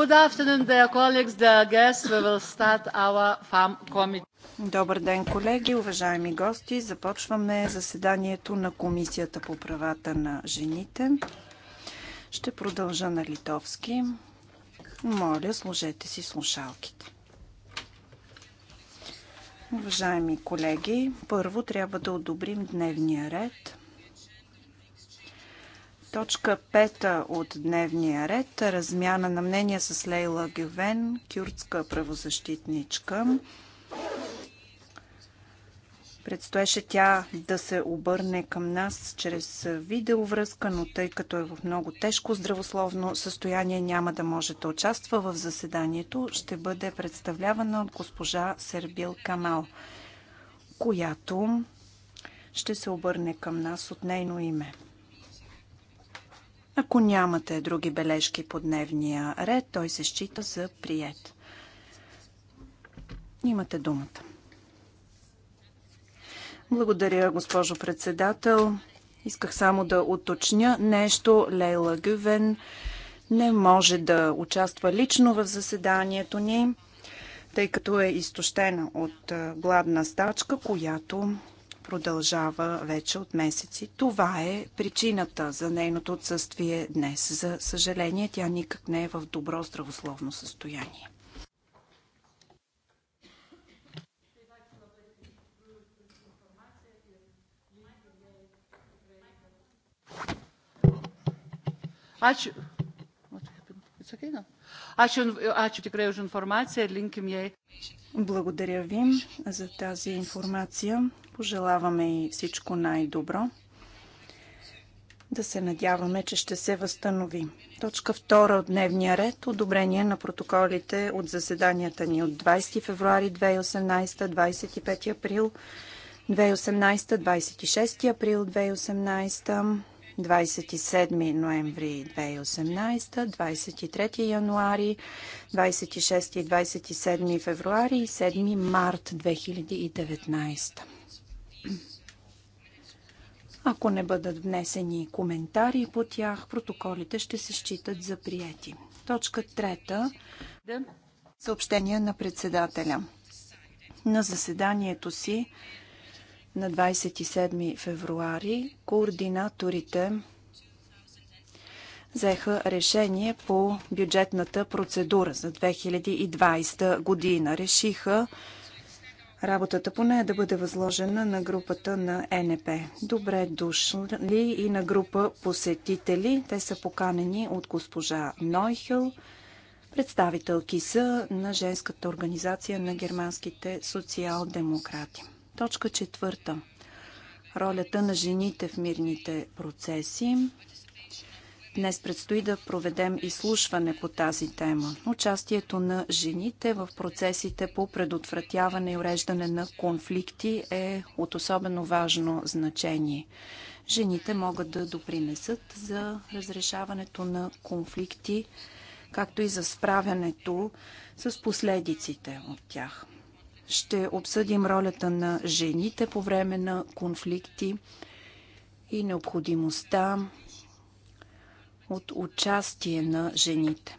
Good afternoon, dear colleagues, dear guests. We will start our farm committee. Добър ден, колеги, уважаеми гости. Започваме заседанието на Комисията по правата на жените. Ще продължа на литовски. Моля, сложете си слушалките. Уважаеми колеги, първо трябва да одобрим дневния ред – Точка пета от дневния ред. Размяна на мнение с Лейла Гювен, кюртска правозащитничка. Предстоеше тя да се обърне към нас чрез видеовръзка, но тъй като е в много тежко здравословно състояние, няма да може да участва в заседанието. Ще бъде представлявана от госпожа Сербил Камал, която ще се обърне към нас от нейно име. Ако нямате други бележки по дневния ред, той се счита за прият. Имате думата. Благодаря, госпожо председател. Исках само да уточня нещо. Лейла Гювен не може да участва лично в заседанието ни, тъй като е изтощена от гладна стачка, която продължава вече от месеци. Това е причината за нейното отсъствие днес. За съжаление, тя никак не е в добро здравословно състояние. Ačiū. Ačiū, ačiū Благодаря ви за тази информация. Пожелаваме и всичко най-добро. Да се надяваме, че ще се възстанови. Точка 2 от дневния ред – одобрение на протоколите от заседанията ни от 20 февруари 2018, 25 април 2018, 26 април 2018, 27 ноември 2018, 23 януари, 26 и 27 февруари и 7 март 2019. Ако не бъдат внесени коментари по тях, протоколите ще се считат за прияти. Точка трета. Съобщение на председателя. На заседанието си на 27 февруари координаторите взеха решение по бюджетната процедура за 2020 година. Решиха работата по нея да бъде възложена на групата на НП. Добре дошли и на група посетители. Те са поканени от госпожа Нойхел, представителки са на женската организация на германските социал-демократи. Точка четвърта. Ролята на жените в мирните процеси. Днес предстои да проведем изслушване по тази тема. Участието на жените в процесите по предотвратяване и уреждане на конфликти е от особено важно значение. Жените могат да допринесат за разрешаването на конфликти, както и за справянето с последиците от тях. Ще обсъдим ролята на жените по време на конфликти и необходимостта от участие на жените.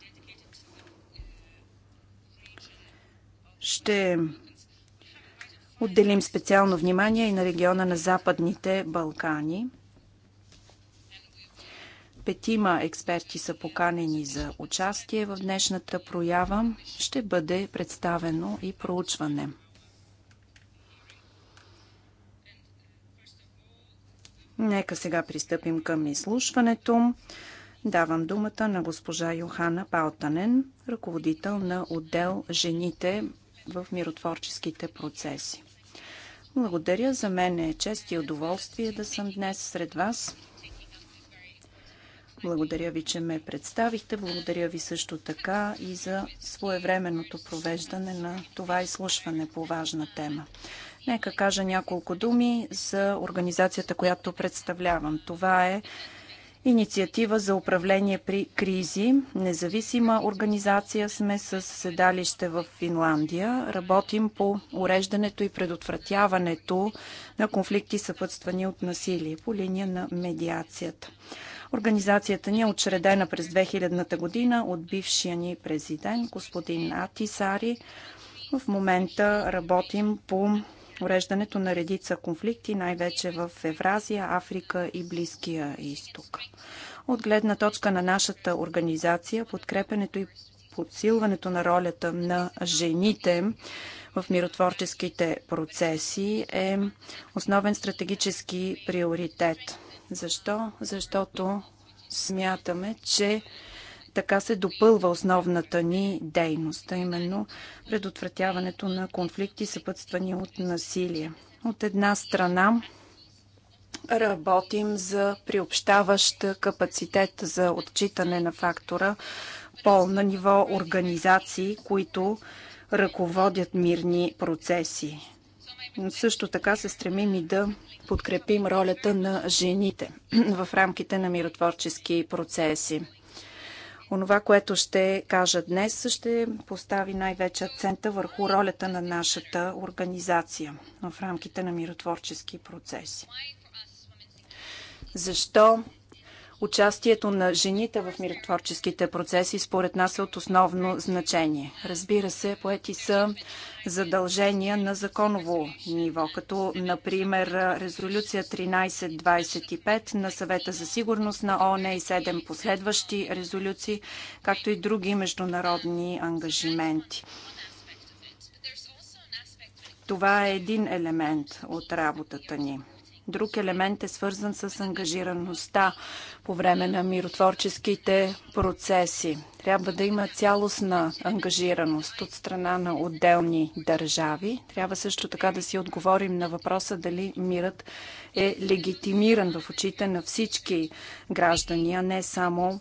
Ще отделим специално внимание и на региона на Западните Балкани. Петима експерти са поканени за участие в днешната проява. Ще бъде представено и проучване. Нека сега пристъпим към изслушването. Давам думата на госпожа Йохана Палтанен, ръководител на отдел Жените в миротворческите процеси. Благодаря. За мен е чест и удоволствие да съм днес сред вас. Благодаря ви, че ме представихте. Благодаря ви също така и за своевременното провеждане на това изслушване по важна тема. Нека кажа няколко думи за организацията, която представлявам. Това е Инициатива за управление при кризи. Независима организация сме с седалище в Финландия. Работим по уреждането и предотвратяването на конфликти, съпътствани от насилие по линия на медиацията. Организацията ни е учредена през 2000-та година от бившия ни президент, господин Атисари. В момента работим по уреждането на редица конфликти, най-вече в Евразия, Африка и Близкия изток. От гледна точка на нашата организация, подкрепенето и подсилването на ролята на жените в миротворческите процеси е основен стратегически приоритет. Защо? Защото смятаме, че така се допълва основната ни дейност, а именно предотвратяването на конфликти, съпътствани от насилие. От една страна работим за приобщаващ капацитет за отчитане на фактора пол на ниво организации, които ръководят мирни процеси. Също така се стремим и да подкрепим ролята на жените в рамките на миротворчески процеси. Онова, което ще кажа днес, ще постави най-вече акцента върху ролята на нашата организация в рамките на миротворчески процеси. Защо Участието на жените в миротворческите процеси според нас е от основно значение. Разбира се, поети са задължения на законово ниво, като например резолюция 1325 на съвета за сигурност на ООН и 7 последващи резолюции, както и други международни ангажименти. Това е един елемент от работата ни. Друг елемент е свързан с ангажираността по време на миротворческите процеси. Трябва да има цялостна ангажираност от страна на отделни държави. Трябва също така да си отговорим на въпроса дали мирът е легитимиран в очите на всички граждани, а не само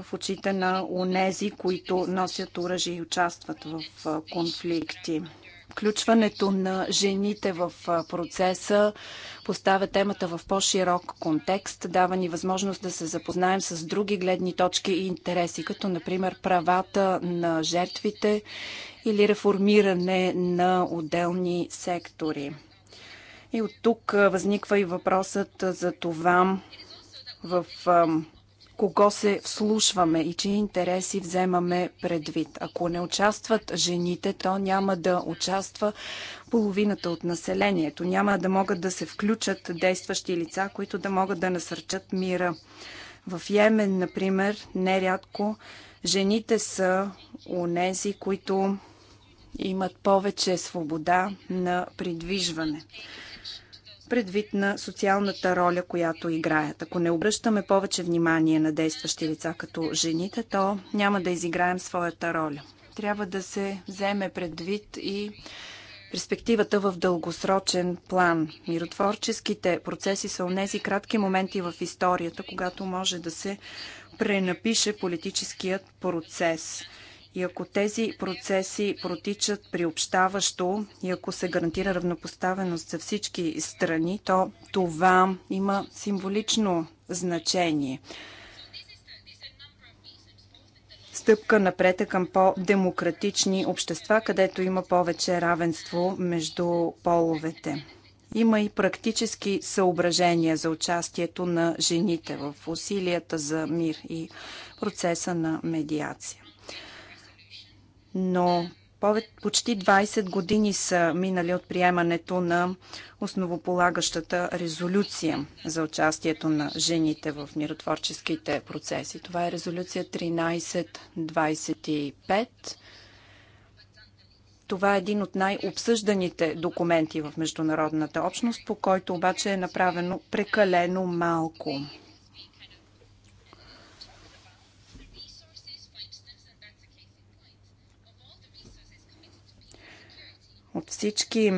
в очите на онези, които носят оръжие и участват в конфликти. Включването на жените в процеса поставя темата в по-широк контекст, дава ни възможност да се запознаем с други гледни точки и интереси, като например правата на жертвите или реформиране на отделни сектори. И от тук възниква и въпросът за това в кого се вслушваме и чии интереси вземаме предвид. Ако не участват жените, то няма да участва половината от населението. Няма да могат да се включат действащи лица, които да могат да насърчат мира. В Йемен, например, нерядко жените са унези, които имат повече свобода на придвижване предвид на социалната роля, която играят. Ако не обръщаме повече внимание на действащи лица като жените, то няма да изиграем своята роля. Трябва да се вземе предвид и перспективата в дългосрочен план. Миротворческите процеси са унези кратки моменти в историята, когато може да се пренапише политическият процес – и ако тези процеси протичат приобщаващо и ако се гарантира равнопоставеност за всички страни, то това има символично значение. Стъпка напред е към по-демократични общества, където има повече равенство между половете. Има и практически съображения за участието на жените в усилията за мир и процеса на медиация но почти 20 години са минали от приемането на основополагащата резолюция за участието на жените в миротворческите процеси. Това е резолюция 1325. Това е един от най-обсъжданите документи в международната общност, по който обаче е направено прекалено малко. От всички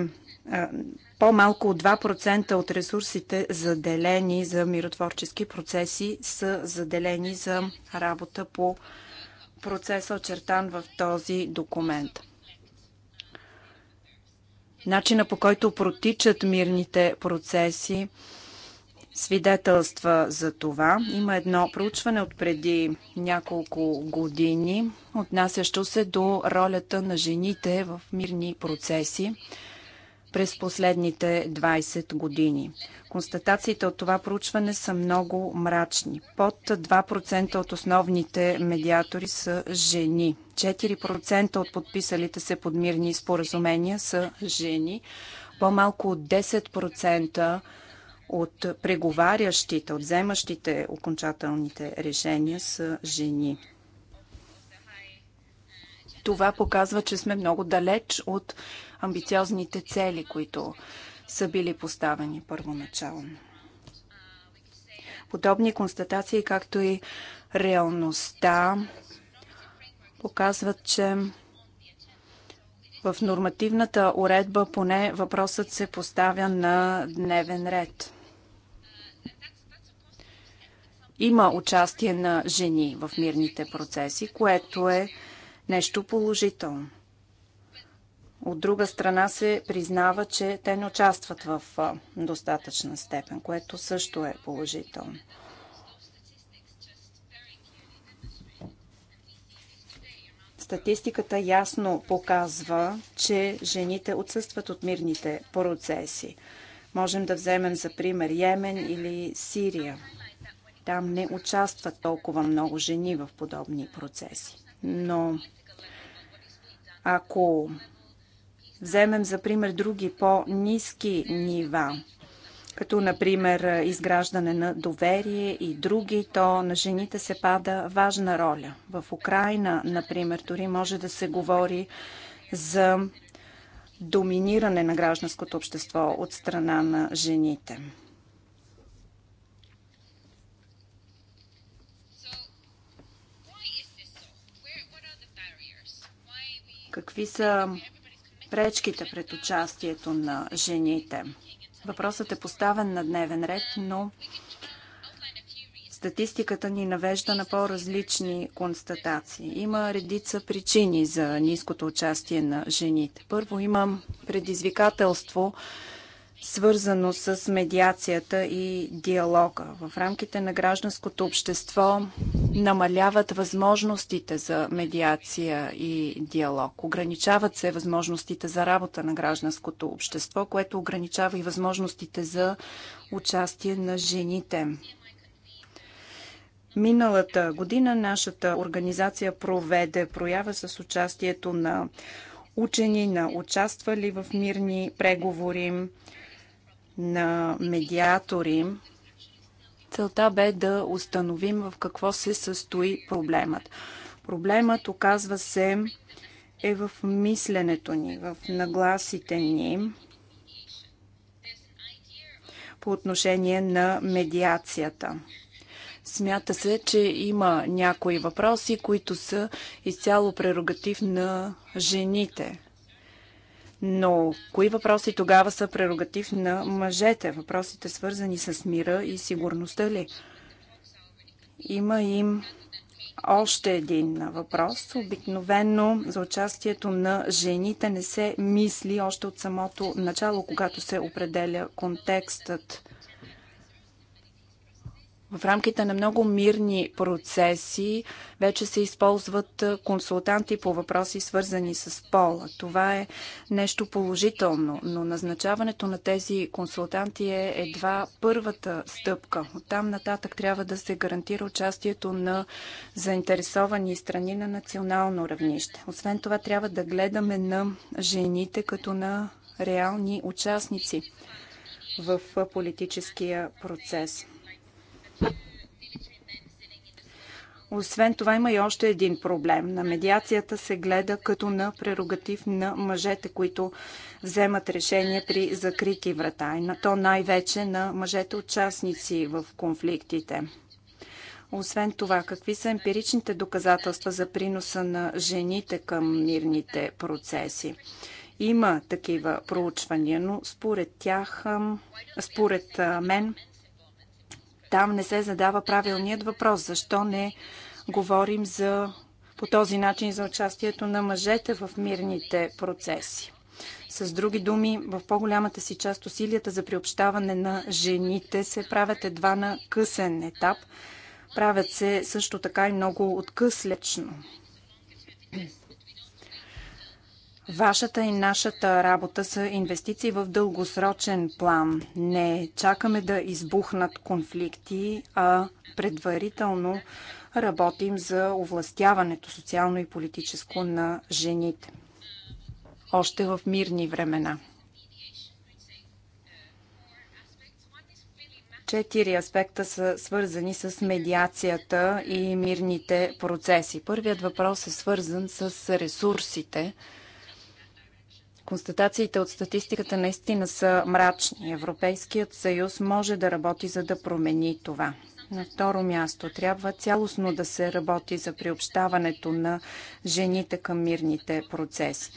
по-малко от 2% от ресурсите заделени за миротворчески процеси са заделени за работа по процеса, очертан в този документ. Начина по който протичат мирните процеси свидетелства за това. Има едно проучване от преди няколко години, отнасящо се до ролята на жените в мирни процеси през последните 20 години. Констатациите от това проучване са много мрачни. Под 2% от основните медиатори са жени. 4% от подписалите се подмирни споразумения са жени. По-малко от 10% от преговарящите, от вземащите окончателните решения са жени. Това показва, че сме много далеч от амбициозните цели, които са били поставени първоначално. Подобни констатации, както и реалността, показват, че в нормативната уредба поне въпросът се поставя на дневен ред има участие на жени в мирните процеси, което е нещо положително. От друга страна се признава, че те не участват в достатъчна степен, което също е положително. Статистиката ясно показва, че жените отсъстват от мирните процеси. Можем да вземем за пример Йемен или Сирия. Там не участват толкова много жени в подобни процеси. Но ако вземем за пример други по-низки нива, като например изграждане на доверие и други, то на жените се пада важна роля. В Украина, например, дори може да се говори за доминиране на гражданското общество от страна на жените. Какви са пречките пред участието на жените? Въпросът е поставен на дневен ред, но статистиката ни навежда на по-различни констатации. Има редица причини за ниското участие на жените. Първо имам предизвикателство, свързано с медиацията и диалога. В рамките на гражданското общество намаляват възможностите за медиация и диалог. Ограничават се възможностите за работа на гражданското общество, което ограничава и възможностите за участие на жените. Миналата година нашата организация проведе проява с участието на учени, на участвали в мирни преговори, на медиатори Целта бе да установим в какво се състои проблемът. Проблемът, оказва се, е в мисленето ни, в нагласите ни по отношение на медиацията. Смята се, че има някои въпроси, които са изцяло прерогатив на жените. Но кои въпроси тогава са прерогатив на мъжете? Въпросите свързани с мира и сигурността ли? Има им още един въпрос. Обикновено за участието на жените не се мисли още от самото начало, когато се определя контекстът в рамките на много мирни процеси вече се използват консултанти по въпроси, свързани с пола. Това е нещо положително, но назначаването на тези консултанти е едва първата стъпка. От там нататък трябва да се гарантира участието на заинтересовани страни на национално равнище. Освен това, трябва да гледаме на жените като на реални участници в политическия процес. Освен това има и още един проблем. На медиацията се гледа като на прерогатив на мъжете, които вземат решение при закрити врата. И на то най-вече на мъжете участници в конфликтите. Освен това, какви са емпиричните доказателства за приноса на жените към мирните процеси? Има такива проучвания, но според тях, според мен, там не се задава правилният въпрос. Защо не говорим за, по този начин за участието на мъжете в мирните процеси? С други думи, в по-голямата си част усилията за приобщаване на жените се правят едва на късен етап. Правят се също така и много откъслечно. Вашата и нашата работа са инвестиции в дългосрочен план. Не чакаме да избухнат конфликти, а предварително работим за овластяването социално и политическо на жените. Още в мирни времена. четири аспекта са свързани с медиацията и мирните процеси. Първият въпрос е свързан с ресурсите, Констатациите от статистиката наистина са мрачни. Европейският съюз може да работи за да промени това. На второ място трябва цялостно да се работи за приобщаването на жените към мирните процеси.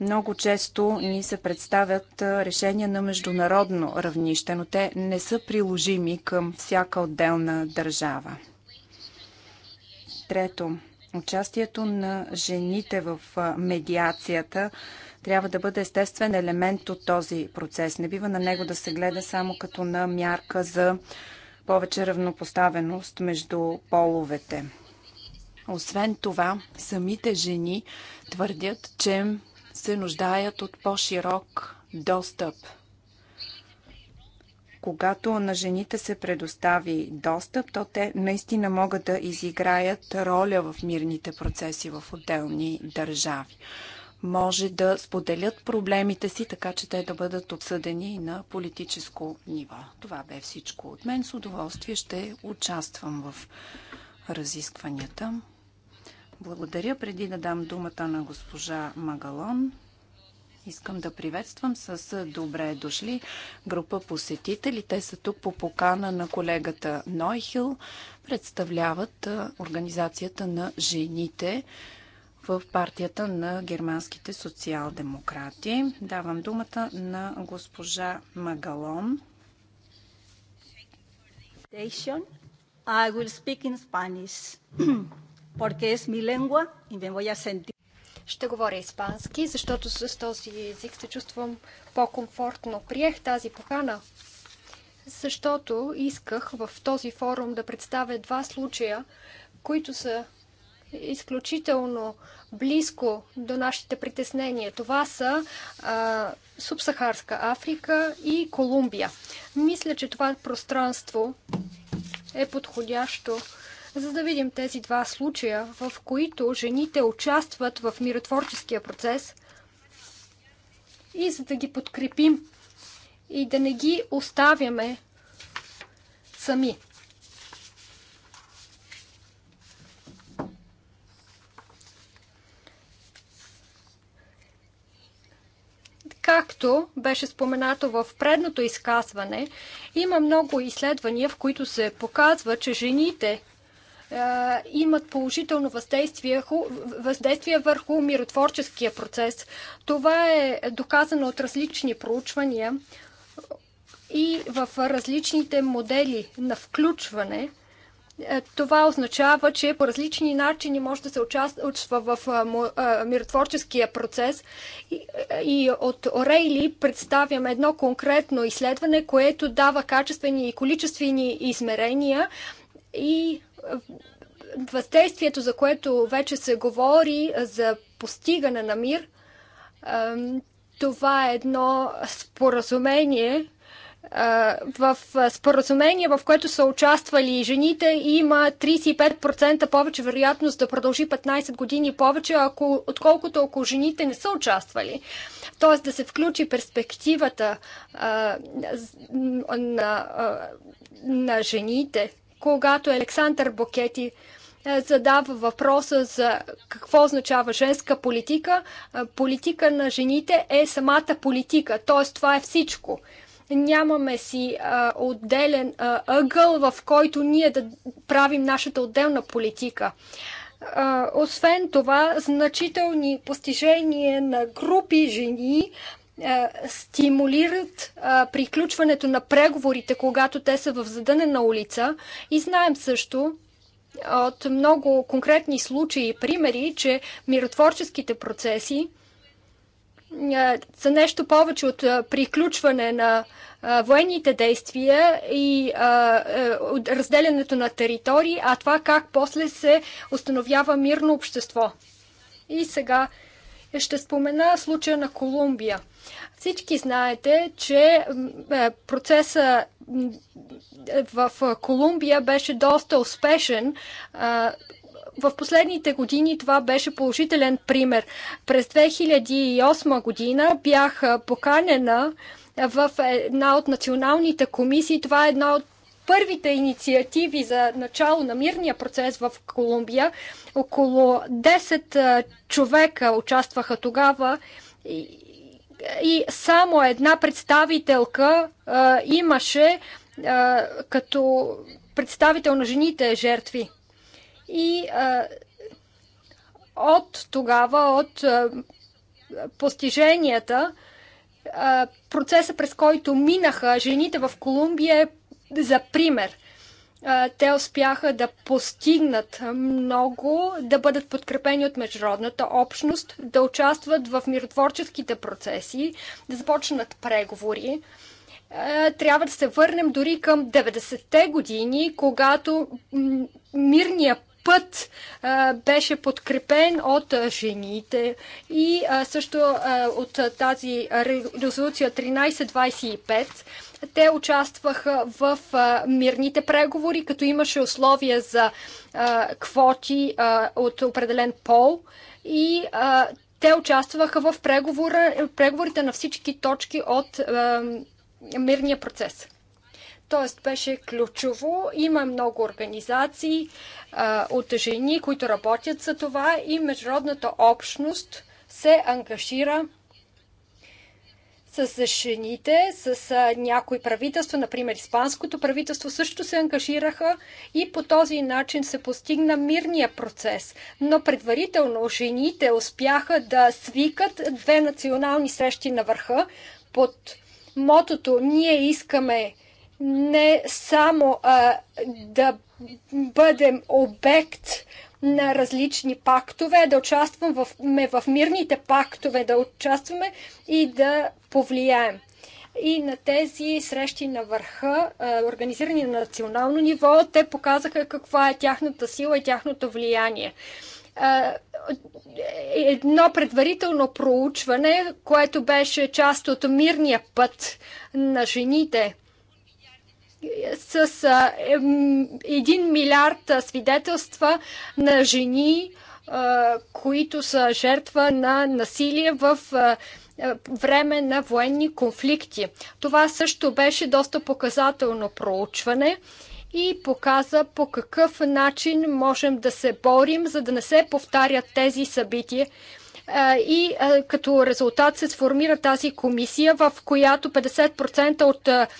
Много често ни се представят решения на международно равнище, но те не са приложими към всяка отделна държава. Трето, участието на жените в медиацията трябва да бъде естествен елемент от този процес. Не бива на него да се гледа само като на мярка за повече равнопоставеност между половете. Освен това, самите жени твърдят, че се нуждаят от по-широк достъп. Когато на жените се предостави достъп, то те наистина могат да изиграят роля в мирните процеси в отделни държави може да споделят проблемите си, така че те да бъдат обсъдени на политическо ниво. Това бе всичко от мен. С удоволствие ще участвам в разискванията. Благодаря. Преди да дам думата на госпожа Магалон, Искам да приветствам с добре дошли група посетители. Те са тук по покана на колегата Нойхил. Представляват организацията на жените в партията на германските социал-демократи. Давам думата на госпожа Магалон. I will speak in Spanish, porque es mi lengua y me voy a sentir. Ще говоря испански, защото с този език се чувствам по-комфортно. Приех тази покана, защото исках в този форум да представя два случая, които са изключително близко до нашите притеснения. Това са а, Субсахарска Африка и Колумбия. Мисля, че това пространство е подходящо за да видим тези два случая, в които жените участват в миротворческия процес и за да ги подкрепим и да не ги оставяме сами. Както беше споменато в предното изказване, има много изследвания, в които се показва, че жените е, имат положително въздействие, въздействие върху миротворческия процес. Това е доказано от различни проучвания и в различните модели на включване – е, това означава, че по различни начини може да се участва в миротворческия процес. И от Орейли представяме едно конкретно изследване, което дава качествени и количествени измерения и въздействието, за което вече се говори за постигане на мир. Това е едно споразумение, в споразумение, в което са участвали жените, има 35% повече вероятност да продължи 15 години повече, ако, отколкото ако жените не са участвали. Тоест да се включи перспективата а, на, а, на жените, когато Александър Бокети задава въпроса за какво означава женска политика. Политика на жените е самата политика, т.е. това е всичко. Нямаме си а, отделен а, ъгъл, в който ние да правим нашата отделна политика. А, освен това, значителни постижения на групи жени а, стимулират а, приключването на преговорите, когато те са в задънена улица. И знаем също, от много конкретни случаи и примери, че миротворческите процеси са нещо повече от приключване на военните действия и разделянето на територии, а това как после се установява мирно общество. И сега ще спомена случая на Колумбия. Всички знаете, че процеса в Колумбия беше доста успешен в последните години това беше положителен пример. През 2008 година бях поканена в една от националните комисии. Това е една от първите инициативи за начало на мирния процес в Колумбия. Около 10 човека участваха тогава и само една представителка а, имаше а, като представител на жените жертви. И а, от тогава, от а, постиженията, а, процеса през който минаха жените в Колумбия е за пример. А, те успяха да постигнат много, да бъдат подкрепени от международната общност, да участват в миротворческите процеси, да започнат преговори трябва да се върнем дори към 90-те години, когато мирният път а, беше подкрепен от жените и а, също а, от тази резолюция 1325 те участваха в а, мирните преговори, като имаше условия за а, квоти а, от определен пол и а, те участваха в преговорите на всички точки от а, мирния процес. Тоест беше ключово. Има много организации а, от жени, които работят за това и международната общност се ангажира с жените, с някои правителства, например Испанското правителство също се ангажираха и по този начин се постигна мирния процес. Но предварително жените успяха да свикат две национални срещи на върха под мотото Ние искаме не само а, да бъдем обект на различни пактове, да участваме в мирните пактове, да участваме и да повлияем. И на тези срещи на върха, организирани на национално ниво, те показаха каква е тяхната сила и тяхното влияние. Едно предварително проучване, което беше част от мирния път на жените – с 1 милиард свидетелства на жени, които са жертва на насилие в време на военни конфликти. Това също беше доста показателно проучване и показа по какъв начин можем да се борим, за да не се повтарят тези събития и като резултат се сформира тази комисия, в която 50% от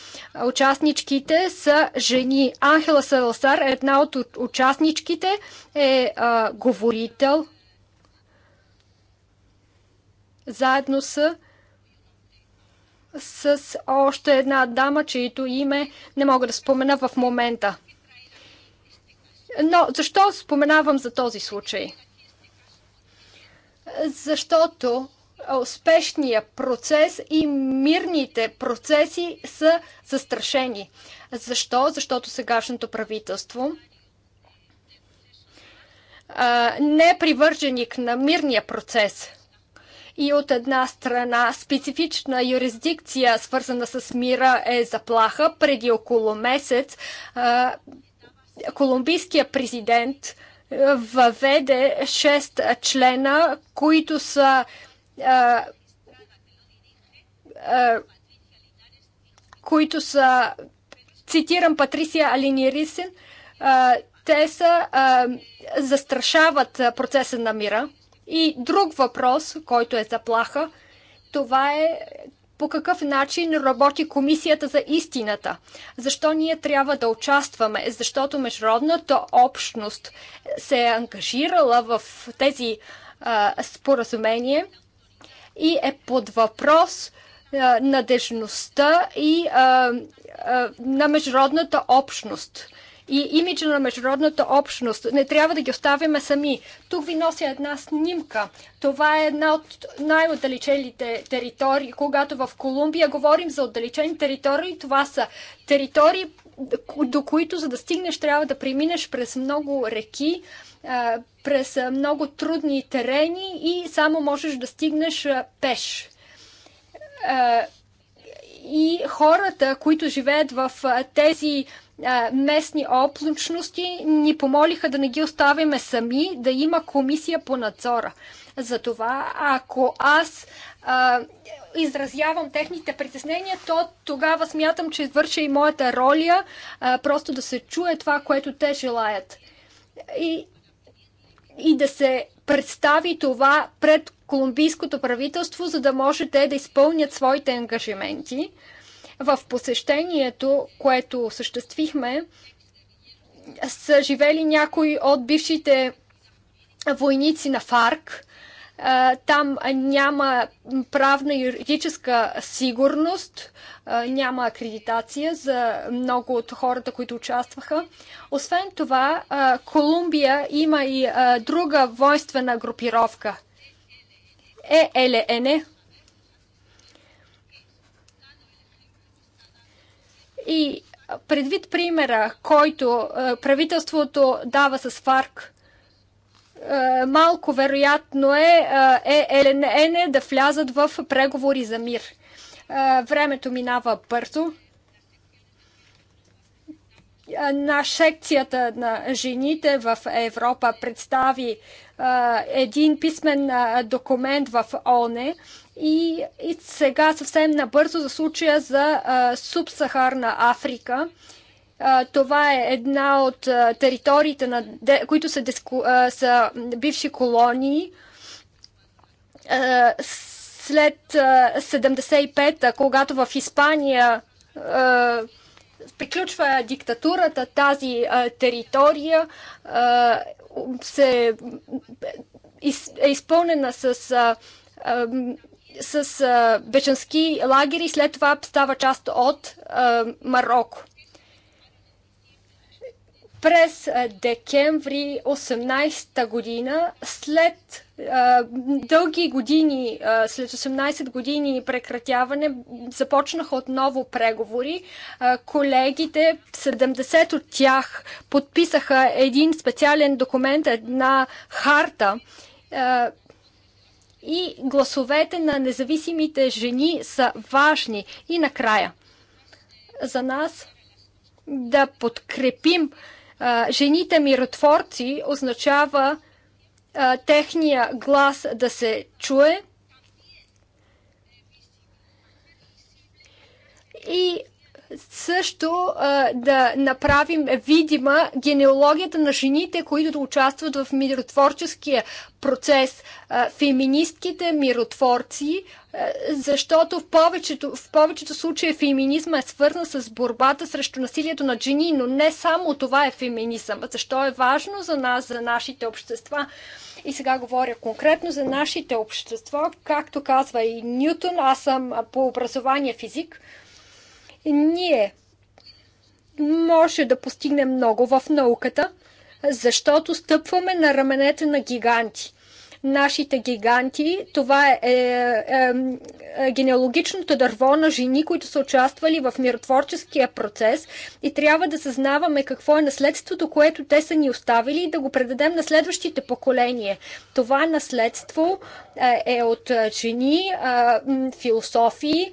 участничките са жени. Анхела Салсар е една от участничките, е говорител заедно с с още една дама, чието име не мога да спомена в момента. Но защо споменавам за този случай? защото успешният процес и мирните процеси са застрашени. Защо? Защото сегашното правителство не е привърженик на мирния процес. И от една страна специфична юрисдикция, свързана с мира, е заплаха. Преди около месец колумбийския президент въведе 6 члена, които са които са цитирам Патрисия Алинирисин, те са застрашават процеса на мира. И друг въпрос, който е заплаха, това е, по какъв начин работи Комисията за истината? Защо ние трябва да участваме? Защото международната общност се е ангажирала в тези а, споразумения и е под въпрос а, надежността и а, а, на международната общност и имиджа на международната общност. Не трябва да ги оставяме сами. Тук ви нося една снимка. Това е една от най-отдалечените територии. Когато в Колумбия говорим за отдалечени територии, това са територии, до които за да стигнеш трябва да преминеш през много реки, през много трудни терени и само можеш да стигнеш пеш и хората, които живеят в тези местни облачности, ни помолиха да не ги оставяме сами, да има комисия по надзора. Затова, ако аз а, изразявам техните притеснения, то тогава смятам, че извърша и моята роля, а, просто да се чуе това, което те желаят. И, и да се представи това пред колумбийското правителство, за да може те да изпълнят своите ангажименти. В посещението, което съществихме, са живели някои от бившите войници на ФАРК. Там няма правна юридическа сигурност, няма акредитация за много от хората, които участваха. Освен това, Колумбия има и друга воинствена групировка ELN е, е, и предвид примера, който е, правителството дава с ФАРК, малко вероятно е ЕЛН да влязат в преговори за мир. Времето минава бързо на секцията на жените в Европа представи един писмен документ в ОНЕ и, и сега съвсем набързо за случая за субсахарна Африка. Това е една от териториите, на, които са, диску, са бивши колонии след 75-та, когато в Испания приключва диктатурата, тази а, територия а, се из, е изпълнена с. А, а, с а, бежански лагери, след това става част от а, Марокко през декември 18-та година, след а, дълги години, а, след 18 години прекратяване, започнаха отново преговори. А, колегите, 70 от тях, подписаха един специален документ, една харта. А, и гласовете на независимите жени са важни. И накрая, за нас да подкрепим а, жените миротворци означава техния глас да се чуе. И също а, да направим видима генеалогията на жените, които да участват в миротворческия процес, а, феминистките миротворци, а, защото в повечето, в повечето случаи феминизма е свързан с борбата срещу насилието на жени, но не само това е феминизъм. Защо е важно за нас, за нашите общества? И сега говоря конкретно за нашите общества. Както казва и Ньютон, аз съм по образование физик – ние може да постигнем много в науката, защото стъпваме на раменете на гиганти нашите гиганти. Това е, е, е, е генеалогичното дърво на жени, които са участвали в миротворческия процес и трябва да съзнаваме какво е наследството, което те са ни оставили и да го предадем на следващите поколения. Това наследство е, е от е, жени, е, философии, е,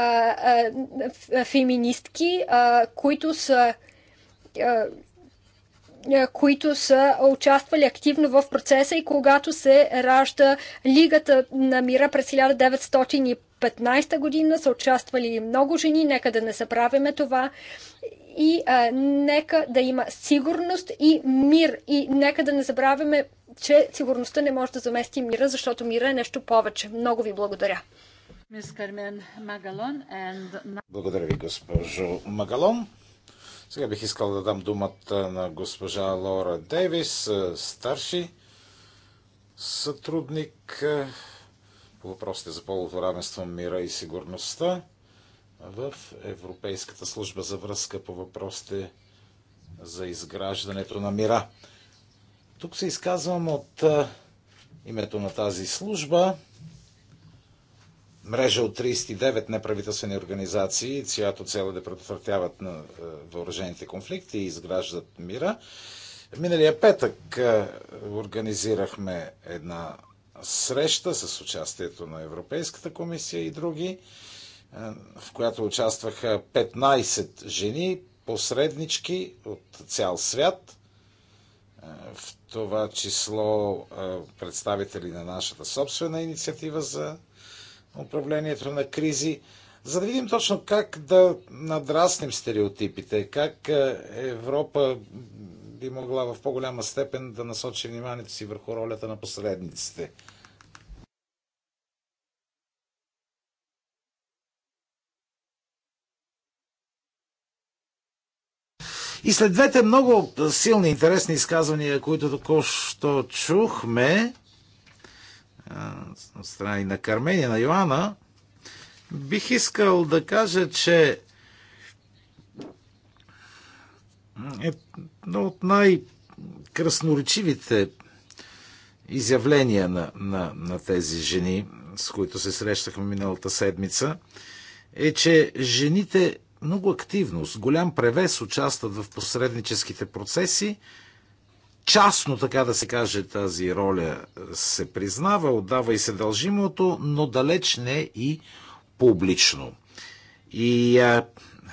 е, е, феминистки, е, които са е, които са участвали активно в процеса и когато се ражда Лигата на мира през 1915 година са участвали много жени, нека да не съправяме това и а, нека да има сигурност и мир и нека да не забравяме, че сигурността не може да замести мира, защото мира е нещо повече. Много ви благодаря. Благодаря ви, госпожо Магалон. Сега бих искал да дам думата на госпожа Лора Дейвис, е, старши сътрудник е, по въпросите за половото равенство, мира и сигурността в Европейската служба за връзка по въпросите за изграждането на мира. Тук се изказвам от е, името на тази служба мрежа от 39 неправителствени организации, чиято цел е да предотвратяват на е, въоръжените конфликти и изграждат мира. В миналия петък е, организирахме една среща с участието на Европейската комисия и други, е, в която участваха 15 жени, посреднички от цял свят, в това число представители на нашата собствена инициатива за управлението на кризи, за да видим точно как да надраснем стереотипите, как е, Европа би могла в по-голяма степен да насочи вниманието си върху ролята на посредниците. И след двете много силни, интересни изказвания, които току-що чухме, от страна и на Кармения, на Йоанна, бих искал да кажа, че е едно от най-красноречивите изявления на, на, на тези жени, с които се срещахме миналата седмица, е, че жените много активно, с голям превес участват в посредническите процеси частно, така да се каже, тази роля се признава, отдава и се дължимото, но далеч не и публично. И а,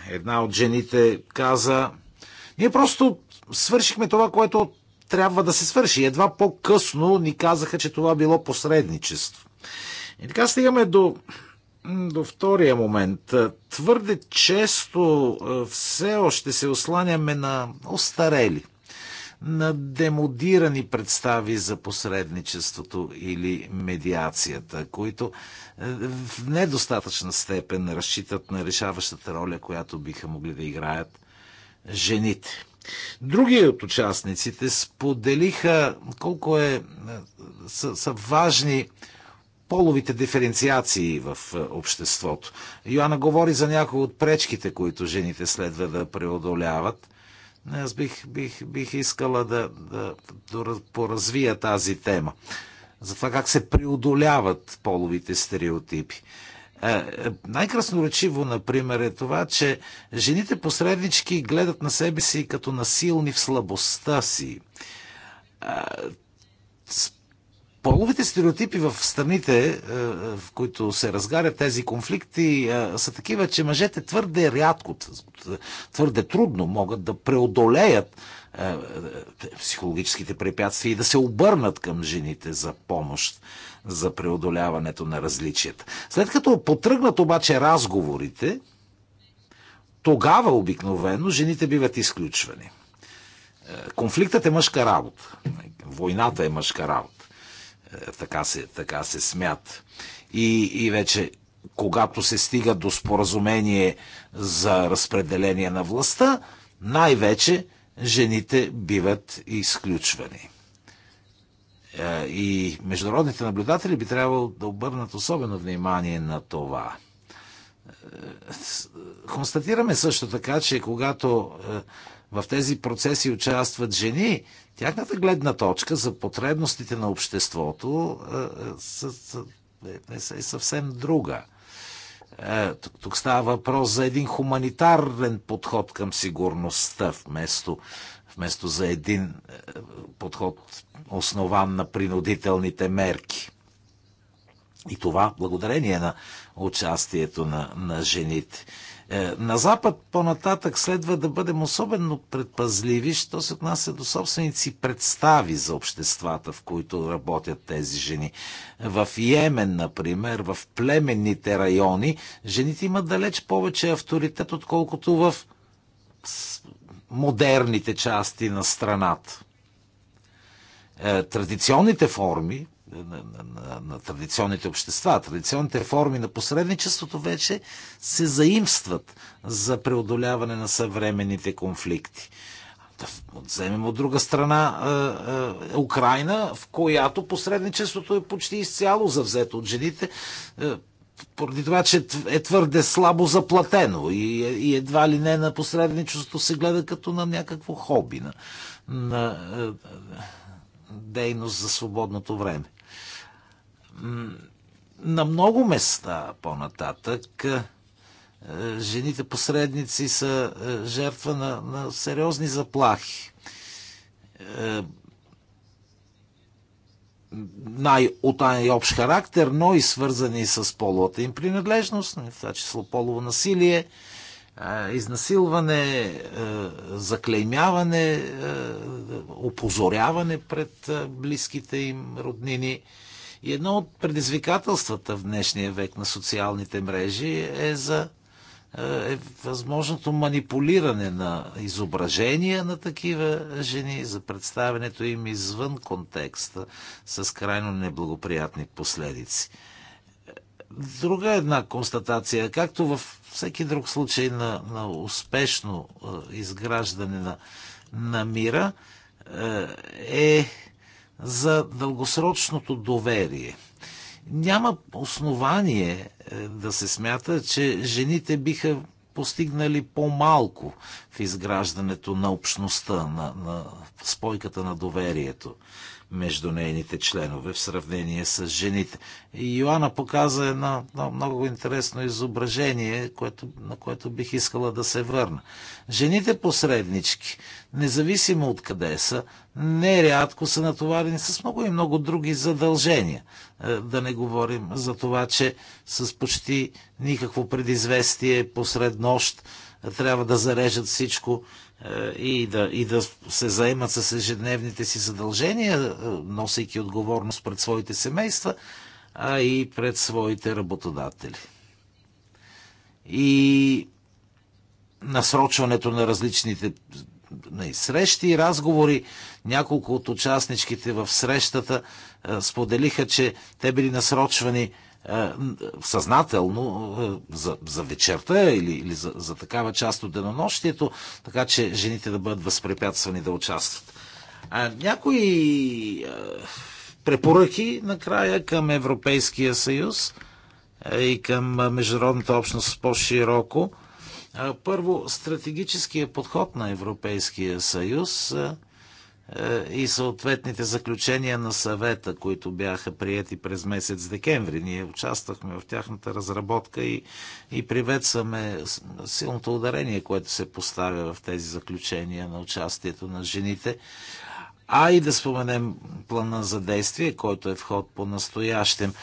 една от жените каза, ние просто свършихме това, което трябва да се свърши. Едва по-късно ни казаха, че това било посредничество. И така стигаме до, до втория момент. Твърде често все още се осланяме на остарели на демодирани представи за посредничеството или медиацията, които е, в недостатъчна степен разчитат на решаващата роля, която биха могли да играят жените. Други от участниците споделиха колко е, е са, са важни половите диференциации в е, обществото. Йоанна говори за някои от пречките, които жените следва да преодоляват аз бих, бих, бих искала да, да, да поразвия тази тема. За това как се преодоляват половите стереотипи. Е, е, най-красноречиво, например, е това, че жените посреднички гледат на себе си като насилни в слабостта си. Е, Половите стереотипи в страните, е, е, в които се разгарят тези конфликти, е, са такива, че мъжете твърде рядко, твърде трудно могат да преодолеят психологическите препятствия и да се обърнат към жените за помощ за преодоляването на различията. След като потръгнат обаче разговорите, тогава обикновено жените биват изключвани. Конфликтът е мъжка работа. Войната е мъжка работа така се, така се смят. И, и вече когато се стига до споразумение за разпределение на властта, най-вече жените биват изключвани. Е, и международните наблюдатели би трябвало да обърнат особено внимание на това. Е, констатираме също така, че когато е, в тези процеси участват жени, тяхната гледна точка за потребностите на обществото е, е, е, е съвсем друга. Тук става въпрос за един хуманитарен подход към сигурността, вместо, вместо за един подход основан на принудителните мерки. И това благодарение на участието на, на жените. Е, на Запад по-нататък следва да бъдем особено предпазливи, що се отнася до собственици представи за обществата, в които работят тези жени. В Йемен, например, в племенните райони, жените имат далеч повече авторитет, отколкото в модерните части на страната. Е, традиционните форми на, на, на традиционните общества, традиционните форми на посредничеството вече се заимстват за преодоляване на съвременните конфликти. Да вземем от друга страна е, е, Украина, в която посредничеството е почти изцяло завзето от жените, е, поради това, че е твърде слабо заплатено и, и едва ли не на посредничеството се гледа като на някакво хоби, на, на дейност за свободното време. На много места по-нататък е, жените посредници са е, жертва на, на сериозни заплахи. Е, най, от най-общ характер, но и свързани с половата им принадлежност, в това число полово насилие, изнасилване, заклеймяване, опозоряване пред близките им роднини – и едно от предизвикателствата в днешния век на социалните мрежи е за е, е възможното манипулиране на изображения на такива жени, за представянето им извън контекста, с крайно неблагоприятни последици. Друга една констатация, както във всеки друг случай на, на успешно е, изграждане на, на мира, е, е за дългосрочното доверие. Няма основание е, да се смята, че жените биха постигнали по-малко в изграждането на общността, на, на спойката на доверието между нейните членове в сравнение с жените. И Йоанна показа едно, едно много интересно изображение, което, на което бих искала да се върна. Жените посреднички независимо от къде са, нерядко са натоварени с много и много други задължения. Е, да не говорим за това, че с почти никакво предизвестие посред нощ е, трябва да зарежат всичко е, и да, и да се заемат с ежедневните си задължения, носейки отговорност пред своите семейства, а и пред своите работодатели. И насрочването на различните срещи и разговори. Няколко от участничките в срещата е, споделиха, че те били насрочвани е, съзнателно е, за, за вечерта или, или за, за такава част от денонощието, така че жените да бъдат възпрепятствани да участват. А, някои а, препоръки накрая към Европейския съюз а, и към международната общност по-широко. Първо, стратегическия подход на Европейския съюз и съответните заключения на съвета, които бяха приети през месец декември. Ние участвахме в тяхната разработка и, и приветстваме силното ударение, което се поставя в тези заключения на участието на жените а и да споменем плана за действие, който е вход по настоящем.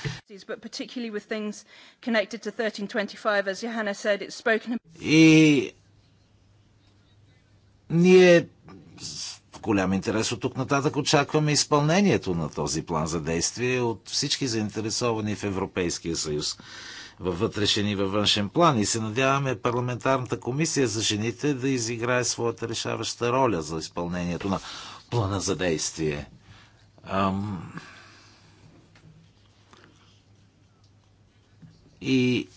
И ние с голям интерес от тук нататък очакваме изпълнението на този план за действие от всички заинтересовани в Европейския съюз във вътрешен и във външен план и се надяваме парламентарната комисия за жените да изиграе своята решаваща роля за изпълнението на плана за действие. Ам... И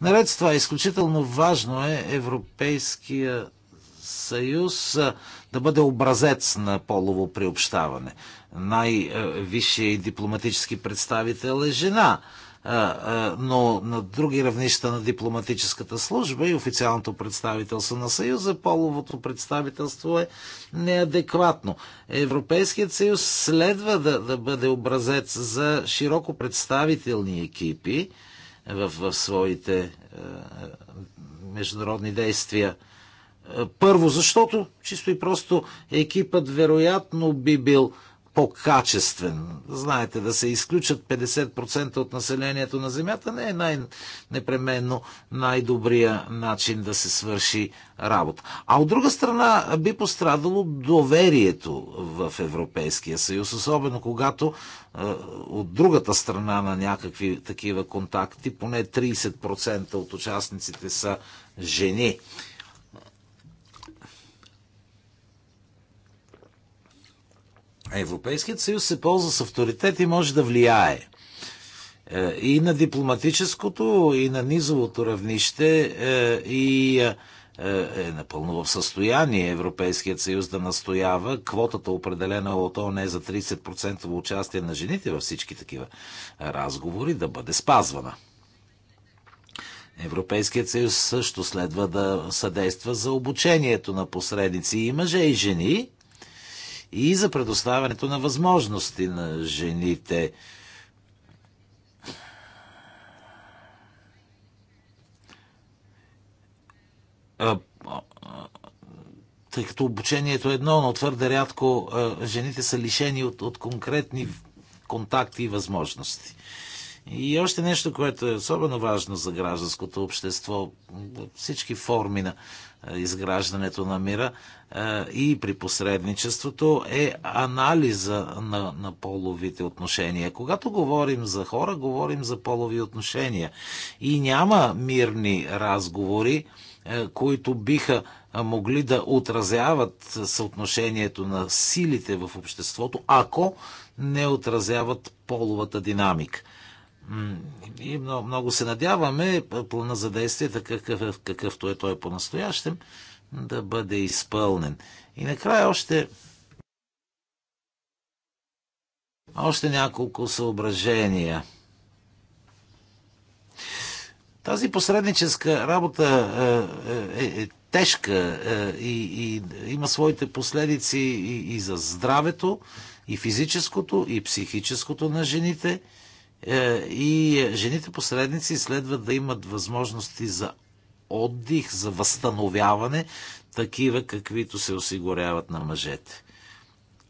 Наред с това, изключително важно е Европейския съюз да бъде образец на полово приобщаване. Най-висшият е, дипломатически представител е жена но на други равнища на дипломатическата служба и официалното представителство на Съюза половото представителство е неадекватно. Европейският съюз следва да, да бъде образец за широко представителни екипи в, в своите е, международни действия. Е, първо, защото чисто и просто екипът вероятно би бил по-качествен. Знаете, да се изключат 50% от населението на Земята не е най-непременно най-добрия начин да се свърши работа. А от друга страна би пострадало доверието в Европейския съюз, особено когато е, от другата страна на някакви такива контакти поне 30% от участниците са жени. Европейският съюз се ползва с авторитет и може да влияе е, и на дипломатическото, и на низовото равнище, е, и е, е напълно в състояние Европейският съюз да настоява квотата определена от ООН за 30% участие на жените във всички такива разговори да бъде спазвана. Европейският съюз също следва да съдейства за обучението на посредници и мъже и жени, и за предоставянето на възможности на жените. Тъй като обучението е едно, но твърде рядко жените са лишени от, от конкретни контакти и възможности. И още нещо, което е особено важно за гражданското общество, всички форми на е, изграждането на мира е, и при посредничеството е анализа на, на половите отношения. Когато говорим за хора, говорим за полови отношения. И няма мирни разговори, е, които биха могли да отразяват съотношението на силите в обществото, ако не отразяват половата динамика. И много, много се надяваме плана за действие, такъв, какъвто е той по-настоящем, да бъде изпълнен. И накрая още още няколко съображения. Тази посредническа работа е, е, е тежка е, и, и има своите последици и, и за здравето, и физическото, и психическото на жените – е, и жените посредници следва да имат възможности за отдих, за възстановяване, такива каквито се осигуряват на мъжете.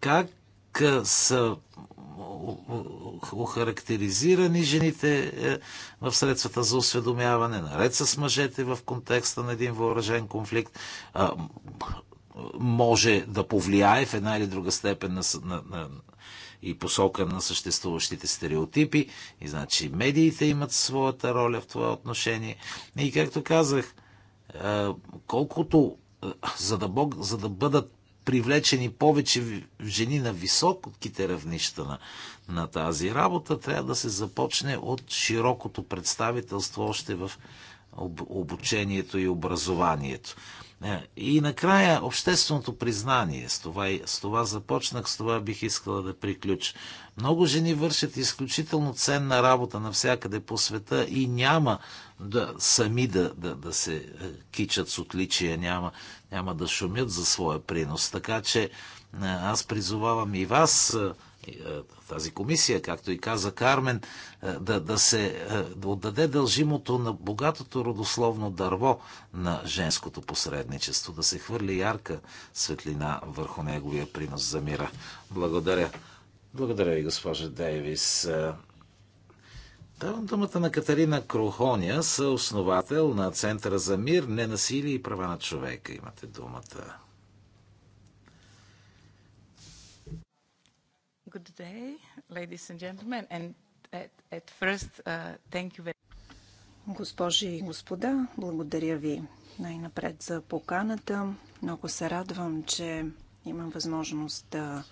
Как е, са охарактеризирани жените е, в средствата за осведомяване, наред с мъжете в контекста на един въоръжен конфликт, може да повлияе в една или друга степен на, на, на, и посока на съществуващите стереотипи. И значи медиите имат своята роля в това отношение. И както казах, колкото за да, Бог, за да бъдат привлечени повече жени на високите равнища на, на тази работа, трябва да се започне от широкото представителство още в обучението и образованието. Е, и накрая общественото признание. С това, с това започнах, с това бих искала да приключ. Много жени вършат изключително ценна работа навсякъде по света и няма да сами да, да, да се е, кичат с отличия, няма, няма да шумят за своя принос. Така че е, аз призовавам и вас, е, тази комисия, както и каза Кармен, е, да, да се е, да отдаде дължимото на богатото родословно дърво на женското посредничество, да се хвърли ярка светлина върху неговия принос за мира. Благодаря. Благодаря ви, госпожа Дейвис. Давам думата на Катерина Крохония, съосновател на Центъра за мир, ненасилие и права на човека. Имате думата. Good day, ladies and gentlemen, and at, at first, uh, thank you very Госпожи и господа, благодаря ви най-напред за поканата. Много се радвам, че имам възможност да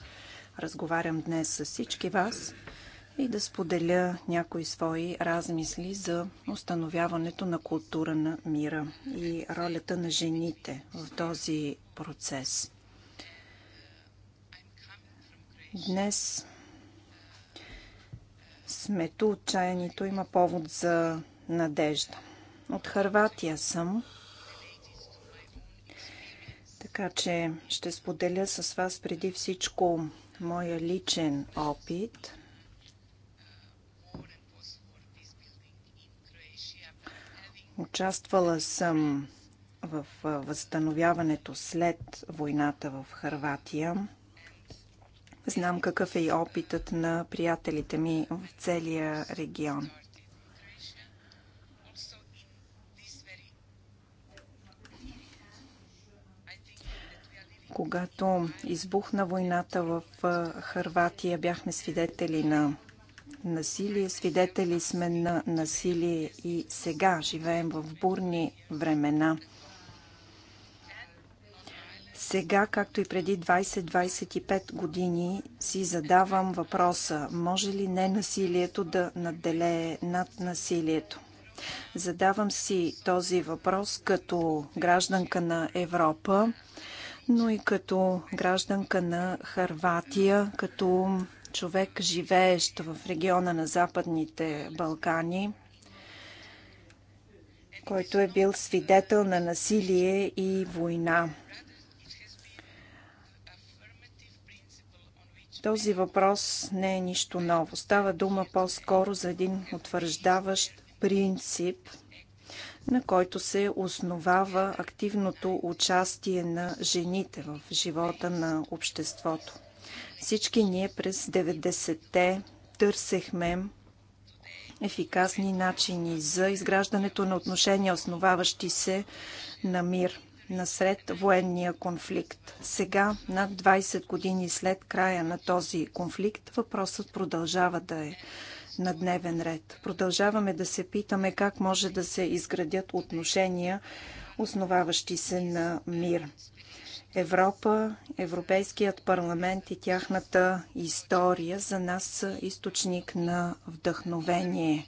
разговарям днес с всички вас и да споделя някои свои размисли за установяването на култура на мира и ролята на жените в този процес. Днес смето отчаянието има повод за надежда. От Харватия съм. Така че ще споделя с вас преди всичко моя личен опит. Участвала съм в възстановяването след войната в Харватия. Знам какъв е и опитът на приятелите ми в целия регион. Когато избухна войната в Харватия, бяхме свидетели на насилие. Свидетели сме на насилие и сега. Живеем в бурни времена. Сега, както и преди 20-25 години, си задавам въпроса, може ли не насилието да надделее над насилието? Задавам си този въпрос като гражданка на Европа, но и като гражданка на Харватия, като човек, живеещ в региона на Западните Балкани, който е бил свидетел на насилие и война. Този въпрос не е нищо ново. Става дума по-скоро за един утвърждаващ принцип, на който се основава активното участие на жените в живота на обществото. Всички ние през 90-те търсехме ефикасни начини за изграждането на отношения, основаващи се на мир насред военния конфликт. Сега, над 20 години след края на този конфликт, въпросът продължава да е на дневен ред. Продължаваме да се питаме как може да се изградят отношения, основаващи се на мир. Европа, Европейският парламент и тяхната история за нас са източник на вдъхновение.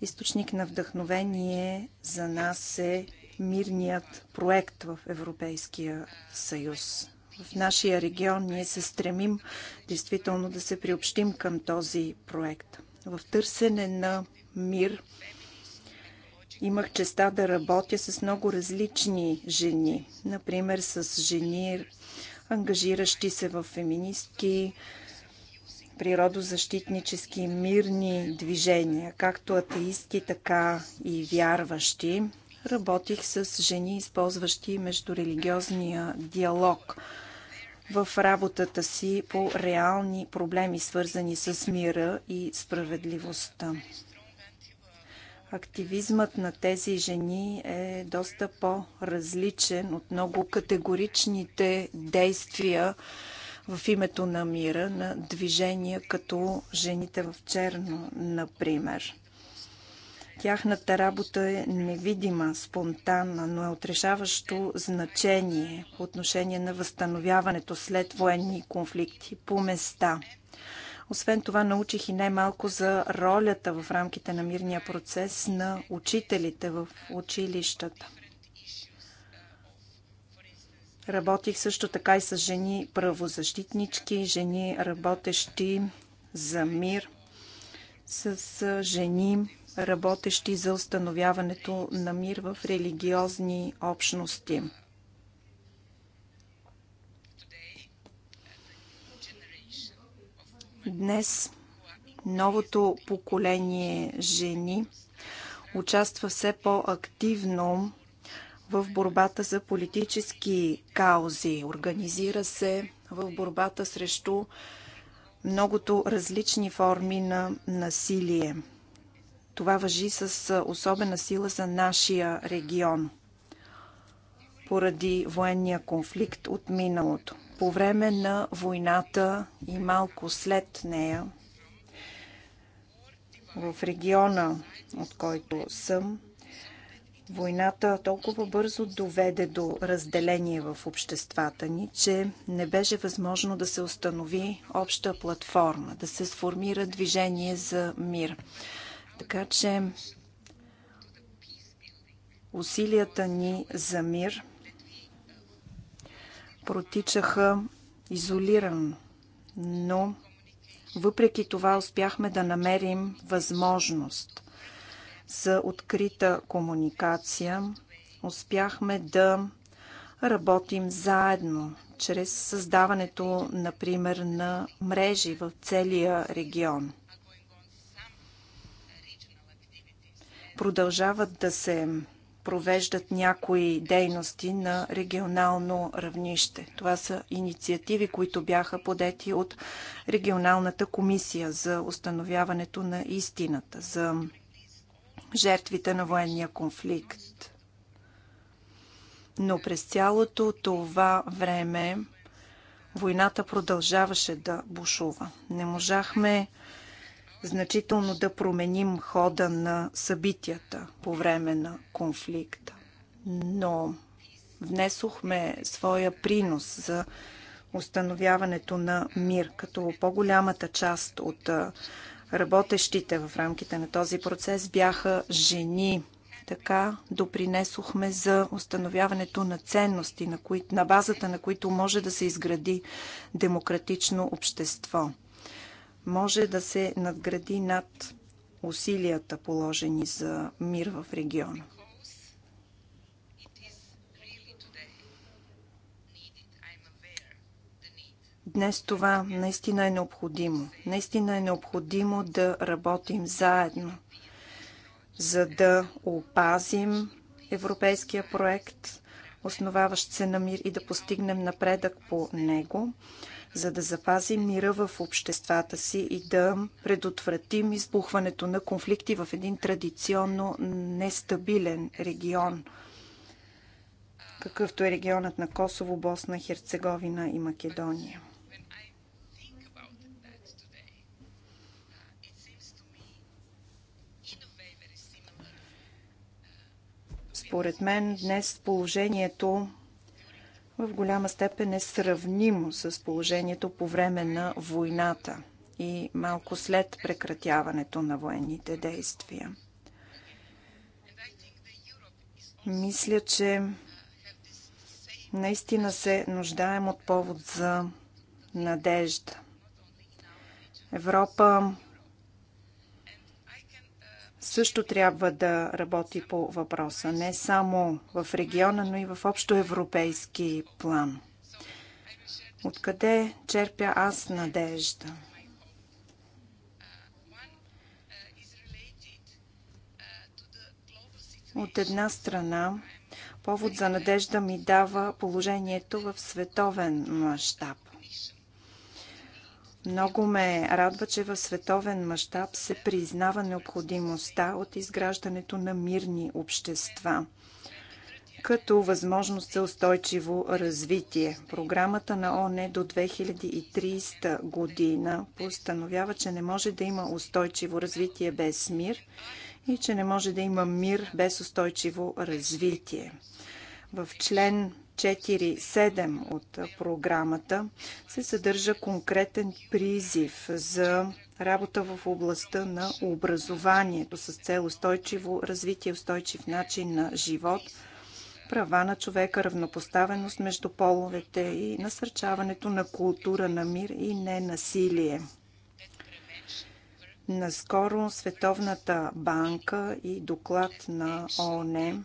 Източник на вдъхновение за нас е мирният проект в Европейския съюз. В нашия регион ние се стремим действително да се приобщим към този проект. В търсене на мир имах честа да работя с много различни жени. Например, с жени, ангажиращи се в феминистки, природозащитнически мирни движения, както атеисти, така и вярващи. Работих с жени, използващи междурелигиозния диалог в работата си по реални проблеми, свързани с мира и справедливостта. Активизмът на тези жени е доста по-различен от много категоричните действия в името на мира на движения като Жените в черно, например. Тяхната работа е невидима, спонтанна, но е отрешаващо значение по отношение на възстановяването след военни конфликти по места. Освен това, научих и най-малко за ролята в рамките на мирния процес на учителите в училищата. Работих също така и с жени правозащитнички, жени работещи за мир, с жени работещи за установяването на мир в религиозни общности. Днес новото поколение жени участва все по-активно в борбата за политически каузи. Организира се в борбата срещу многото различни форми на насилие. Това въжи с особена сила за нашия регион поради военния конфликт от миналото. По време на войната и малко след нея, в региона, от който съм, войната толкова бързо доведе до разделение в обществата ни, че не беше възможно да се установи обща платформа, да се сформира движение за мир. Така че усилията ни за мир протичаха изолирано, но въпреки това успяхме да намерим възможност за открита комуникация. Успяхме да работим заедно, чрез създаването, например, на мрежи в целия регион. Продължават да се провеждат някои дейности на регионално равнище. Това са инициативи, които бяха подети от регионалната комисия за установяването на истината, за жертвите на военния конфликт. Но през цялото това време войната продължаваше да бушува. Не можахме значително да променим хода на събитията по време на конфликта. Но внесохме своя принос за установяването на мир, като по-голямата част от работещите в рамките на този процес бяха жени. Така допринесохме за установяването на ценности, на, кои, на базата на които може да се изгради демократично общество може да се надгради над усилията положени за мир в региона. Днес това наистина е необходимо. Наистина е необходимо да работим заедно, за да опазим европейския проект, основаващ се на мир и да постигнем напредък по него за да запазим мира в обществата си и да предотвратим избухването на конфликти в един традиционно нестабилен регион, какъвто е регионът на Косово, Босна, Херцеговина и Македония. Според мен днес положението в голяма степен е сравнимо с положението по време на войната и малко след прекратяването на военните действия. Мисля, че наистина се нуждаем от повод за надежда. Европа също трябва да работи по въпроса, не само в региона, но и в общо европейски план. Откъде черпя аз надежда? От една страна, повод за надежда ми дава положението в световен мащаб. Много ме радва, че в световен мащаб се признава необходимостта от изграждането на мирни общества като възможност за устойчиво развитие. Програмата на ОНЕ до 2030 година постановява, че не може да има устойчиво развитие без мир и че не може да има мир без устойчиво развитие. В член 4.7 от програмата се съдържа конкретен призив за работа в областта на образованието с цел устойчиво развитие, устойчив начин на живот, права на човека, равнопоставеност между половете и насърчаването на култура на мир и ненасилие. Наскоро Световната банка и доклад на ООН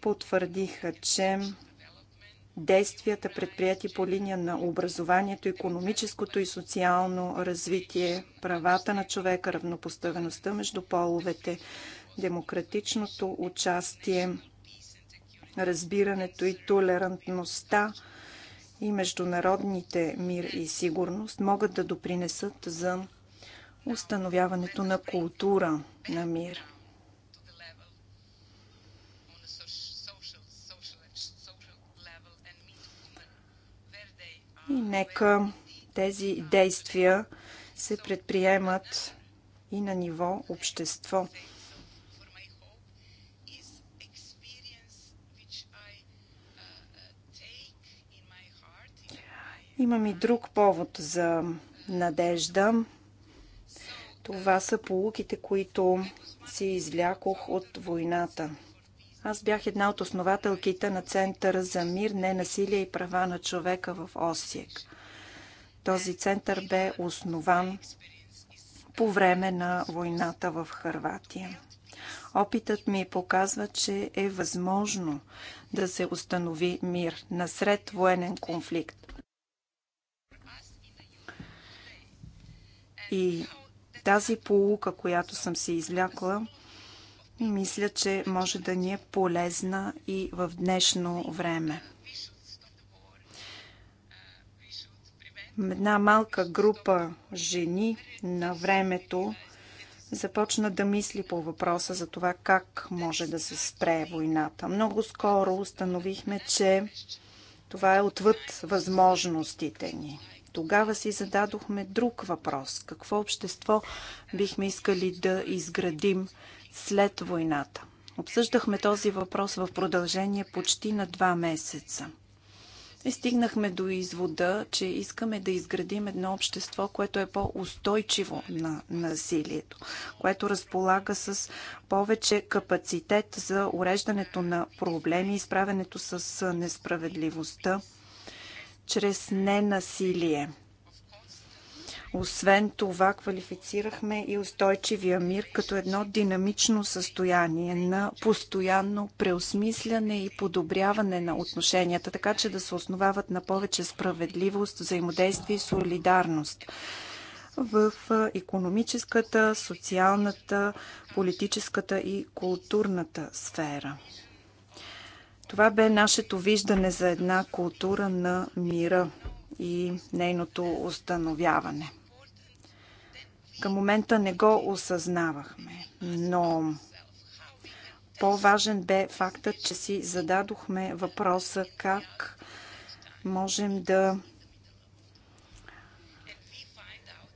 потвърдиха, че действията, предприяти по линия на образованието, економическото и социално развитие, правата на човека, равнопоставеността между половете, демократичното участие, разбирането и толерантността и международните мир и сигурност могат да допринесат за установяването на култура на мир. И нека тези действия се предприемат и на ниво общество. Имам и друг повод за надежда. Това са полуките, които си извлякох от войната. Аз бях една от основателките на Центъра за мир, ненасилие и права на човека в Осиек. Този център бе основан по време на войната в Харватия. Опитът ми показва, че е възможно да се установи мир насред военен конфликт. И тази полука, която съм си извлякла, мисля, че може да ни е полезна и в днешно време. Една малка група жени на времето започна да мисли по въпроса за това как може да се спре войната. Много скоро установихме, че това е отвъд възможностите ни. Тогава си зададохме друг въпрос. Какво общество бихме искали да изградим след войната. Обсъждахме този въпрос в продължение почти на два месеца. И стигнахме до извода, че искаме да изградим едно общество, което е по-устойчиво на насилието, което разполага с повече капацитет за уреждането на проблеми и справянето с несправедливостта чрез ненасилие. Освен това, квалифицирахме и устойчивия мир като едно динамично състояние на постоянно преосмисляне и подобряване на отношенията, така че да се основават на повече справедливост, взаимодействие и солидарност в економическата, социалната, политическата и културната сфера. Това бе нашето виждане за една култура на мира и нейното установяване. Към момента не го осъзнавахме, но по-важен бе фактът, че си зададохме въпроса как можем да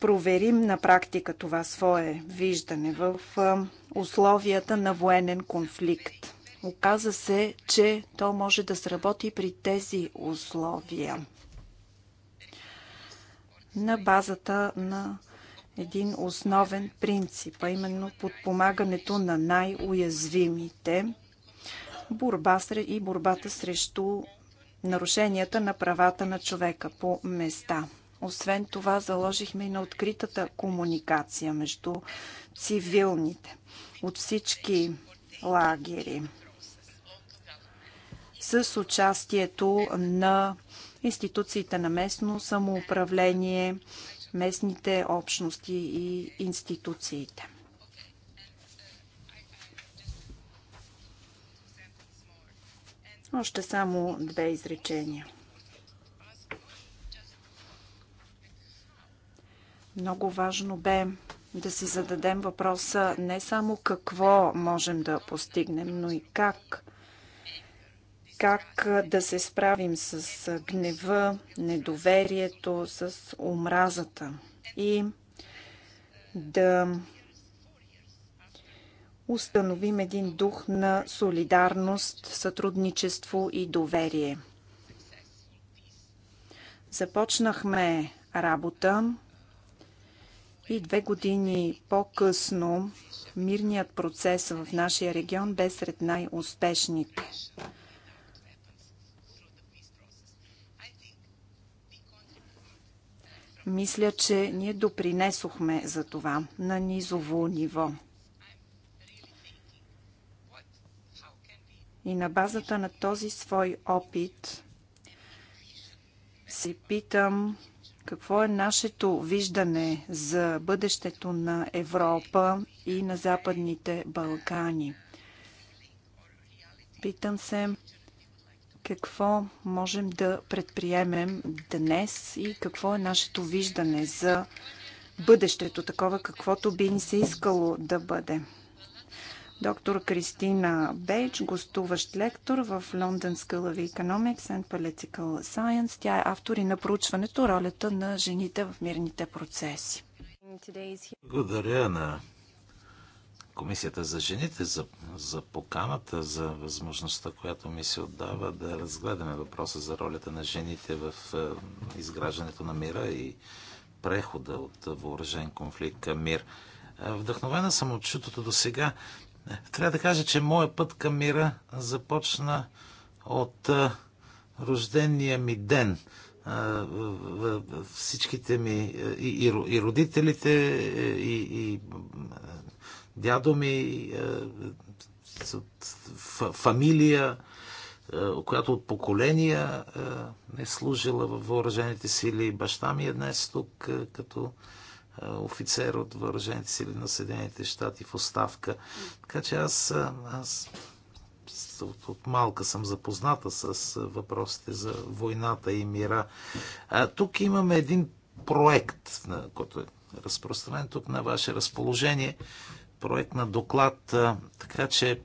проверим на практика това свое виждане в условията на военен конфликт. Оказа се, че то може да сработи при тези условия на базата на един основен принцип, а именно подпомагането на най-уязвимите борба и борбата срещу нарушенията на правата на човека по места. Освен това, заложихме и на откритата комуникация между цивилните от всички лагери с участието на институциите на местно самоуправление, местните общности и институциите. Още само две изречения. Много важно бе да си зададем въпроса не само какво можем да постигнем, но и как как да се справим с гнева, недоверието, с омразата и да установим един дух на солидарност, сътрудничество и доверие. Започнахме работа и две години по-късно мирният процес в нашия регион бе сред най-успешните. Мисля, че ние допринесохме за това на низово ниво. И на базата на този свой опит си питам какво е нашето виждане за бъдещето на Европа и на Западните Балкани. Питам се какво можем да предприемем днес и какво е нашето виждане за бъдещето, такова каквото би ни се искало да бъде. Доктор Кристина Бейдж, гостуващ лектор в London School of Economics and Political Science. Тя е автор и на проучването ролята на жените в мирните процеси. Благодаря на Комисията за жените, за, за поканата, за възможността, която ми се отдава да разгледаме въпроса за ролята на жените в е, изграждането на мира и прехода от въоръжен конфликт към мир. Е, вдъхновена съм от чутото до сега. Е, трябва да кажа, че моят път към мира започна от рождения ми ден. Всичките ми и, родителите, и дядо ми, е, фамилия, е, която от поколения е, е служила във въоръжените сили. Баща ми е днес тук като офицер от въоръжените сили на Съединените щати в оставка. Така че аз, аз от, от малка съм запозната с въпросите за войната и мира. А, тук имаме един проект, който е разпространен тук на ваше разположение проект на доклад, така че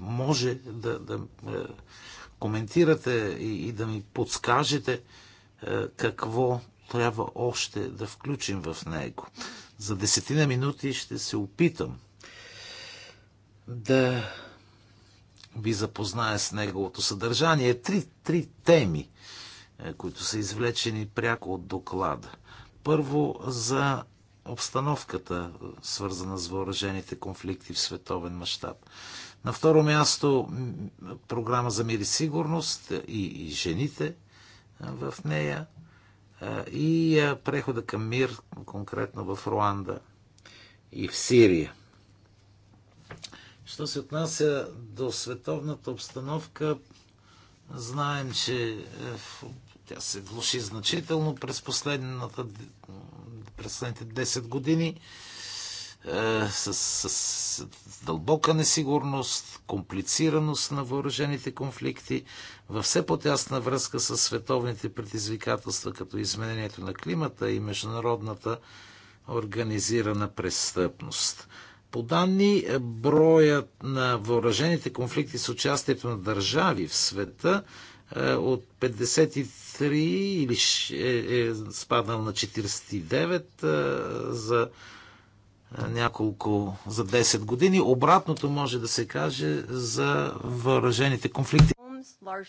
може да, да е, коментирате и, да ми подскажете е, какво трябва още да включим в него. За десетина минути ще се опитам да ви запозная с неговото съдържание. Три, три теми, е, които са извлечени пряко от доклада. Първо за обстановката, свързана с въоръжените конфликти в световен мащаб. На второ място програма за мир и сигурност и, и жените в нея и прехода към мир, конкретно в Руанда и в Сирия. Що се отнася до световната обстановка, знаем, че е, тя се влуши значително през последната през последните 10 години е, с, с, с дълбока несигурност, комплицираност на въоръжените конфликти, във все по-тясна връзка с световните предизвикателства, като изменението на климата и международната организирана престъпност. По данни, е, броят на въоръжените конфликти с участието на държави в света е, от 53 или е, е спаднал на 49 е, за е, няколко, за 10 години. Обратното може да се каже за въоръжените конфликти. Uh,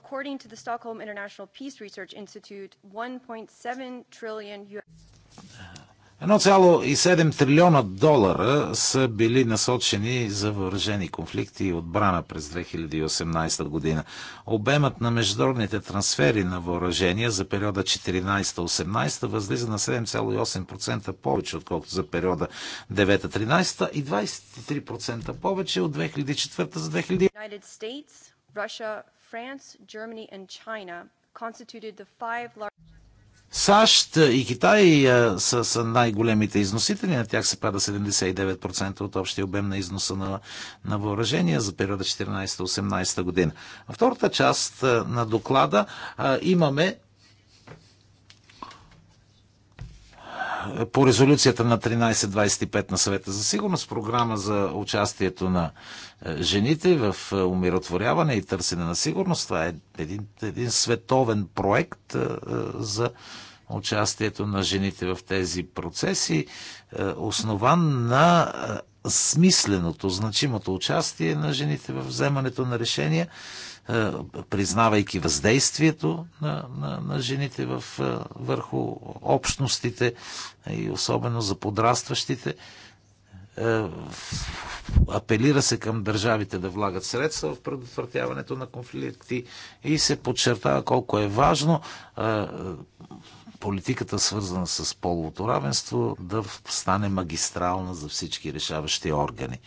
According to the Stockholm International Peace Research Institute, 1.7 trillion Uh. 1,7 трилиона долара са били насочени за въоръжени конфликти и отбрана през 2018 година. Обемът на международните трансфери на въоръжения за периода 14-18 възлиза на 7,8% повече, отколкото за периода 9-13 и 23% повече от 2004 за 2000. Russia, France, Germany and China constituted the five largest САЩ и Китай са, са най-големите износители. На тях се пада 79% от общия обем на износа на, на въоръжения за периода 14-18 година. втората част на доклада а, имаме по резолюцията на 1325 на съвета за сигурност, програма за участието на е, жените в е, умиротворяване и търсене на сигурност. Това е един, един световен проект е, за участието на жените в тези процеси, основан на смисленото, значимото участие на жените в вземането на решения е, признавайки въздействието на, на, на жените в, е, върху общностите и особено за подрастващите. Е, апелира се към държавите да влагат средства в предотвратяването на конфликти и се подчертава колко е важно политиката, свързана с половото равенство, да стане магистрална за всички решаващи органи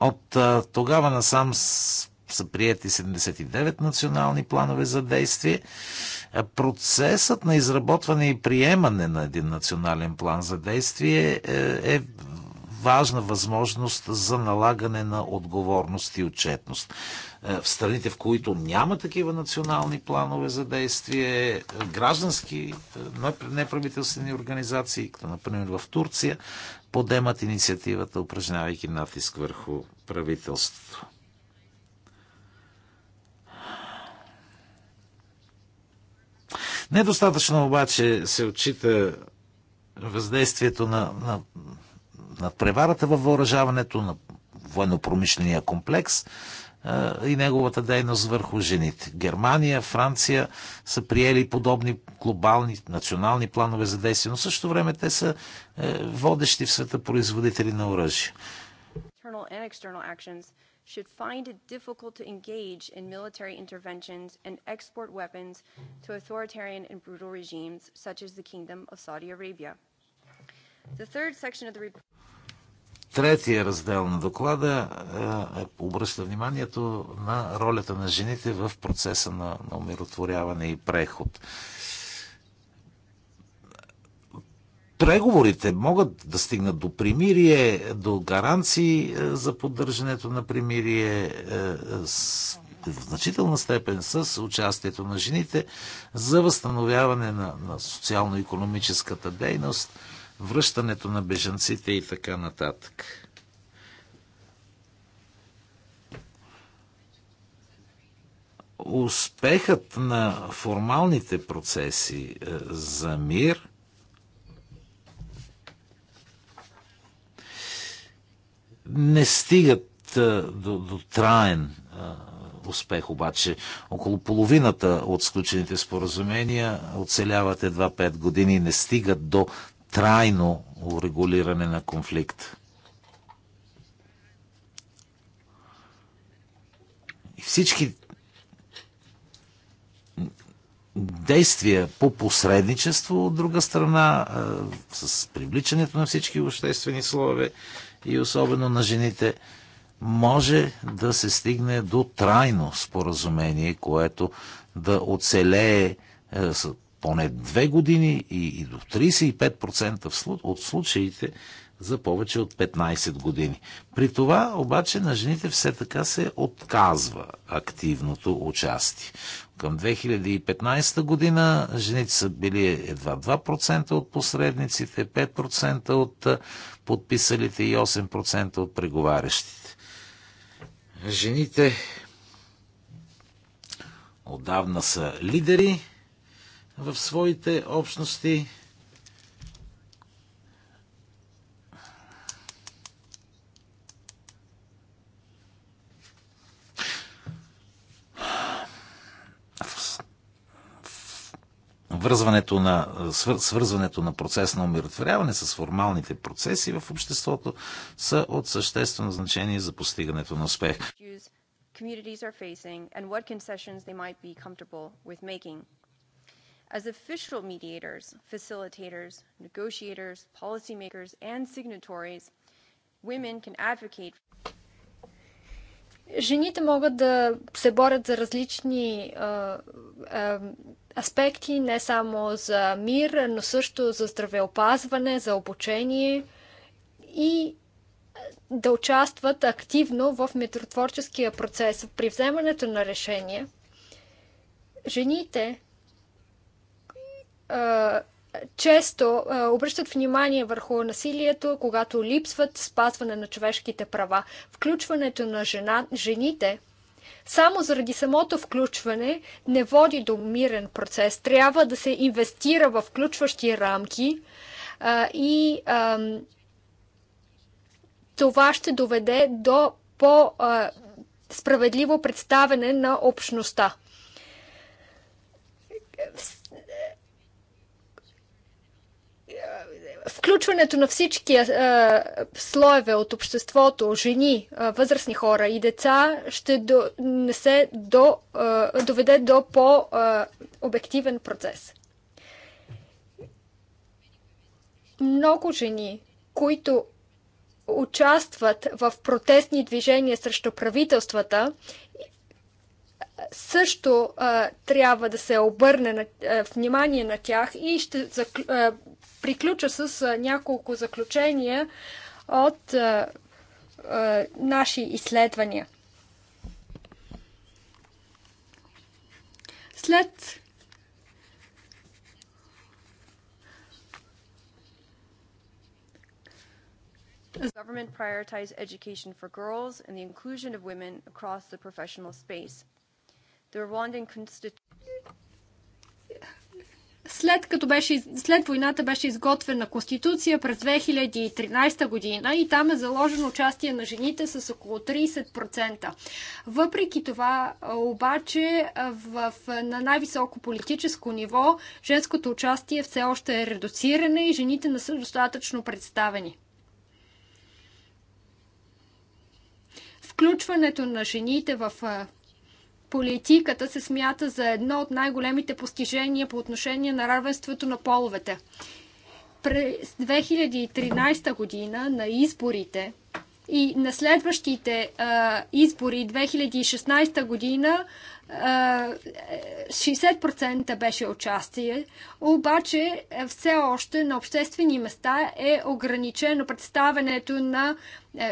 от тогава насам са приети 79 национални планове за действие. Процесът на изработване и приемане на един национален план за действие е, е важна възможност за налагане на отговорност и отчетност. Е, в страните, в които няма такива национални планове за действие, е, граждански неправителствени организации, като например в Турция, подемат инициативата, упражнявайки натиск върху правителството. Недостатъчно обаче се отчита въздействието на, на, на преварата във въоръжаването, на военно-промишления комплекс и неговата дейност върху жените. Германия, Франция са приели подобни глобални национални планове за действие, но също време те са водещи в света производители на оръжие. should find it difficult to engage in military interventions and export weapons to authoritarian and brutal regimes such as the Kingdom of Saudi Arabia. The third section of the report третия раздел на доклада е, е, обръща вниманието на ролята на жените в процеса на, на умиротворяване и преход. Преговорите могат да стигнат до примирие, до гаранции е, за поддържането на примирие, е, в значителна степен с участието на жените за възстановяване на, на социално-економическата дейност връщането на бежанците и така нататък. Успехът на формалните процеси е, за мир не стигат е, до, до траен е, успех обаче. Около половината от сключените споразумения оцеляват едва 5 години и не стигат до трайно урегулиране на конфликт. И всички действия по посредничество, от друга страна, с привличането на всички обществени слове и особено на жените, може да се стигне до трайно споразумение, което да оцелее е, поне две години и, и до 35% от случаите за повече от 15 години. При това обаче на жените все така се отказва активното участие. Към 2015 година жените са били едва 2% от посредниците, 5% от подписалите и 8% от преговарящите. Жените отдавна са лидери в своите общности. връзването на, свързването на процес на умиротворяване с формалните процеси в обществото са от съществено значение за постигането на успех. As official mediators, facilitators, negotiators, policymakers, and signatories, women can advocate Жените могат да се борят за различни а, а, аспекти, не само за мир, но също за здравеопазване, за обучение и да участват активно в миротворческия процес при вземането на решения. Жените често обръщат внимание върху насилието, когато липсват спазване на човешките права. Включването на жена, жените само заради самото включване не води до мирен процес. Трябва да се инвестира в включващи рамки а, и а, това ще доведе до по-справедливо представене на общността включването на всички а, слоеве от обществото, жени, а, възрастни хора и деца, ще се до, а, доведе до по-обективен процес. Много жени, които участват в протестни движения срещу правителствата, също а, трябва да се обърне на, а, внимание на тях и ще зак, а, приключа с няколко заключения от наши изследвания. След Government prioritized education for girls and the inclusion of women across the professional space. The Rwandan Constitution след, като беше, след войната беше изготвена Конституция през 2013 година и там е заложено участие на жените с около 30%. Въпреки това, обаче, в, на най-високо политическо ниво женското участие все още е редуциране и жените не са достатъчно представени. Включването на жените в политиката се смята за едно от най-големите постижения по отношение на равенството на половете. През 2013 година на изборите и на следващите а, избори 2016 година а, 60% беше участие, обаче все още на обществени места е ограничено представенето на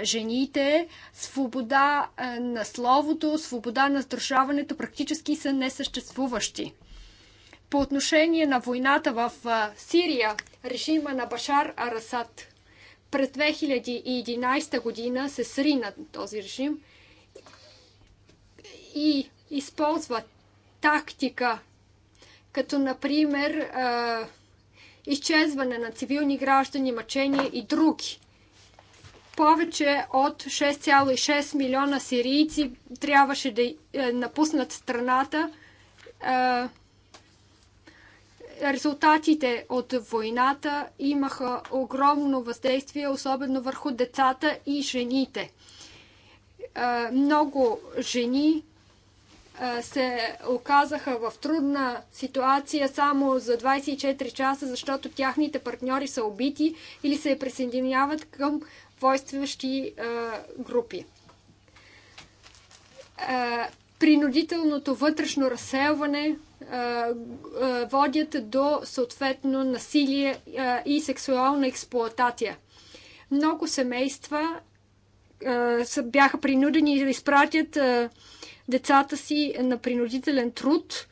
жените, свобода на словото, свобода на сдружаването практически са несъществуващи. По отношение на войната в Сирия, режима на Башар Арасад – през 2011 година се срина този режим и използва тактика, като например изчезване на цивилни граждани, мъчения и други. Повече от 6,6 милиона сирийци трябваше да е, напуснат страната резултатите от войната имаха огромно въздействие, особено върху децата и жените. Много жени се оказаха в трудна ситуация само за 24 часа, защото тяхните партньори са убити или се присъединяват към войстващи групи. Принудителното вътрешно разселване водят до съответно насилие и сексуална експлоатация. Много семейства бяха принудени да изпратят децата си на принудителен труд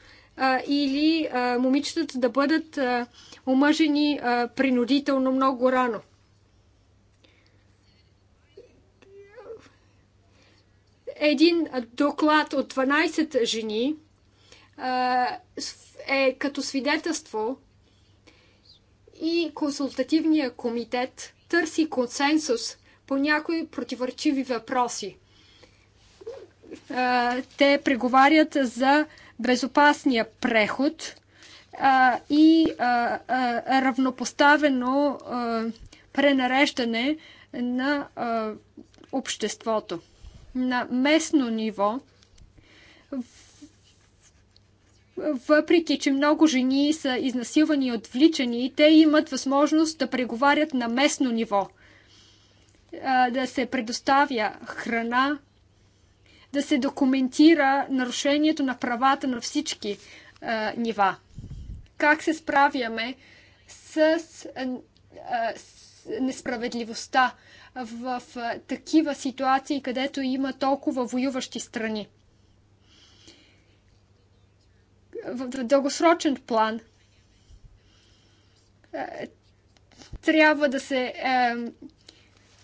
или момичетата да бъдат омъжени принудително много рано. Един доклад от 12 жени е като свидетелство и консултативния комитет търси консенсус по някои противоречиви въпроси. Те преговарят за безопасния преход и равнопоставено пренареждане на обществото. На местно ниво въпреки че много жени са изнасилвани и отвличани, те имат възможност да преговарят на местно ниво, да се предоставя храна, да се документира нарушението на правата на всички нива. Как се справяме с несправедливостта в такива ситуации, където има толкова воюващи страни? в дългосрочен план е, трябва да се е,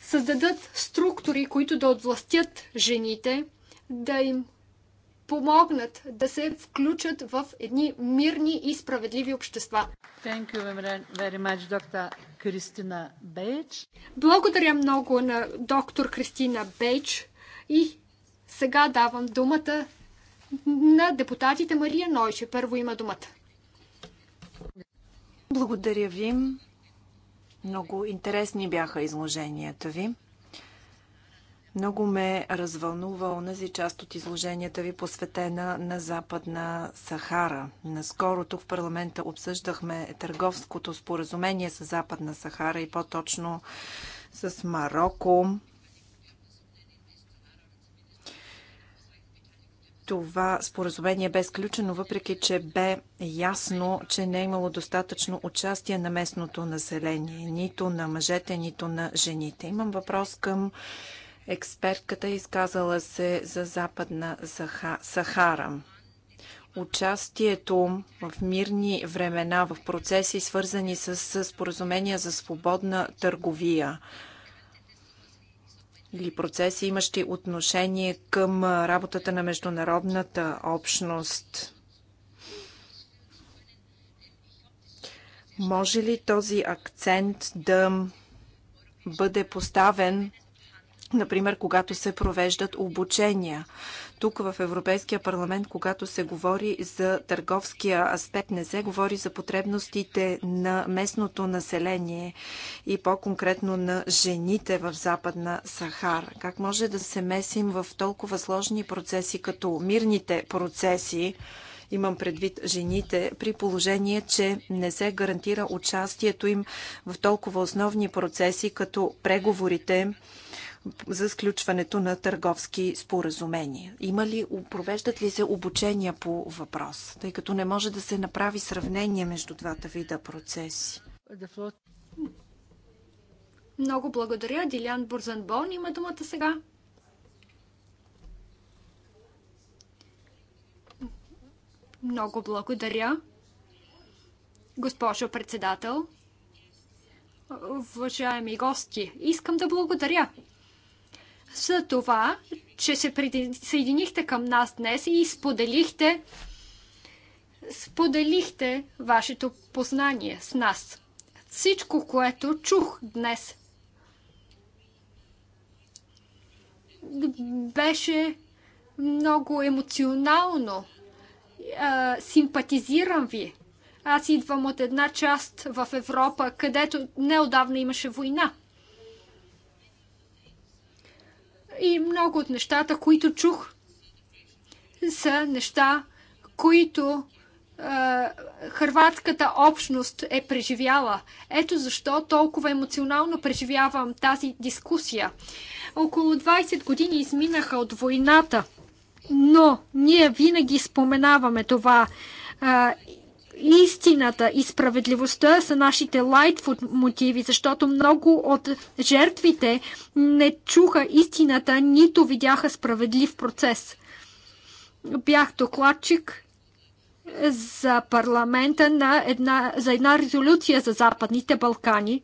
създадат структури, които да отвластят жените, да им помогнат да се включат в едни мирни и справедливи общества. Much, Благодаря много на доктор Кристина Бейч и сега давам думата на депутатите Мария Нойче. Първо има думата. Благодаря ви. Много интересни бяха изложенията ви. Много ме развълнува онази част от изложенията ви посветена на Западна Сахара. Наскоро тук в парламента обсъждахме търговското споразумение с Западна Сахара и по-точно с Марокко. Това споразумение бе сключено, въпреки че бе ясно, че не е имало достатъчно участие на местното население, нито на мъжете, нито на жените. Имам въпрос към експертката, изказала се за Западна Сахара участието в мирни времена, в процеси, свързани с споразумения за свободна търговия или процеси, имащи отношение към работата на международната общност. Може ли този акцент да бъде поставен, например, когато се провеждат обучения? Тук в Европейския парламент, когато се говори за търговския аспект, не се говори за потребностите на местното население и по-конкретно на жените в Западна Сахара. Как може да се месим в толкова сложни процеси, като мирните процеси, имам предвид жените, при положение, че не се гарантира участието им в толкова основни процеси, като преговорите за сключването на търговски споразумения? Има ли, провеждат ли се обучения по въпрос, тъй като не може да се направи сравнение между двата вида процеси? Много благодаря. Дилян Бурзанбон има думата сега. Много благодаря. Госпожо председател, уважаеми гости, искам да благодаря за това, че се присъединихте към нас днес и споделихте, споделихте вашето познание с нас. Всичко, което чух днес, беше много емоционално. Симпатизирам ви. Аз идвам от една част в Европа, където неодавна имаше война. И много от нещата, които чух, са неща, които е, хрватската общност е преживяла. Ето защо толкова емоционално преживявам тази дискусия. Около 20 години изминаха от войната, но ние винаги споменаваме това. Е, истината и справедливостта са нашите лайтфуд мотиви, защото много от жертвите не чуха истината, нито видяха справедлив процес. Бях докладчик за парламента на една, за една резолюция за Западните Балкани.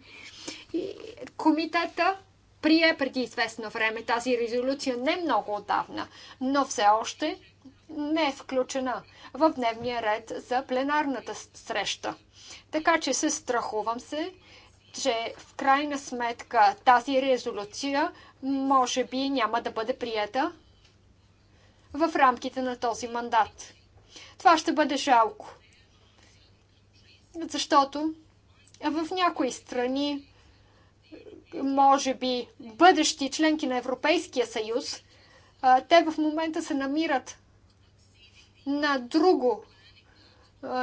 Комитета прие преди известно време тази резолюция не много отдавна, но все още не е включена в дневния ред за пленарната среща. Така че се страхувам се, че в крайна сметка тази резолюция може би няма да бъде прията в рамките на този мандат. Това ще бъде жалко. Защото в някои страни, може би бъдещи членки на Европейския съюз, те в момента се намират на друго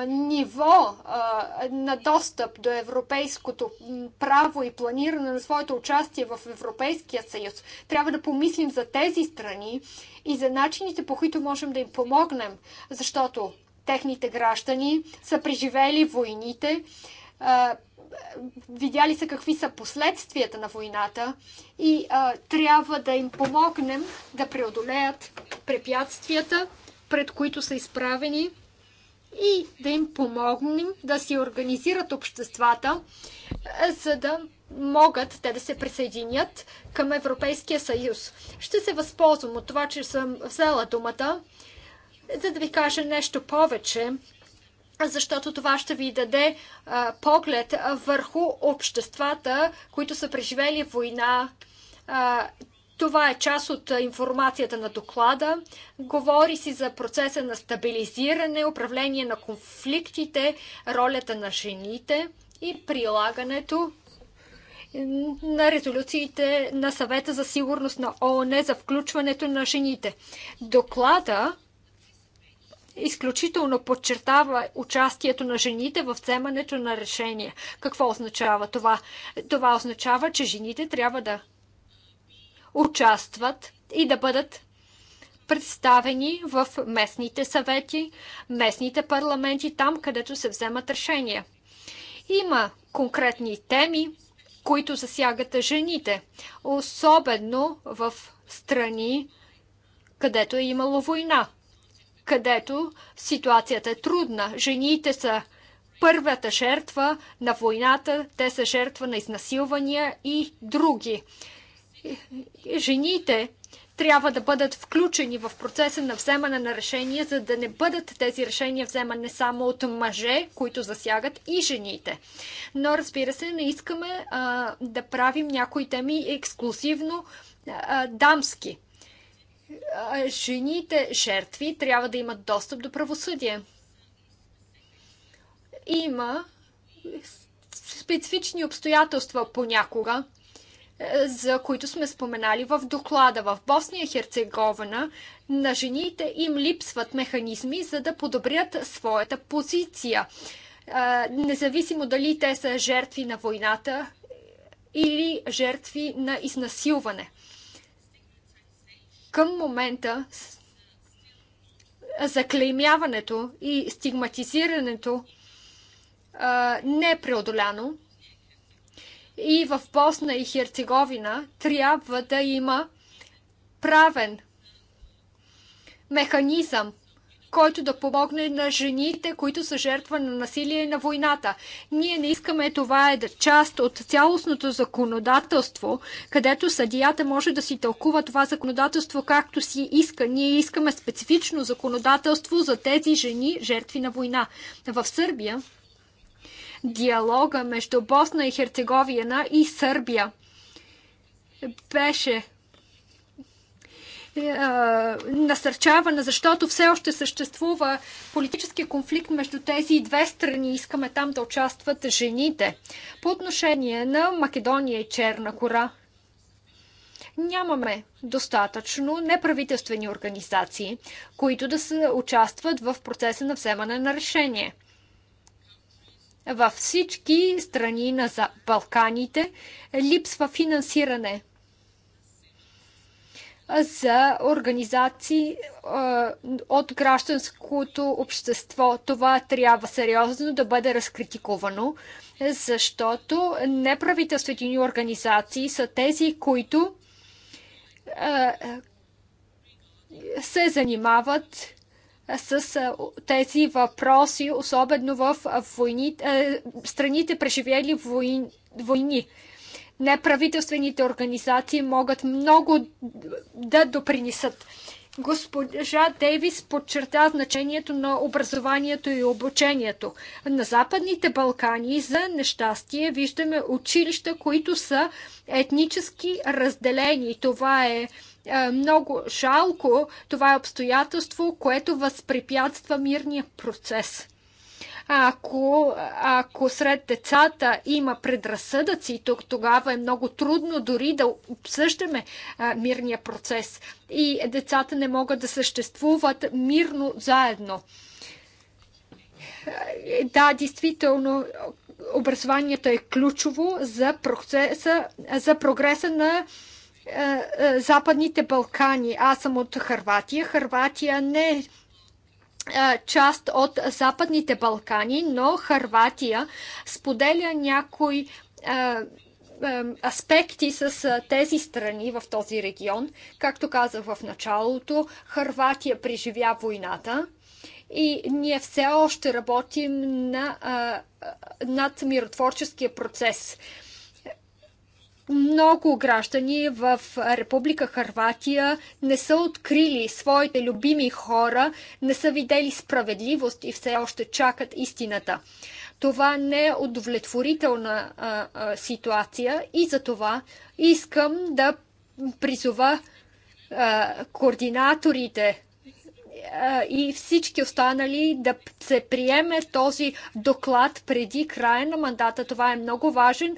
ниво на достъп до европейското право и планиране на своето участие в Европейския съюз. Трябва да помислим за тези страни и за начините, по които можем да им помогнем, защото техните граждани са преживели войните, видяли са какви са последствията на войната и трябва да им помогнем да преодолеят препятствията пред които са изправени и да им помогнем да си организират обществата, е, за да могат те да се присъединят към Европейския съюз. Ще се възползвам от това, че съм взела думата, за да ви кажа нещо повече, защото това ще ви даде а, е, поглед върху обществата, които са преживели война, а, е, това е част от информацията на доклада. Говори си за процеса на стабилизиране, управление на конфликтите, ролята на жените и прилагането на резолюциите на съвета за сигурност на ООН за включването на жените. Доклада изключително подчертава участието на жените в вземането на решения. Какво означава това? Това означава, че жените трябва да участват и да бъдат представени в местните съвети, местните парламенти, там където се вземат решения. Има конкретни теми, които засягат жените, особено в страни, където е имало война, където ситуацията е трудна. Жените са първата жертва на войната, те са жертва на изнасилвания и други жените трябва да бъдат включени в процеса на вземане на решения, за да не бъдат тези решения вземане само от мъже, които засягат и жените. Но разбира се, не искаме а, да правим някои теми ексклюзивно а, дамски. А, жените жертви трябва да имат достъп до правосъдие. Има специфични обстоятелства понякога, за които сме споменали в доклада. В Босния и Херцеговина на жените им липсват механизми, за да подобрят своята позиция. Независимо дали те са жертви на войната или жертви на изнасилване. Към момента заклеймяването и стигматизирането не е преодоляно и в Босна и Херцеговина трябва да има правен механизъм, който да помогне на жените, които са жертва на насилие и на войната. Ние не искаме това е да част от цялостното законодателство, където съдията може да си тълкува това законодателство както си иска. Ние искаме специфично законодателство за тези жени, жертви на война. В Сърбия диалога между Босна и Херцеговина и Сърбия. Беше е, насърчавана, защото все още съществува политически конфликт между тези две страни. Искаме там да участват жените. По отношение на Македония и Черна кора. нямаме достатъчно неправителствени организации, които да се участват в процеса на вземане на решение. Във всички страни на Балканите липсва финансиране за организации от гражданското общество. Това трябва сериозно да бъде разкритикувано, защото неправителствени организации са тези, които се занимават с тези въпроси, особено в войните, страните преживели войни. войни неправителствените организации могат много да допринесат. Госпожа Дейвис подчерта значението на образованието и обучението. На Западните Балкани, за нещастие, виждаме училища, които са етнически разделени. Това е, е много жалко. Това е обстоятелство, което възпрепятства мирния процес. Ако, ако сред децата има предразсъдъци, тук тогава е много трудно дори да обсъждаме а, мирния процес и децата не могат да съществуват мирно заедно. Да, действително, образованието е ключово за, процеса, за прогреса на Западните Балкани. Аз съм от Харватия. Харватия не е част от Западните Балкани, но Харватия споделя някои аспекти с тези страни в този регион. Както казах в началото, Харватия преживя войната и ние все още работим на, а, над миротворческия процес много граждани в Република Харватия не са открили своите любими хора, не са видели справедливост и все още чакат истината. Това не е удовлетворителна а, а, ситуация и за това искам да призова а, координаторите и всички останали да се приеме този доклад преди края на мандата. Това е много важен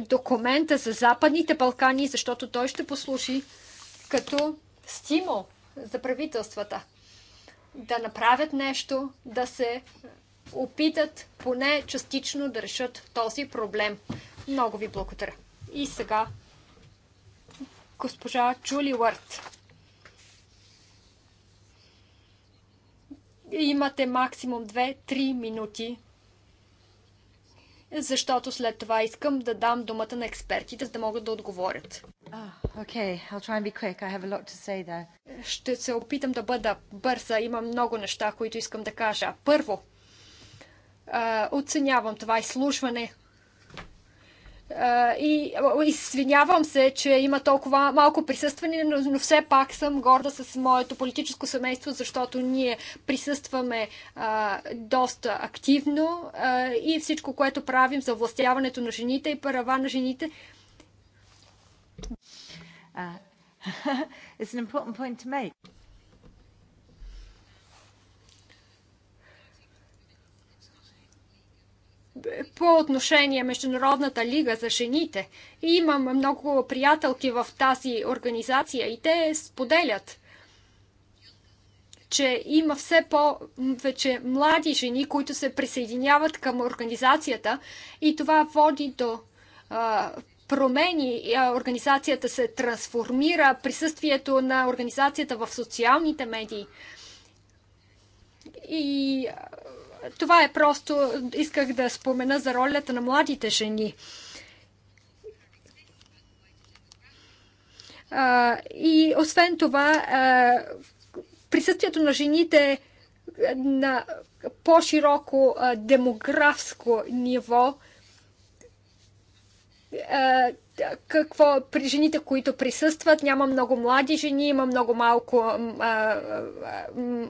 документ за Западните Балкани, защото той ще послужи като стимул за правителствата да направят нещо, да се опитат поне частично да решат този проблем. Много ви благодаря. И сега госпожа Джули Уърт. Имате максимум 2-3 минути, защото след това искам да дам думата на експертите, за да могат да отговорят. Ah, Ще се опитам да бъда бърза. Имам много неща, които искам да кажа. Първо, оценявам това изслушване и извинявам се, че има толкова малко присъстване, но, но все пак съм горда с моето политическо семейство, защото ние присъстваме а, доста активно а, и всичко, което правим за властяването на жените и права на жените. Uh, it's an important point to make. по отношение Международната лига за жените. И имам много приятелки в тази организация и те споделят, че има все повече млади жени, които се присъединяват към организацията и това води до а, промени. Организацията се трансформира, присъствието на организацията в социалните медии. И това е просто, исках да спомена за ролята на младите жени. И освен това, присъствието на жените на по-широко демографско ниво какво при жените, които присъстват, няма много млади жени, има много малко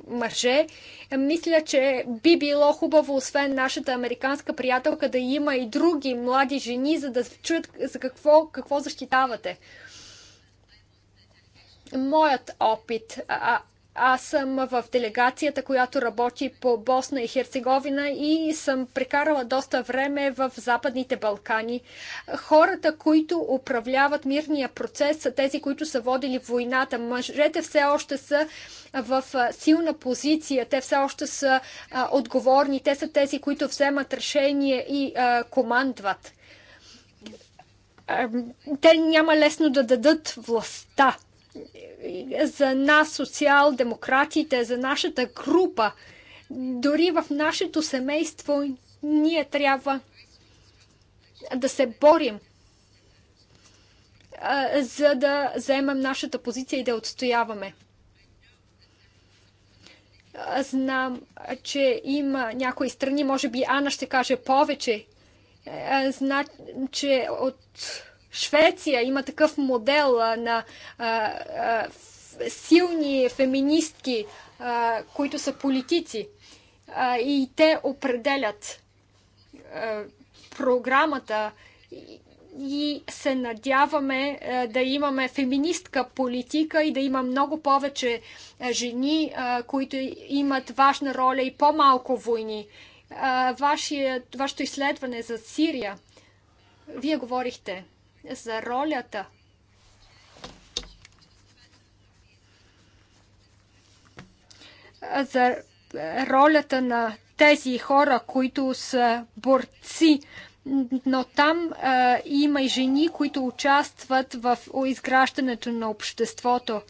мъже. Мисля, че би било хубаво, освен нашата американска приятелка, да има и други млади жени, за да чуят за какво, какво защитавате. Моят опит. А, аз съм в делегацията, която работи по Босна и Херцеговина и съм прекарала доста време в Западните Балкани. Хората, които управляват мирния процес, са тези, които са водили войната. Мъжете все още са в силна позиция, те все още са а, отговорни, те са тези, които вземат решение и а, командват. А, те няма лесно да дадат властта за нас, социал-демократите, за нашата група, дори в нашето семейство, ние трябва да се борим, за да заемем нашата позиция и да отстояваме. Знам, че има някои страни, може би Ана ще каже повече, знам, че от Швеция има такъв модел на силни феминистки, които са политици. И те определят програмата и се надяваме да имаме феминистка политика и да има много повече жени, които имат важна роля и по-малко войни. Вашето изследване за Сирия. Вие говорихте за ролята за ролята на тези хора, които са борци, но там а, има и жени, които участват в изграждането на обществото.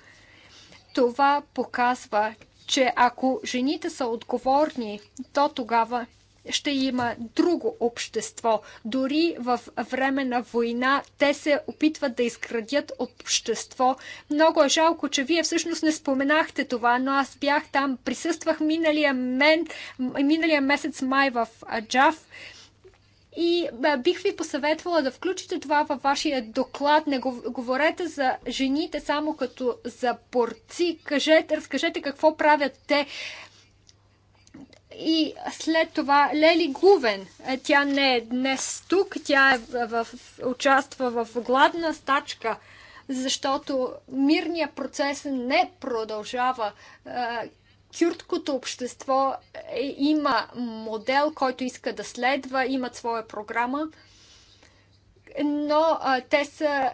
Това показва, че ако жените са отговорни, то тогава ще има друго общество. Дори в време на война те се опитват да изградят общество. Много е жалко, че вие всъщност не споменахте това, но аз бях там, присъствах миналия, мен, миналия месец май в Аджав. И бих ви посъветвала да включите това във вашия доклад. Не говорете за жените само като за порци. Кажете, разкажете какво правят те и след това Лели Гувен. Е, тя не е днес тук, тя е в, участва в гладна стачка, защото мирният процес не продължава. Е, кюрткото общество е, има модел, който иска да следва, имат своя програма, но те са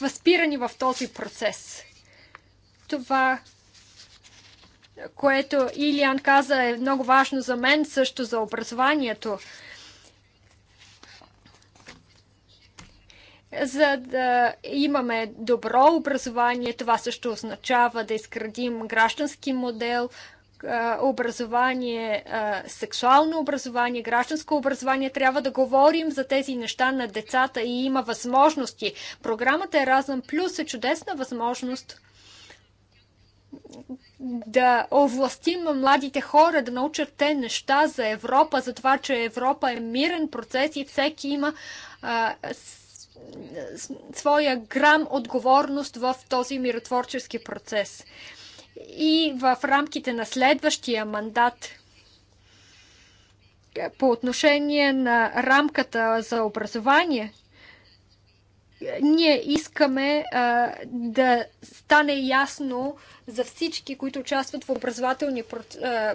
възпирани в този процес. Това което Илиан каза е много важно за мен, също за образованието. За да имаме добро образование, това също означава да изградим граждански модел, образование, сексуално образование, гражданско образование. Трябва да говорим за тези неща на децата и има възможности. Програмата Еразъм Плюс е чудесна възможност да овластим младите хора да научат те неща за Европа, за това, че Европа е мирен процес и всеки има а, с, с, своя грам отговорност в този миротворчески процес. И в рамките на следващия мандат е, по отношение на рамката за образование – ние искаме а, да стане ясно за всички, които участват в образователни про, а,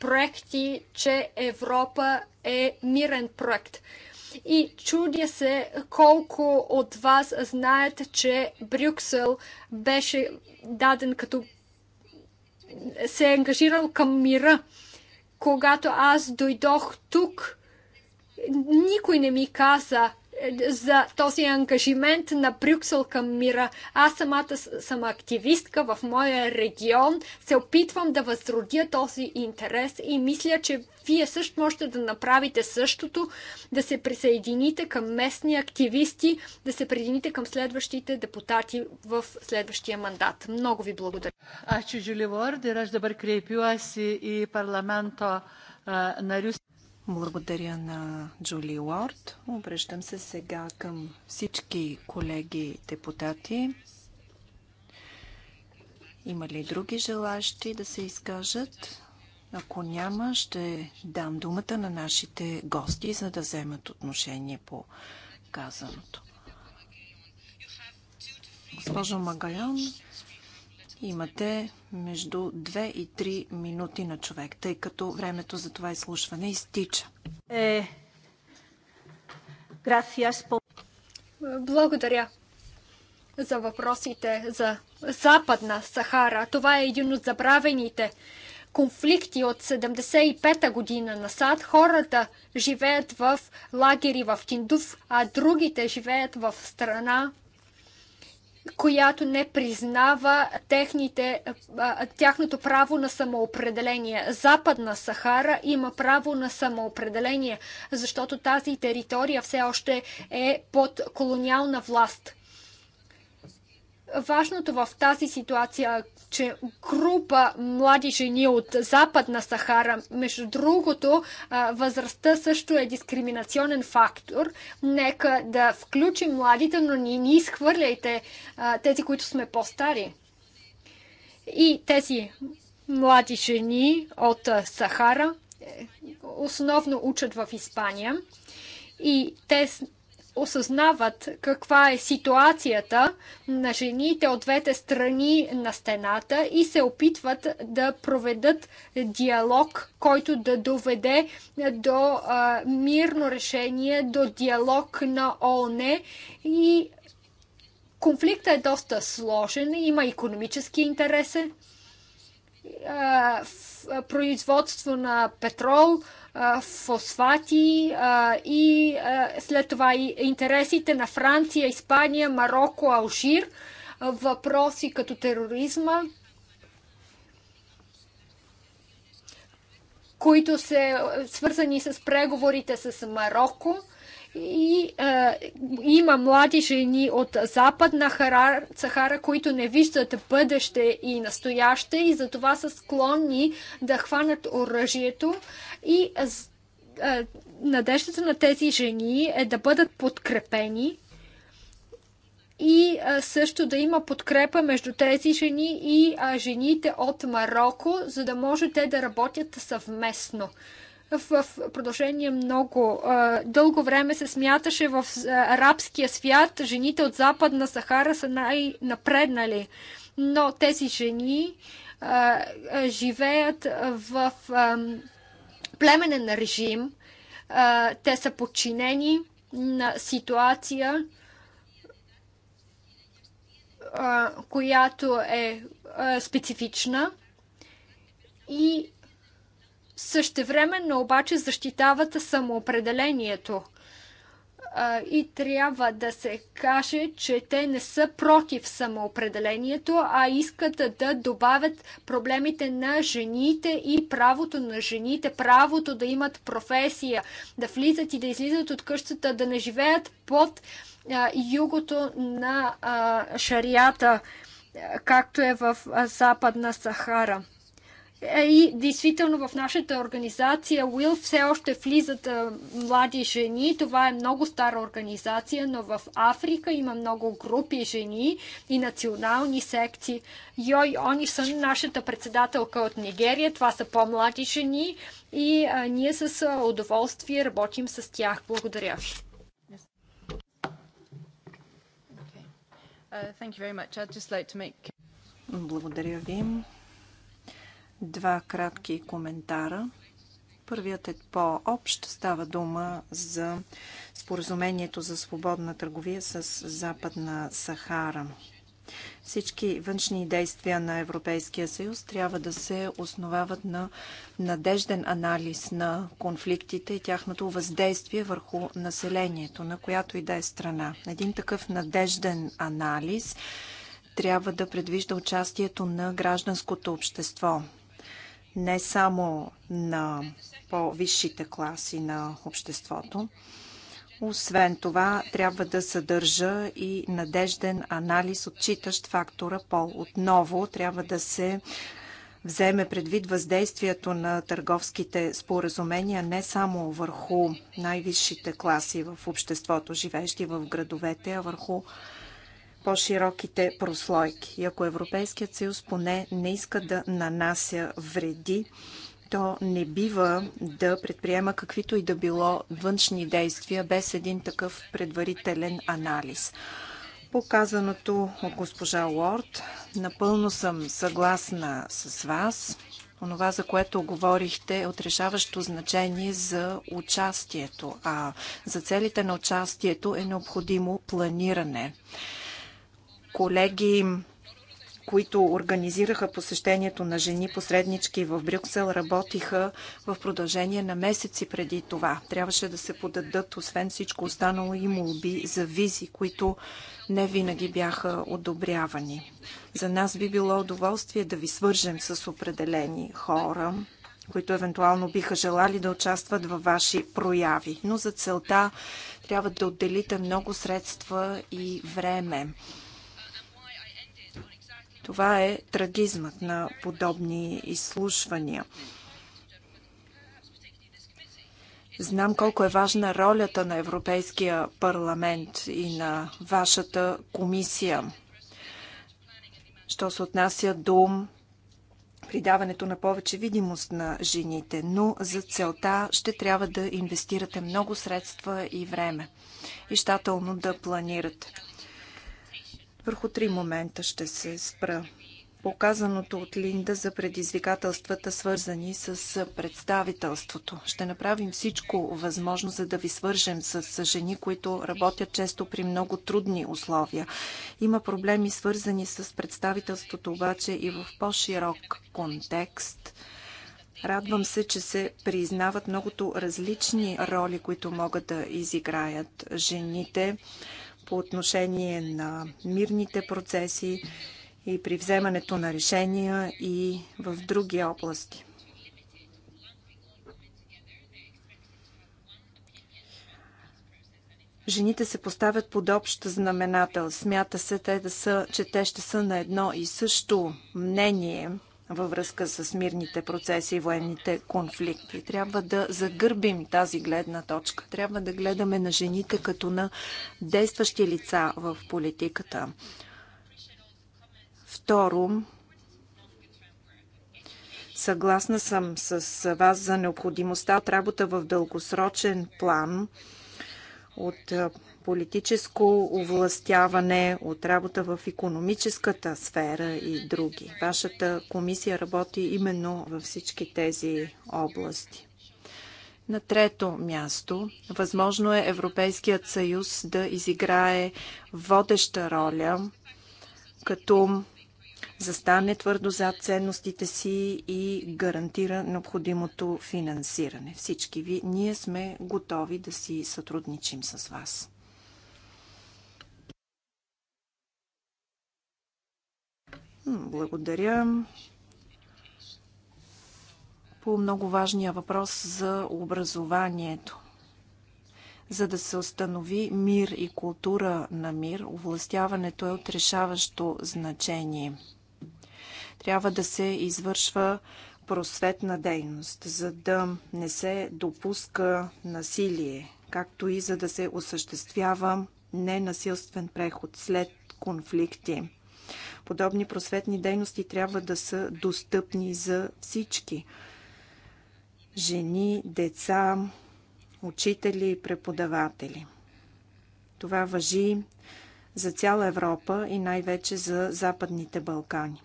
проекти, че Европа е мирен проект. И чудя се колко от вас знаят, че Брюксел беше даден като се е ангажирал към мира. Когато аз дойдох тук, никой не ми каза, за този ангажимент на Брюксел към мира. Аз самата съм активистка в моя регион, се опитвам да възродя този интерес и мисля, че вие също можете да направите същото, да се присъедините към местни активисти, да се присъедините към следващите депутати в следващия мандат. Много ви благодаря. Ačiū, Žiulivor, да aš си и парламента на narius. Благодаря на Джули Уорд. Обръщам се сега към всички колеги депутати. Има ли други желащи да се изкажат? Ако няма, ще дам думата на нашите гости, за да вземат отношение по казаното. Госпожо Магалян, Имате между 2 и 3 минути на човек, тъй като времето за това изслушване изтича. Е, Благодаря за въпросите за Западна Сахара. Това е един от забравените конфликти от 75-та година насад. Хората живеят в лагери в Тиндуф, а другите живеят в страна която не признава техните, тяхното право на самоопределение. Западна Сахара има право на самоопределение, защото тази територия все още е под колониална власт. Важното в тази ситуация, че група млади жени от Западна Сахара, между другото, възрастта също е дискриминационен фактор. Нека да включим младите, но не ни изхвърляйте тези, които сме по-стари. И тези млади жени от Сахара е, основно учат в Испания и те осъзнават каква е ситуацията на жените от двете страни на стената и се опитват да проведат диалог, който да доведе до а, мирно решение, до диалог на ООН и конфликтът е доста сложен, има економически интереси, а, в, а, производство на петрол, а, фосфати и след това и интересите на Франция, Испания, Марокко, Алжир, въпроси като тероризма, които са свързани с преговорите с Марокко и е, има млади жени от Западна Сахара, които не виждат бъдеще и настояще и затова са склонни да хванат оръжието и е, надеждата на тези жени е да бъдат подкрепени и е, също да има подкрепа между тези жени и е, жените от Марокко, за да може те да работят съвместно в продължение много дълго време се смяташе в арабския свят, жените от Западна Сахара са най-напреднали. Но тези жени живеят в племенен режим, те са подчинени на ситуация, която е специфична и Същевременно обаче защитават самоопределението и трябва да се каже, че те не са против самоопределението, а искат да добавят проблемите на жените и правото на жените, правото да имат професия, да влизат и да излизат от къщата, да не живеят под югото на шарията, както е в Западна Сахара. Е, и действително в нашата организация Уил все още влизат а, е, млади жени. Това е много стара организация, но в Африка има много групи жени и национални секции. Йой са нашата председателка от Нигерия, това са по-млади жени и а, е, ние с удоволствие работим с тях. Благодаря ви. Uh, Благодаря ви. Два кратки коментара. Първият е по-общ. Става дума за споразумението за свободна търговия с Западна Сахара. Всички външни действия на Европейския съюз трябва да се основават на надежден анализ на конфликтите и тяхното въздействие върху населението, на която и да е страна. Един такъв надежден анализ трябва да предвижда участието на гражданското общество не само на по-висшите класи на обществото. Освен това, трябва да съдържа и надежден анализ, отчитащ фактора пол. Отново трябва да се вземе предвид въздействието на търговските споразумения не само върху най-висшите класи в обществото, живеещи в градовете, а върху по-широките прослойки. И ако Европейският съюз поне не иска да нанася вреди, то не бива да предприема каквито и да било външни действия без един такъв предварителен анализ. Показаното от госпожа Лорд, напълно съм съгласна с вас. Онова, за което говорихте, е отрешаващо значение за участието, а за целите на участието е необходимо планиране колеги, които организираха посещението на жени посреднички в Брюксел, работиха в продължение на месеци преди това. Трябваше да се подадат, освен всичко останало, и молби за визи, които не винаги бяха одобрявани. За нас би било удоволствие да ви свържем с определени хора, които евентуално биха желали да участват във ваши прояви. Но за целта трябва да отделите много средства и време. Това е трагизмът на подобни изслушвания. Знам колко е важна ролята на Европейския парламент и на вашата комисия, що се отнася до придаването на повече видимост на жените, но за целта ще трябва да инвестирате много средства и време и щателно да планирате. Върху три момента ще се спра. Показаното от Линда за предизвикателствата, свързани с представителството. Ще направим всичко възможно, за да ви свържем с жени, които работят често при много трудни условия. Има проблеми, свързани с представителството, обаче и в по-широк контекст. Радвам се, че се признават многото различни роли, които могат да изиграят жените по отношение на мирните процеси и при вземането на решения и в други области. Жените се поставят под общ знаменател. Смята се, те да са, че те ще са на едно и също мнение – във връзка с мирните процеси и военните конфликти. Трябва да загърбим тази гледна точка. Трябва да гледаме на жените като на действащи лица в политиката. Второ, съгласна съм с вас за необходимостта от работа в дългосрочен план, от политическо овластяване, от работа в економическата сфера и други. Вашата комисия работи именно във всички тези области. На трето място, възможно е Европейският съюз да изиграе водеща роля, като застане твърдо зад ценностите си и гарантира необходимото финансиране. Всички ви, ние сме готови да си сътрудничим с вас. Благодаря. По много важния въпрос за образованието. За да се установи мир и култура на мир, овластяването е от решаващо значение. Трябва да се извършва просветна дейност, за да не се допуска насилие, както и за да се осъществява ненасилствен преход след конфликти. Подобни просветни дейности трябва да са достъпни за всички. Жени, деца, учители и преподаватели. Това въжи за цяла Европа и най-вече за Западните Балкани.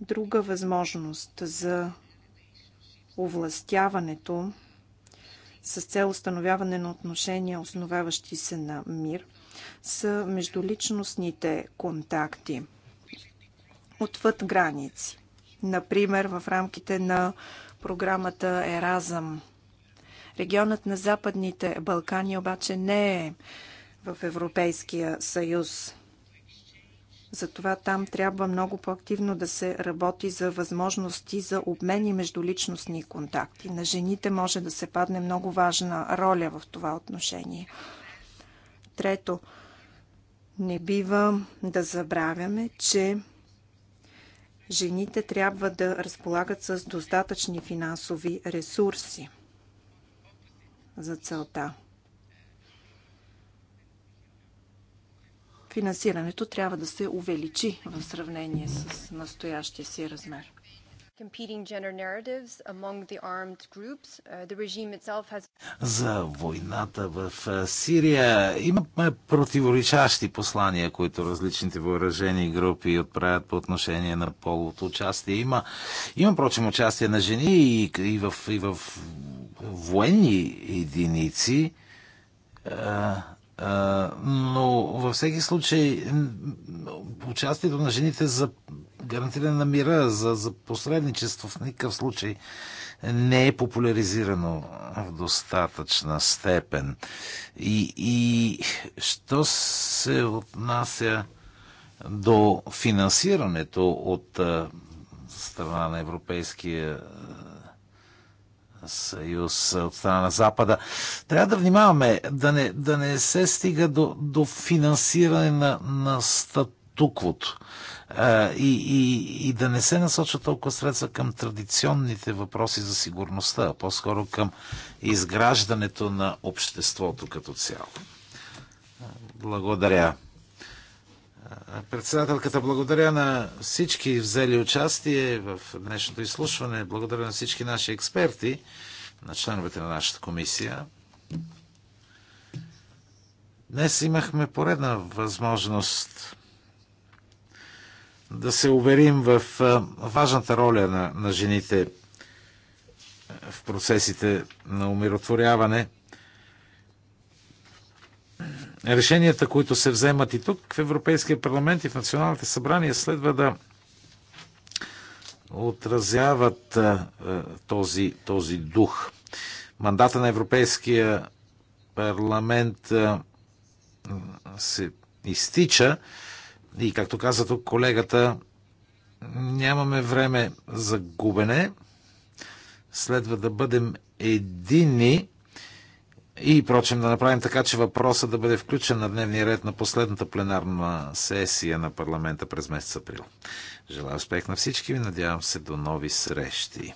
Друга възможност за овластяването с цел установяване на отношения, основаващи се на мир, са междуличностните контакти отвъд граници. Например, в рамките на програмата Еразъм. Регионът на Западните Балкани обаче не е в Европейския съюз. Затова там трябва много по-активно да се работи за възможности за обмени между личностни контакти. На жените може да се падне много важна роля в това отношение. Трето, не бива да забравяме, че жените трябва да разполагат с достатъчни финансови ресурси за целта. Финансирането трябва да се увеличи в сравнение с настоящия си размер. Uh, за войната в е, Сирия има противоречащи послания, които различните въоръжени групи отправят по отношение на половото участие. Има, има прочим, участие на жени и, и, в, и в военни единици е, е, но във всеки случай участието на жените за гарантиране на мира, за, за посредничество в никакъв случай не е популяризирано в достатъчна степен. И, и що се отнася до финансирането от страна на Европейския съюз, от страна на Запада. Трябва да внимаваме да не, да не се стига до, до финансиране на, на статуквото и, и, и да не се насочат толкова средства към традиционните въпроси за сигурността, а по-скоро към изграждането на обществото като цяло. Благодаря. Председателката, благодаря на всички взели участие в днешното изслушване. Благодаря на всички наши експерти, на членовете на нашата комисия. Днес имахме поредна възможност да се уверим в важната роля на, на жените е, в процесите на умиротворяване. Решенията, които се вземат и тук в Европейския парламент и в националните събрания, следва да отразяват този, този дух. Мандата на Европейския парламент се изтича и както каза тук колегата, нямаме време за губене. Следва да бъдем едини и прочим да направим така, че въпросът да бъде включен на дневния ред на последната пленарна сесия на парламента през месец април. Желая успех на всички и надявам се до нови срещи.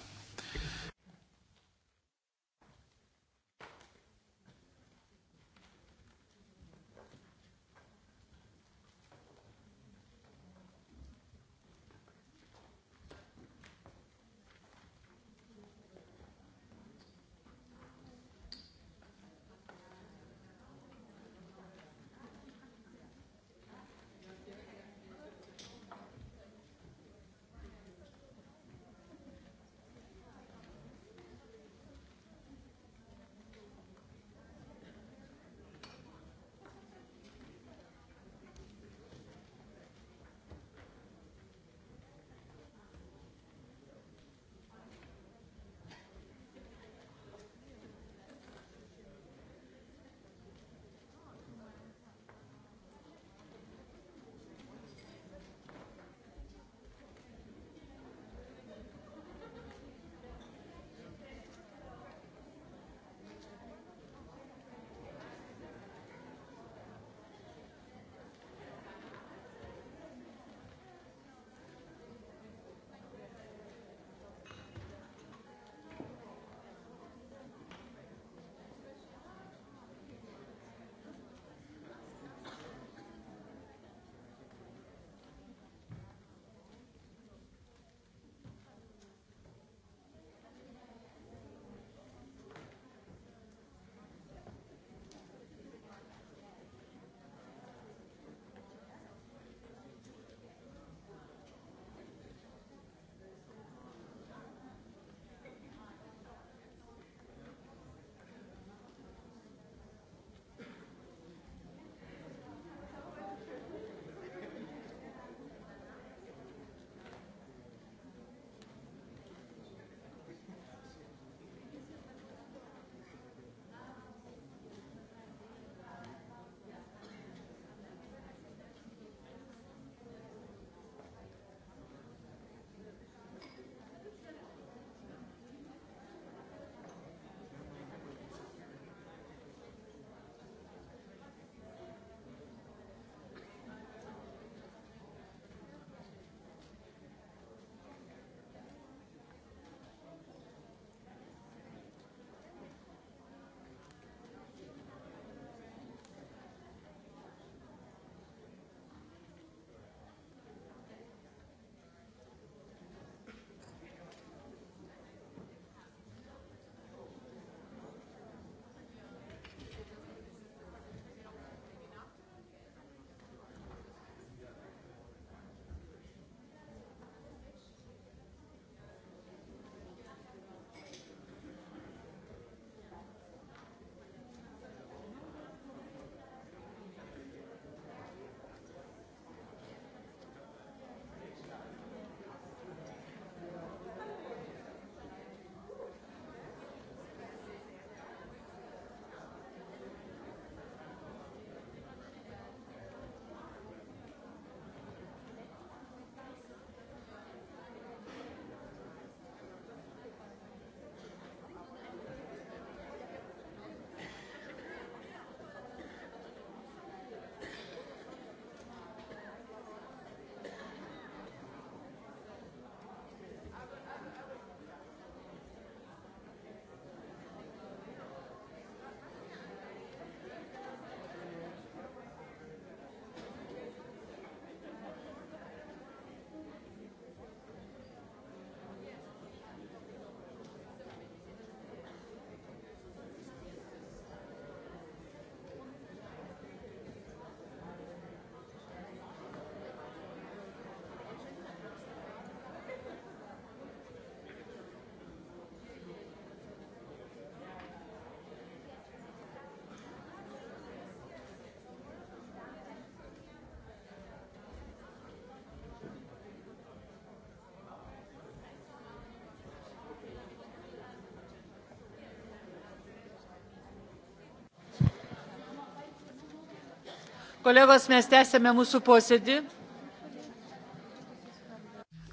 Колегос, mes tęsėme mūsų posėdį.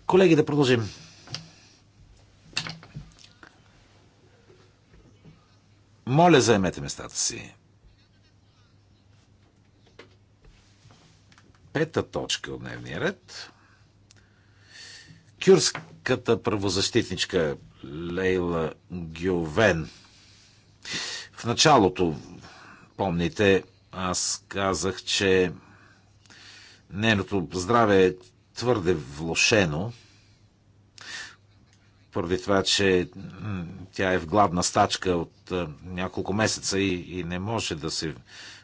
Колеги, да продължим. Моля, заемете местата си. Пета точка от дневния ред. Кюрската правозащитничка Лейла Гювен. В началото, помните, аз казах, че нейното здраве е твърде влошено, поради това, че тя е в гладна стачка от няколко месеца и, и не може да се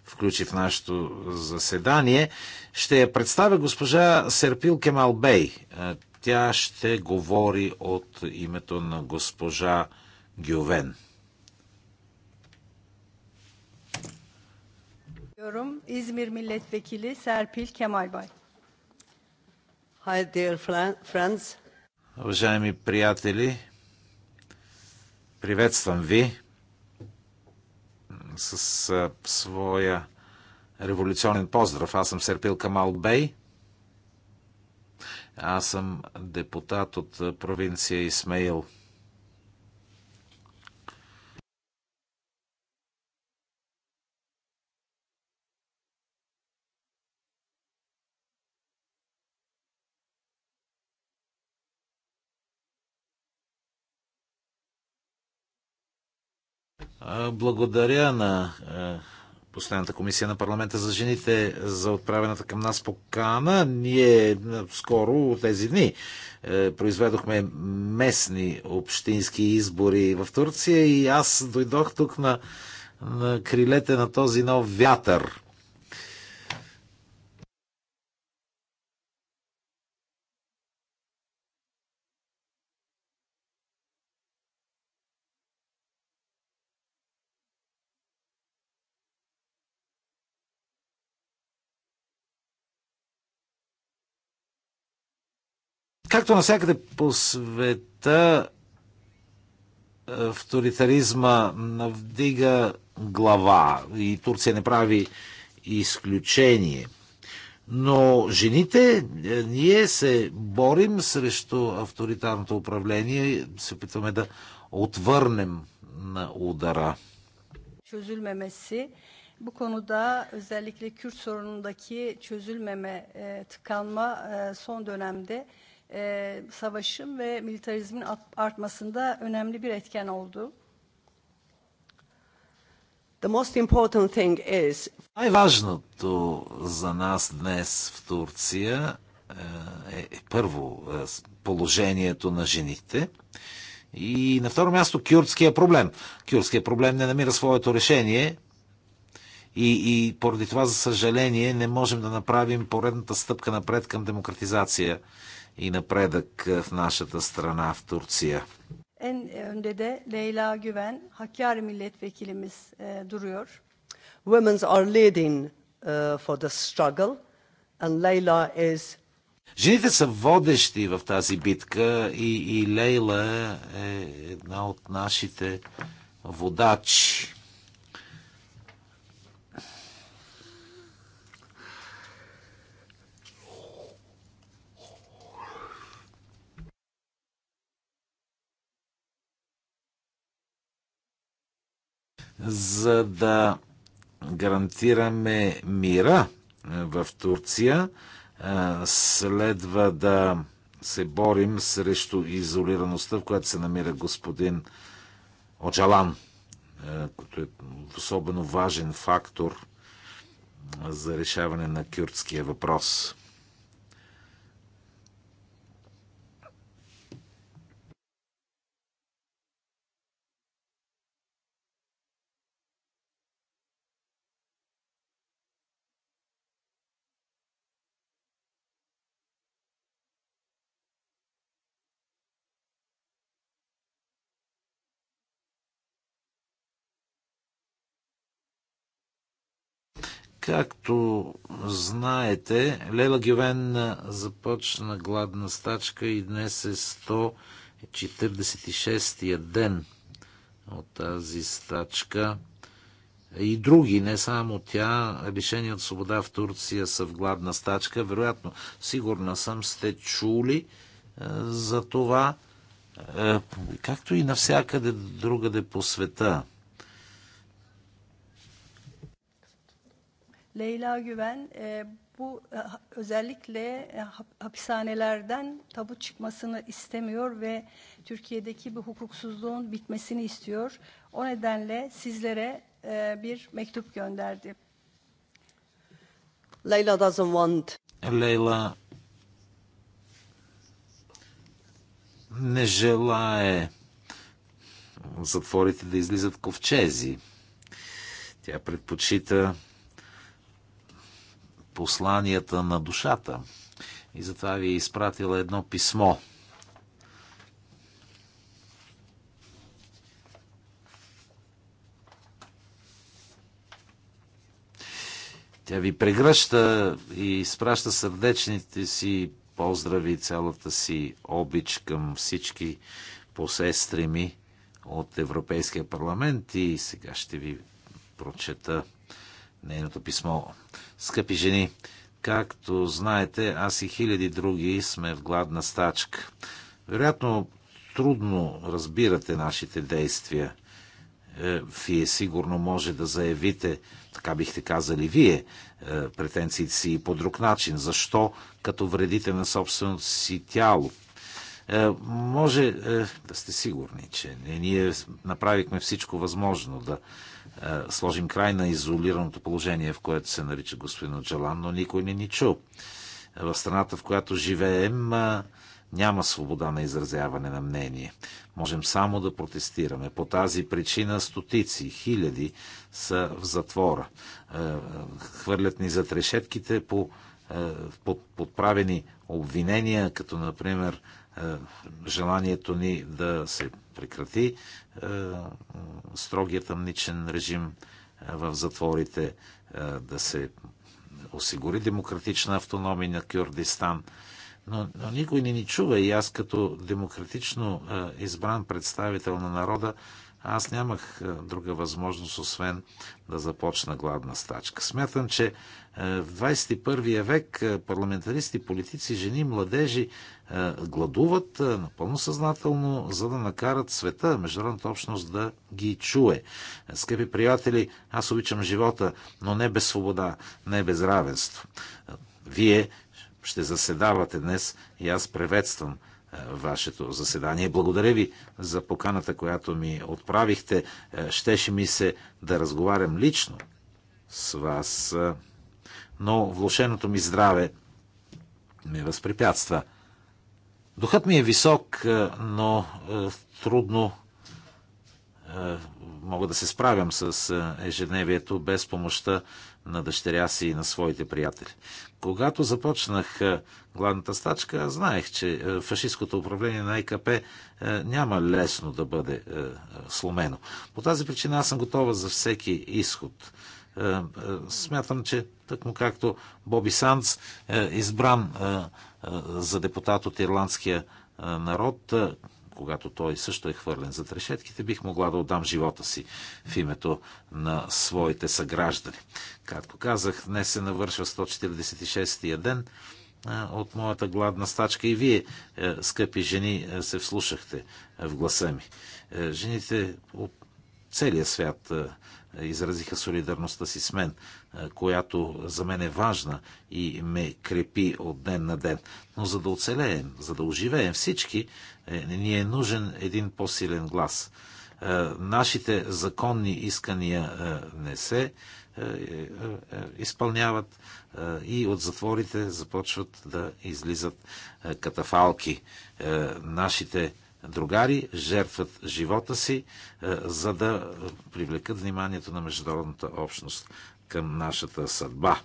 включи в нашето заседание. Ще я представя госпожа Серпил Кемалбей. Тя ще говори от името на госпожа Гювен. Yorum İzmir Milletvekili Serpil Kemalbay. Hi dear friends. Уважаеми приятели, приветствам ви с своя революционен поздрав. Аз съм Серпил Камал Бей. Аз съм депутат от провинция Исмаил. Благодаря на е, Постоянната комисия на парламента за жените за отправената към нас покана. Ние е, скоро тези дни е, произведохме местни общински избори в Турция и аз дойдох тук на, на крилете на този нов вятър Както навсякъде по света, авторитаризма навдига глава и Турция не прави изключение. Но жените, е, ние се борим срещу авторитарното управление и се опитваме да отвърнем на удара. bu konuda özellikle Kürt sorunundaki çözülmeme, e, tıkanma e, son dönemde e, savaşın ve militarizmin artmasında önemli bir etken oldu. The most important thing is... Най-важното за нас днес в Турция е, е първо е, положението на жените и на второ място кюрдския проблем. Кюрдския проблем не намира своето решение и, и поради това, за съжаление, не можем да направим поредната стъпка напред към демократизация и напредък в нашата страна, в Турция. En önde de Leyla Güven, Hakkari milletvekilimiz e, duruyor. Women are leading uh, for the struggle and Leyla is Жените са водещи в тази битка и, и Лейла е една от нашите водачи. за да гарантираме мира е, в Турция, е, следва да се борим срещу изолираността, в която се намира господин Оджалан, е, който е особено важен фактор за решаване на кюртския въпрос. Както знаете, Лела Гювен започна гладна стачка и днес е 146-я ден от тази стачка. И други, не само тя, лишени от свобода в Турция са в гладна стачка. Вероятно, сигурна съм, сте чули за това, както и навсякъде другаде по света. Leyla Güven e, bu özellikle e, hapishanelerden tabu çıkmasını istemiyor ve Türkiye'deki bu hukuksuzluğun bitmesini istiyor. O nedenle sizlere e, bir mektup gönderdi. Leyla doesn't want. Leyla не желае затворите да излизат ковчези. Тя предпочита посланията на душата. И затова ви е изпратила едно писмо. Тя ви прегръща и изпраща сърдечните си поздрави, цялата си обич към всички посестри ми от Европейския парламент и сега ще ви прочета нейното писмо. Скъпи жени, както знаете, аз и хиляди други сме в гладна стачка. Вероятно, трудно разбирате нашите действия. Е, вие сигурно може да заявите, така бихте казали вие, е, претенциите си и по друг начин. Защо като вредите на собственото си тяло? Е, може да сте сигурни, че ние направихме всичко възможно да е, сложим край на изолираното положение, в което се нарича господин Джалан, но никой не ни чу. В страната, в която живеем, е, няма свобода на изразяване на мнение. Можем само да протестираме. По тази причина стотици, хиляди са в затвора. Е, хвърлят ни зад решетките по подправени обвинения, като например е, желанието ни да се прекрати е, строгият тъмничен режим е, в затворите, да се осигури демократична автономия на Кюрдистан. Но, но никой не ни чува и аз като демократично избран представител на народа, аз нямах друга възможност, освен да започна гладна стачка. Смятам, че в 21 век парламентаристи, политици, жени, младежи е, гладуват е, напълно съзнателно, за да накарат света, международната общност да ги чуе. Скъпи приятели, аз обичам живота, но не без свобода, не без равенство. Вие ще заседавате днес и аз приветствам е, вашето заседание. Благодаря ви за поканата, която ми отправихте. Щеше ми се да разговарям лично с вас, но влошеното ми здраве ме възпрепятства. Духът ми е висок, но трудно мога да се справям с ежедневието без помощта на дъщеря си и на своите приятели. Когато започнах гладната стачка, знаех, че фашистското управление на ЕКП няма лесно да бъде сломено. По тази причина аз съм готова за всеки изход. Смятам, че тъкмо както Боби Санц, избран за депутат от ирландския народ, когато той също е хвърлен за трешетките, бих могла да отдам живота си в името на своите съграждани. Както казах, днес се навършва 146-я ден от моята гладна стачка и вие, е, скъпи жени, е, се вслушахте е, в гласа ми. Жените от целия свят е, изразиха солидарността си с мен, е, която за мен е важна и ме крепи от ден на ден. Но за да оцелеем, за да оживеем всички, е, ни е нужен един по-силен глас. Нашите законни искания не се изпълняват и от затворите започват да излизат катафалки. Нашите другари жертват живота си, е, за да привлекат вниманието на международната общност към нашата съдба.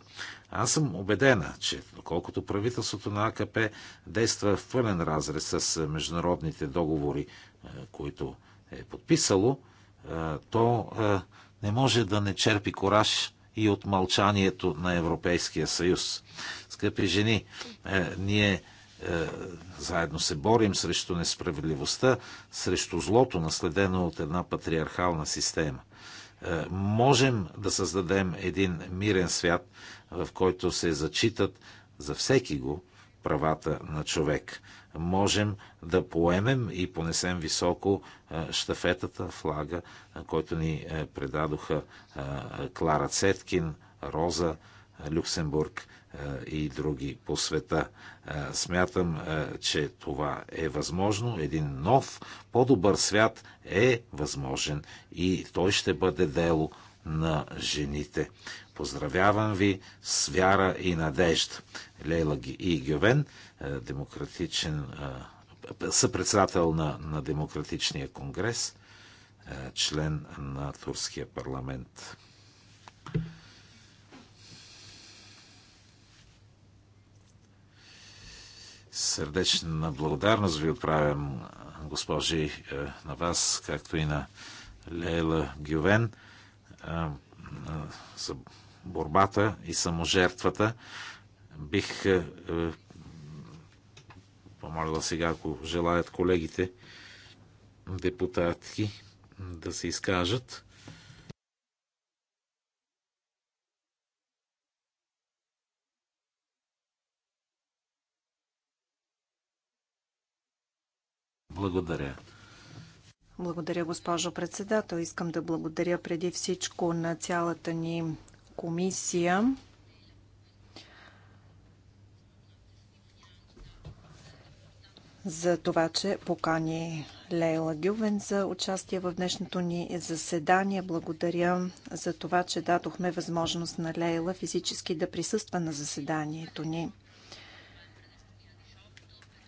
Аз съм убедена, че доколкото правителството на АКП действа в пълен разрез с международните договори, е, които е подписало, е, то не може да не черпи кораж и от мълчанието на Европейския съюз. Скъпи жени, ние е, заедно се борим срещу несправедливостта, срещу злото, наследено от една патриархална система. Е, можем да създадем един мирен свят, в който се зачитат за всеки го правата на човек. Можем да поемем и понесем високо штафетата, е, флага, който ни предадоха Клара Цеткин, Роза, Люксембург и други по света. Смятам, че това е възможно. Един нов, по-добър свят е възможен и той ще бъде дело на жените. Поздравявам ви с вяра и надежда. Лейла и Гювен, демократичен съпредседател на, на Демократичния конгрес, член на Турския парламент. Сърдечна благодарност ви отправям, госпожи, е, на вас, както и на Лейла Гювен е, за борбата и саможертвата. Бих е, помолила сега, ако желаят колегите депутатки да се изкажат. Благодаря. Благодаря, госпожо председател. Искам да благодаря преди всичко на цялата ни комисия. за това, че покани Лейла Гювен за участие в днешното ни заседание. Благодаря за това, че дадохме възможност на Лейла физически да присъства на заседанието ни.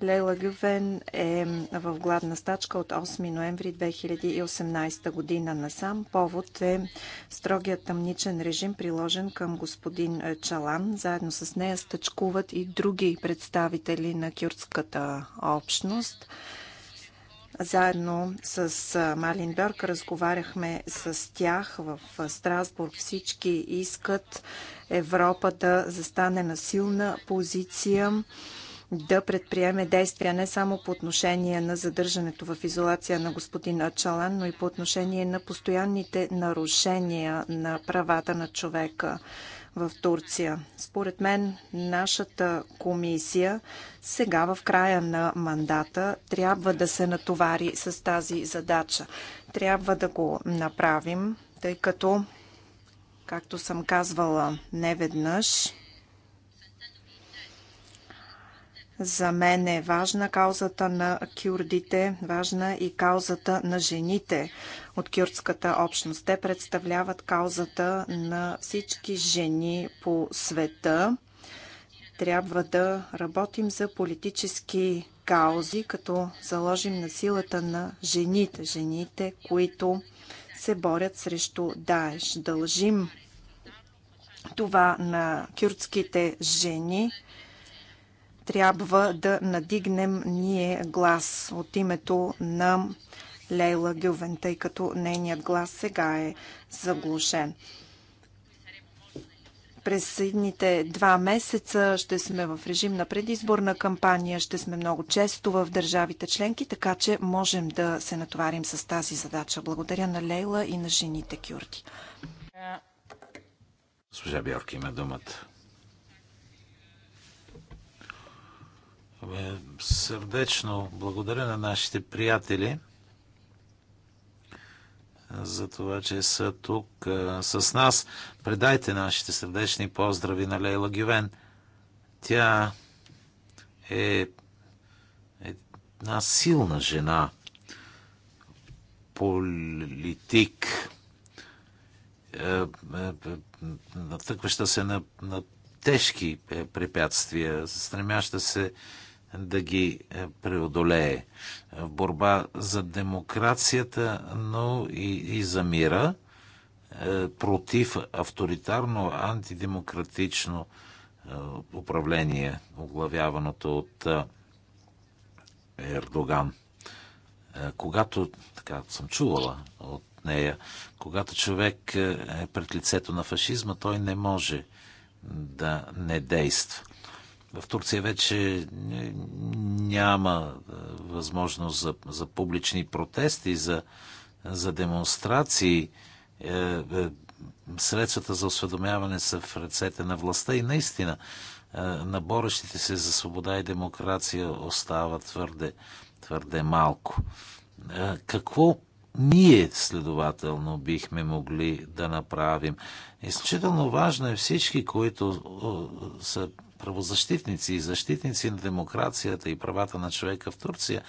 Лейла Гювен е в главна стачка от 8 ноември 2018 година насам. Повод е строгият тъмничен режим, приложен към господин е, Чалан. Заедно с нея стъчкуват и други представители на кюртската общност. Заедно с е, Малин Бърк разговаряхме с тях в е, Страсбург. Всички искат Европа да застане на силна позиция да предприеме действия не само по отношение на задържането в изолация на господин Ачалан, но и по отношение на постоянните нарушения на правата на човека в Турция. Според мен, нашата комисия сега в края на мандата трябва да се натовари с тази задача. Трябва да го направим, тъй като, както съм казвала неведнъж, За мен е важна каузата на кюрдите, важна и каузата на жените от кюрдската общност. Те представляват каузата на всички жени по света. Трябва да работим за политически каузи, като заложим на силата на жените, жените, които се борят срещу Даеш. Дължим това на кюрдските жени – трябва да надигнем ние глас от името на Лейла Гювен, тъй като нейният глас сега е заглушен. През едните два месеца ще сме в режим на предизборна кампания, ще сме много често в държавите членки, така че можем да се натоварим с тази задача. Благодаря на Лейла и на жените Кюрди. Госпожа Бьорки има думата. Е, сърдечно благодаря на нашите приятели е, за това, че са тук а, е, с нас. Предайте нашите сърдечни поздрави на Лейла Гювен. Тя е една силна жена, политик, натъкваща се на, на тежки препятствия, стремяща се да ги е, преодолее в борба за демокрацията, но и, и за мира е, против авторитарно, антидемократично е, управление, оглавяваното от Ердоган. Когато, така съм чувала от нея, когато човек е пред лицето на фашизма, той не може да не действа в Турция вече няма е, възможност за, за публични протести, за, за демонстрации. Е, е, средствата за осведомяване са в ръцете на властта и наистина на борещите се за свобода и демокрация остава твърде, твърде малко. Какво ние, следователно, бихме могли да направим? Изключително важно е всички, които са правозащитници и защитници на демокрацията и правата на човека в Турция,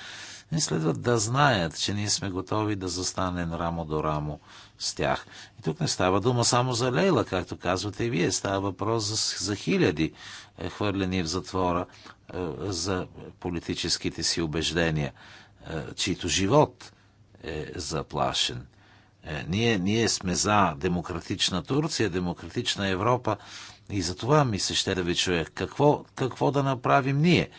не следват да знаят, че ние сме готови да застанем рамо до рамо с тях. И тук не става дума само за Лейла, както казвате и вие. Става въпрос за, за хиляди е, хвърлени в затвора е, за политическите си убеждения, е, чието живот е заплашен. Е, ние, ние сме за демократична Турция, демократична Европа, и за това ми се ще да ви чуя. Какво, какво да направим ние?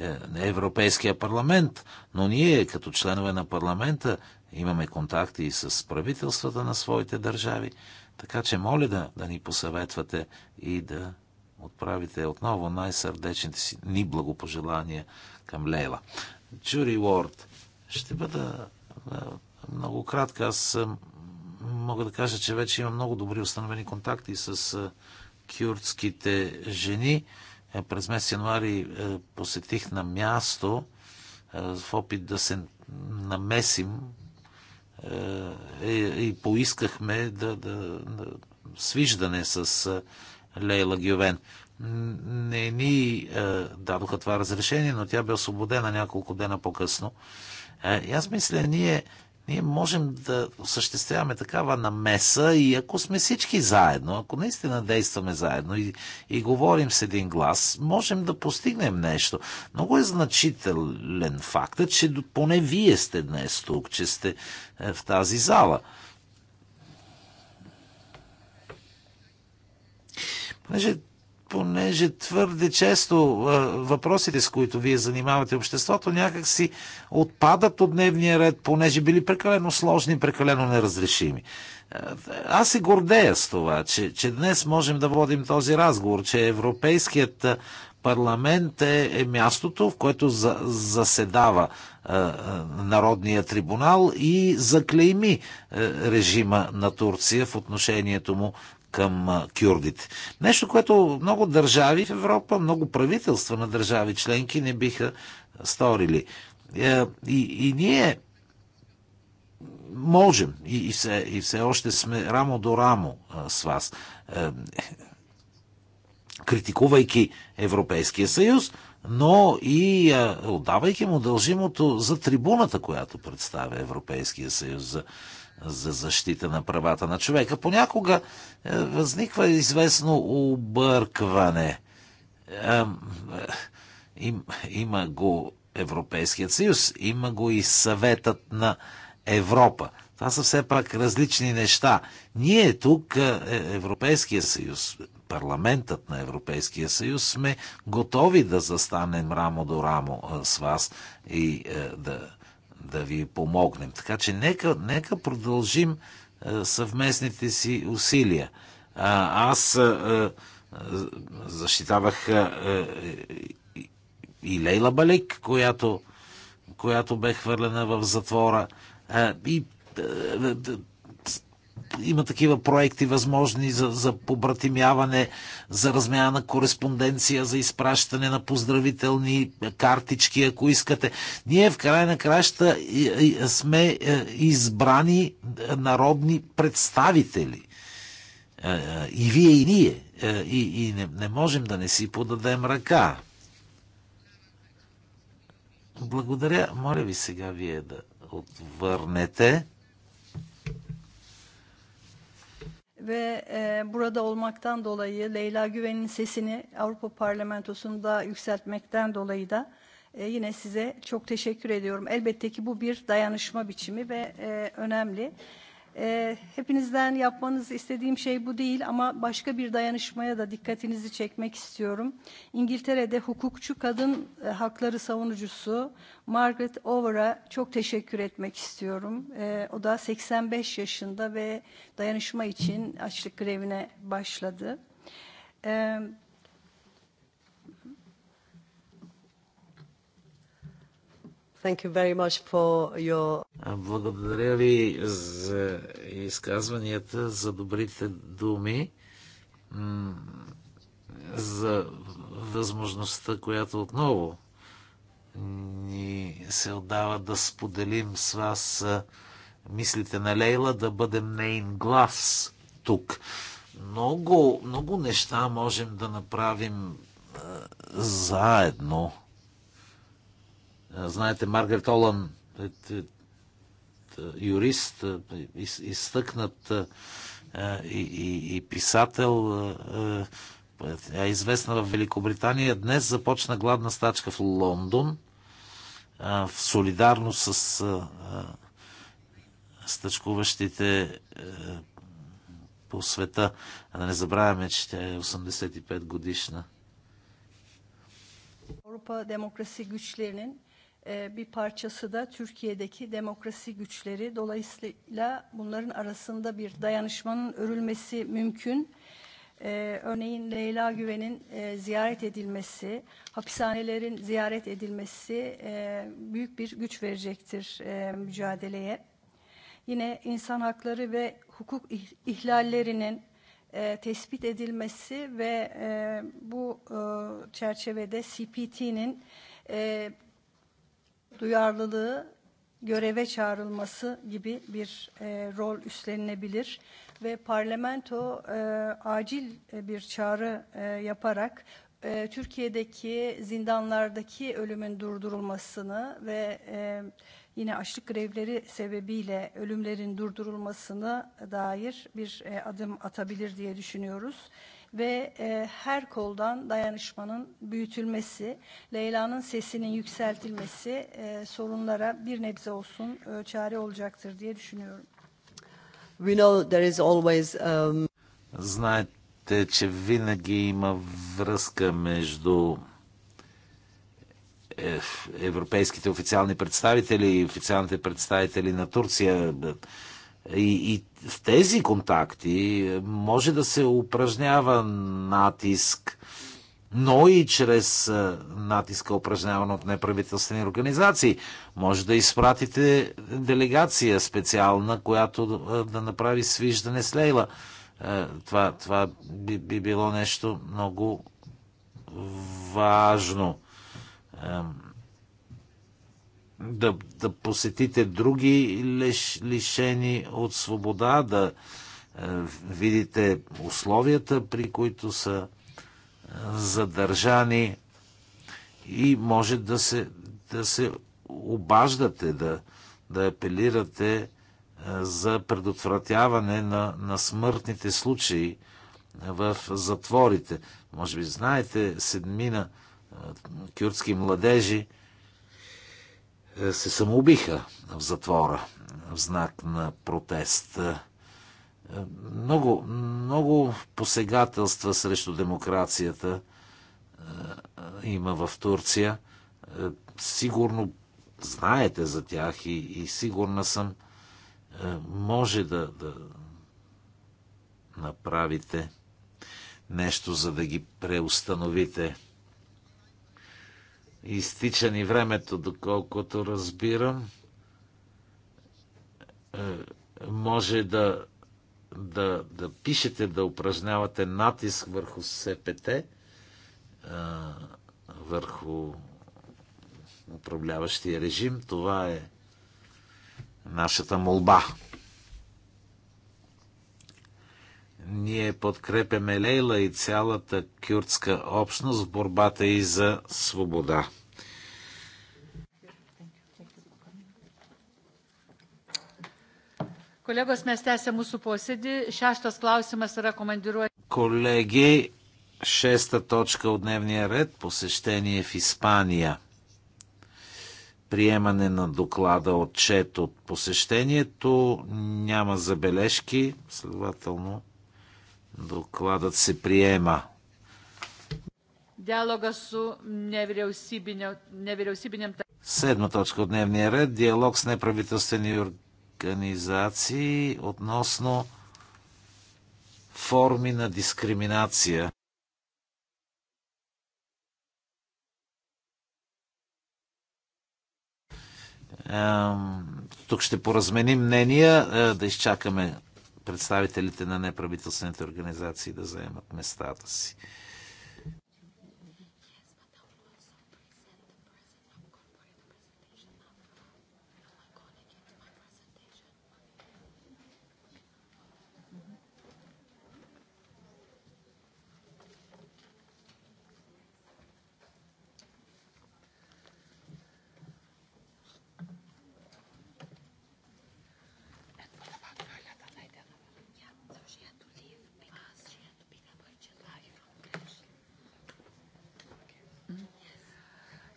Е, Европейския парламент, но ние като членове на парламента имаме контакти и с правителствата на своите държави, така че моля да, да ни посъветвате и да отправите отново най-сърдечните си ни благопожелания към Лейла. Джури Уорд, ще бъда е, много кратка. Аз е, мога да кажа, че вече имам много добри установени контакти с кюрдските жени. Е, през месец януари е, посетих на място е, в опит да се намесим и поискахме да, да, да свиждане с Лейла Гювен. Не ни дадоха това разрешение, но тя бе освободена няколко дена по-късно. И аз мисля, ние ние можем да осъществяваме такава намеса и ако сме всички заедно, ако наистина действаме заедно и, и говорим с един глас, можем да постигнем нещо. Много е значителен фактът, че поне вие сте днес тук, че сте е, в тази зала. Понеже понеже твърде често въпросите, с които вие занимавате обществото, някак си отпадат от дневния ред, понеже били прекалено сложни, прекалено неразрешими. Аз се гордея с това, че, че днес можем да водим този разговор, че Европейският парламент е, е мястото, в което за, заседава е, Народния трибунал и заклейми е, режима на Турция в отношението му към кюрдите. Нещо, което много държави в Европа, много правителства на държави членки не биха сторили. Е, и, и ние можем и, и, все, и все още сме рамо до рамо с вас. Е, критикувайки Европейския съюз, но и отдавайки му дължимото за трибуната, която представя Европейския съюз за за защита на правата на човека. Понякога е, възниква известно объркване. Е, е, им, има го Европейският съюз, има го и съветът на Европа. Това са все пак различни неща. Ние тук, Европейския съюз, парламентът на Европейския съюз, сме готови да застанем рамо до рамо с вас и да да ви помогнем. Така че нека, нека продължим съвместните си усилия. Аз защитавах и Лейла Балик, която, която бе хвърлена в затвора. И има такива проекти възможни за, за побратимяване, за размяна на кореспонденция, за изпращане на поздравителни картички, ако искате. Ние в край на краща сме е, избрани народни представители. Е, е, и вие, и ние. И, и не, не можем да не си подадем ръка. Благодаря. Моля ви сега вие да отвърнете. ve e, burada olmaktan dolayı Leyla Güven'in sesini Avrupa Parlamentosu'nda yükseltmekten dolayı da e, yine size çok teşekkür ediyorum. Elbette ki bu bir dayanışma biçimi ve e, önemli. önemli E, hepinizden yapmanızı istediğim şey bu değil ama başka bir dayanışmaya da dikkatinizi çekmek istiyorum. İngiltere'de hukukçu kadın e, hakları savunucusu Margaret Over'a çok teşekkür etmek istiyorum. E, o da 85 yaşında ve dayanışma için açlık grevine başladı. Evet. Thank you very much for your... Благодаря ви за изказванията, за добрите думи, за възможността, която отново ни се отдава да споделим с вас мислите на Лейла, да бъдем нейн глас тук. Много, много неща можем да направим заедно Знаете, Маргарет Олан, е, е, е, юрист, изтъкнат и, и, и писател, е известна в Великобритания. Днес започна гладна стачка в Лондон в солидарност с стъчкуващите по света. А да не забравяме, че тя е 85 годишна. Европа demokrasi güçlerinin bir parçası da Türkiye'deki demokrasi güçleri. Dolayısıyla bunların arasında bir dayanışmanın örülmesi mümkün. Ee, örneğin Leyla Güven'in e, ziyaret edilmesi, hapishanelerin ziyaret edilmesi e, büyük bir güç verecektir e, mücadeleye. Yine insan hakları ve hukuk ihlallerinin e, tespit edilmesi ve e, bu e, çerçevede CPT'nin e, duyarlılığı göreve çağrılması gibi bir e, rol üstlenilebilir ve parlamento e, acil bir çağrı e, yaparak e, Türkiye'deki zindanlardaki ölümün durdurulmasını ve e, yine açlık grevleri sebebiyle ölümlerin durdurulmasını dair bir e, adım atabilir diye düşünüyoruz ve e, her koldan dayanışmanın büyütülmesi, Leyla'nın sesinin yükseltilmesi e, sorunlara bir nebze olsun e, çare olacaktır diye düşünüyorum. We know there is always um... Знаете, че винаги има връзка между европейските официални представители и официалните представители на Турция. И, и в тези контакти може да се упражнява натиск, но и чрез натиска, упражняван от неправителствени организации. Може да изпратите делегация специална, която да направи свиждане с Лейла. Това, това би, би било нещо много важно да, да посетите други лишени от свобода, да е, видите условията, при които са е, задържани и може да се, да се обаждате, да, да апелирате е, за предотвратяване на, на смъртните случаи в затворите. Може би знаете, седмина е, кюртски младежи се самоубиха в затвора в знак на протест. Е, много, много посегателства срещу демокрацията е, е, има в Турция. Сигурно знаете за тях и, и сигурна съм, може да, да направите нещо, за да ги преустановите. Изтича ни времето, доколкото разбирам. Е, може да, да, да пишете, да упражнявате натиск върху СПТ, е, върху управляващия режим. Това е нашата молба. Ние подкрепяме Лейла и цялата кюртска общност в борбата и за свобода. Kolegos, mes tęsėme yra Колеги, шеста точка от дневния ред посещение в Испания. Приемане на доклада отчет от посещението. Няма забележки, следователно Докладът се приема. Диалога с невероятным... Седма точка от дневния ред. Диалог с неправителствени организации относно форми на дискриминация. Тук ще поразменим мнения, е, да изчакаме представителите на неправителствените организации да заемат местата си.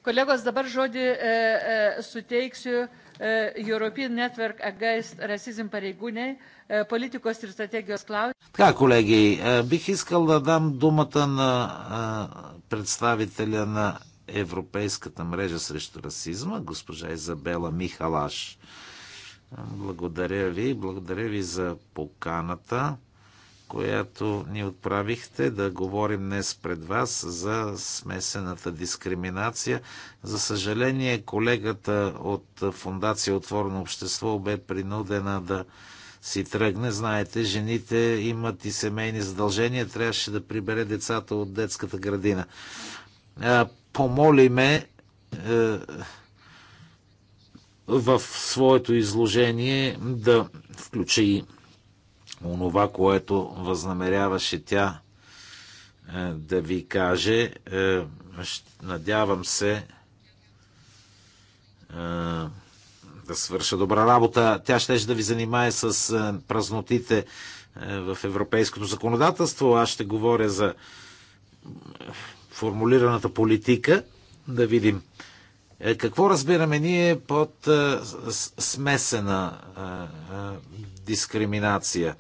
Kolegos, dabar žodį e, e, suteiksiu e, European Network Against Racism pareigūnai парегуне, политикос и стратегиос клауд. Така, колеги, е, бих искал да дам думата на е, представителя на Европейската мрежа срещу расизма, госпожа Изабела Михалаш. Благодаря ви, благодаря ви за поканата която ни отправихте да говорим днес пред вас за смесената дискриминация. За съжаление, колегата от Фундация Отворено общество бе принудена да си тръгне. Знаете, жените имат и семейни задължения, трябваше да прибере децата от детската градина. Помоли ме е, в своето изложение да включи и онова, което възнамеряваше тя е, да ви каже. Е, надявам се е, да свърша добра работа. Тя ще да ви занимае с празнотите в европейското законодателство. Аз ще говоря за формулираната политика. Да видим какво разбираме ние под смесена дискриминация.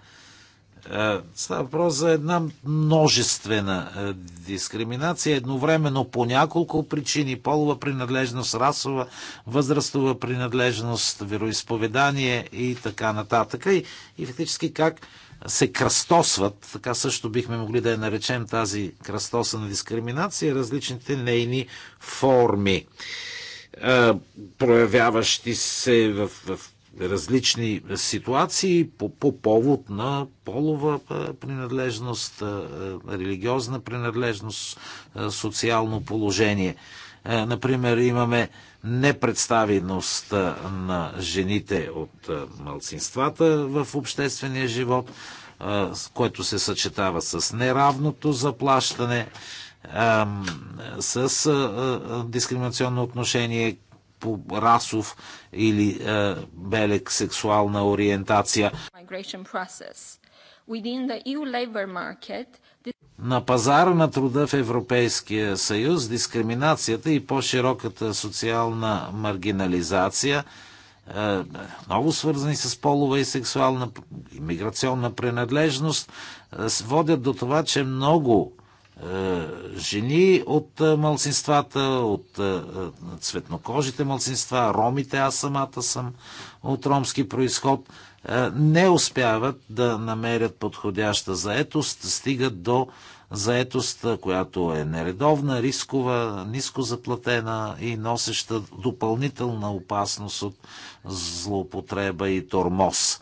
Е, става въпрос за една множествена е, дискриминация, едновременно по няколко причини. Полова принадлежност, расова, възрастова принадлежност, вероисповедание и така нататък. И, и фактически как се кръстосват, така също бихме могли да я наречем тази кръстоса на дискриминация, различните нейни форми е, проявяващи се в, в различни ситуации по, по повод на полова принадлежност, религиозна принадлежност, социално положение. Например, имаме непредставеност на жените от малцинствата в обществения живот, което се съчетава с неравното заплащане, с дискриминационно отношение по расов или е, белек сексуална ориентация. E на пазара на труда в Европейския съюз дискриминацията и по-широката социална маргинализация е, много свързани с полова и сексуална и миграционна принадлежност, е, водят до това, че много е, жени от е, малцинствата, от е, цветнокожите малцинства, ромите, аз самата съм от ромски происход, не успяват да намерят подходяща заетост, стигат до заетост, която е нередовна, рискова, ниско заплатена и носеща допълнителна опасност от злоупотреба и тормоз.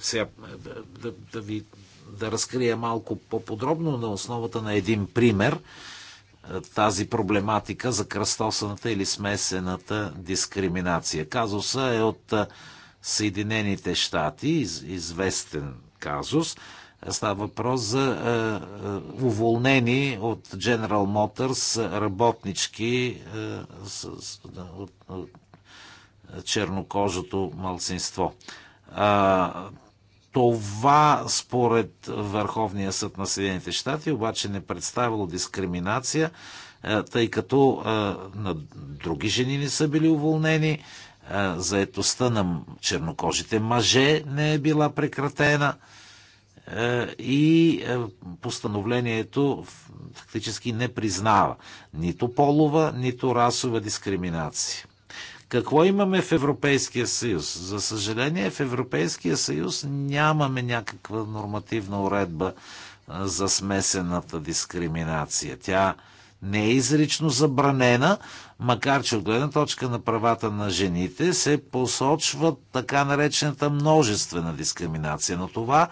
Сега, да, да ви да разкрия малко по-подробно на основата на един пример е, тази проблематика за кръстосаната или смесената дискриминация. Казуса е от е, Съединените щати, известен казус. Става въпрос за е, уволнени от General Motors работнички от чернокожото малцинство. Това според Върховния съд на Съединените щати обаче не представило дискриминация, е, тъй като е, на други жени не са били уволнени, е, заетостта на чернокожите мъже не е била прекратена и постановлението фактически не признава нито полова, нито расова дискриминация. Какво имаме в Европейския съюз? За съжаление, в Европейския съюз нямаме някаква нормативна уредба за смесената дискриминация. Тя не е изрично забранена, макар че от гледна точка на правата на жените се посочва така наречената множествена дискриминация. Но това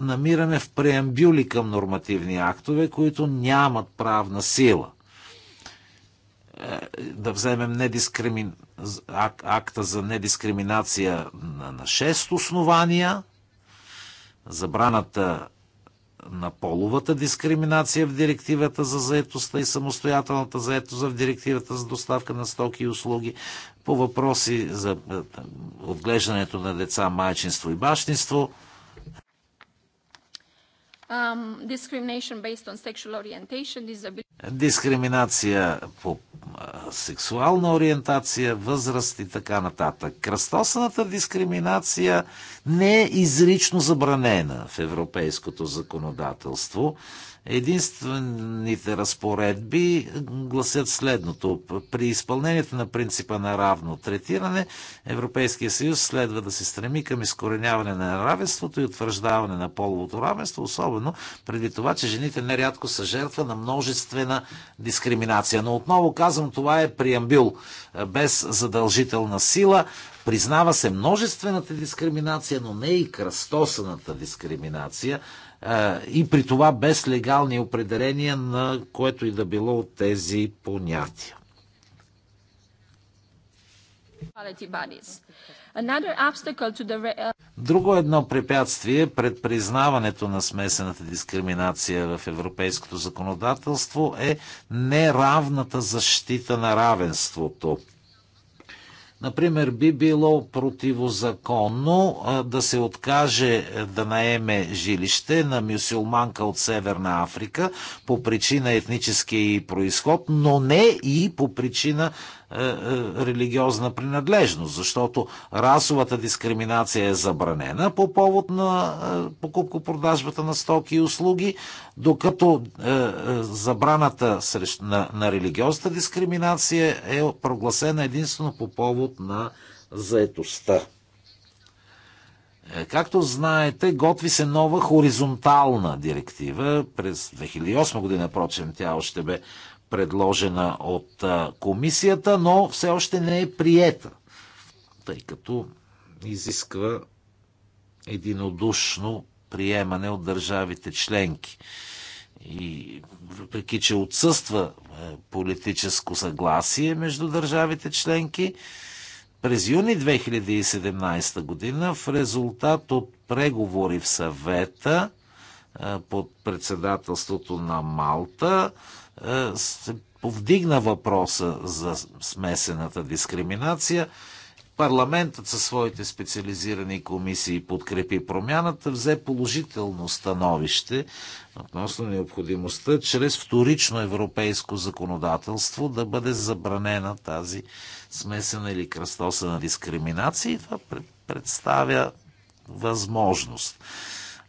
намираме в преамбюли към нормативни актове, които нямат правна сила да вземем недискрими... акта за недискриминация на, на шест основания, забраната на половата дискриминация в директивата за заетостта и самостоятелната заетост в директивата за доставка на стоки и услуги по въпроси за е, отглеждането на деца, майчинство и бащинство, Um, дискриминация по сексуална ориентация, възраст и така нататък. Кръстосаната дискриминация не е изрично забранена в европейското законодателство Единствените разпоредби гласят следното. При изпълнението на принципа на равно третиране, Европейския съюз следва да се стреми към изкореняване на равенството и утвърждаване на половото равенство, особено преди това, че жените нерядко са жертва на множествена дискриминация. Но отново казвам, това е преамбил без задължителна сила. Признава се множествената дискриминация, но не и кръстосаната дискриминация, и при това без легални определения на което и да било от тези понятия. Друго едно препятствие пред признаването на смесената дискриминация в европейското законодателство е неравната защита на равенството. Например, би било противозаконно да се откаже е, да наеме жилище на мюсюлманка от Северна Африка по причина етнически происход, но не и по причина е, е, религиозна принадлежност, защото расовата дискриминация е забранена по повод на е, покупко-продажбата на стоки и услуги, докато забраната на религиозната дискриминация е прогласена единствено по повод на заетостта. Както знаете, готви се нова хоризонтална директива. През 2008 година, прочим, тя още бе предложена от комисията, но все още не е приета, тъй като изисква единодушно приемане от държавите членки. И въпреки, че отсъства е, политическо съгласие между държавите членки, през юни 2017 година в резултат от преговори в съвета е, под председателството на Малта е, се повдигна въпроса за смесената дискриминация. Парламентът със своите специализирани комисии подкрепи промяната, взе положително становище относно необходимостта чрез вторично европейско законодателство да бъде забранена тази смесена или кръстосана дискриминация и това представя възможност.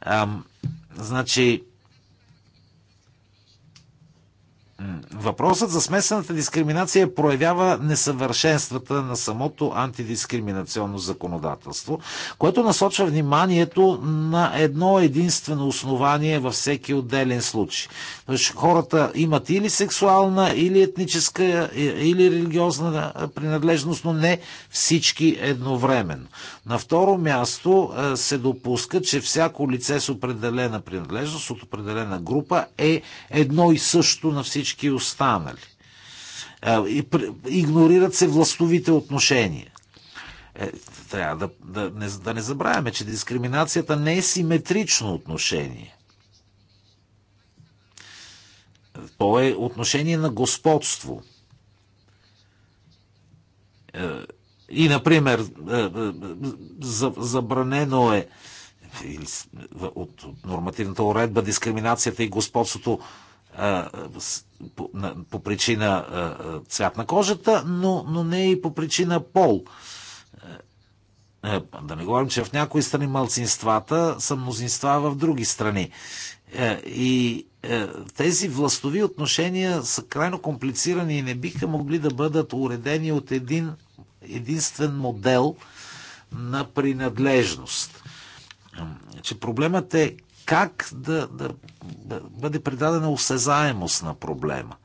Ам, значи, Въпросът за смесената дискриминация проявява несъвършенствата на самото антидискриминационно законодателство, което насочва вниманието на едно единствено основание във всеки отделен случай. Тоест, хората имат или сексуална, или етническа, е, или религиозна принадлежност, но не всички едновременно. На второ място е, се допуска, че всяко лице с определена принадлежност, от определена група е едно и също на всички останали. Е, игнорират се властовите отношения. Е, трябва да, да, не, да не забравяме, че дискриминацията не е симетрично отношение. То е отношение на господство. И, например, е, е, забранено е от нормативната уредба дискриминацията и господството е, по причина цвят на кожата, но, но не и по причина пол. Да не говорим, че в някои страни малцинствата са мнозинства в други страни. И тези властови отношения са крайно комплицирани и не биха могли да бъдат уредени от един единствен модел на принадлежност. Че проблемът е как да, да, бъде придадена осезаемост на проблема.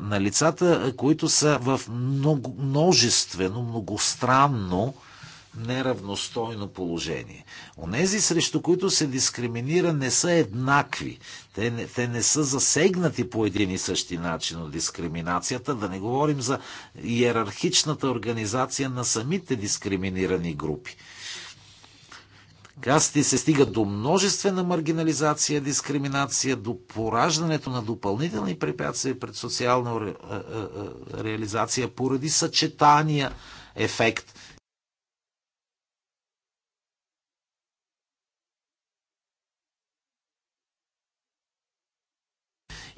На лицата, които са в много, множествено, многостранно неравностойно положение. Онези, срещу които се дискриминира, не са еднакви. Те не, те не са засегнати по един и същи начин от дискриминацията. Да не говорим за иерархичната организация на самите дискриминирани групи. Касти се стига до множествена маргинализация, дискриминация, до пораждането на допълнителни препятствия пред социална ре, ре, е, е, реализация поради съчетания ефект –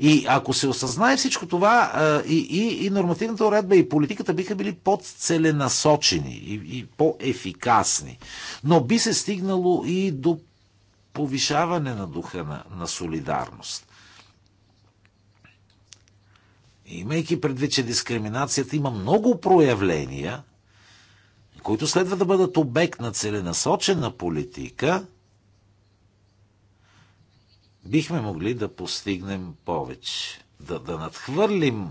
И ако се осъзнае всичко това, и, и, и нормативната уредба, и политиката биха били по-целенасочени и, и по-ефикасни. Но би се стигнало и до повишаване на духа на, на солидарност. Имайки предвид, че дискриминацията има много проявления, които следва да бъдат обект на целенасочена политика, бихме могли да постигнем повече, да, да надхвърлим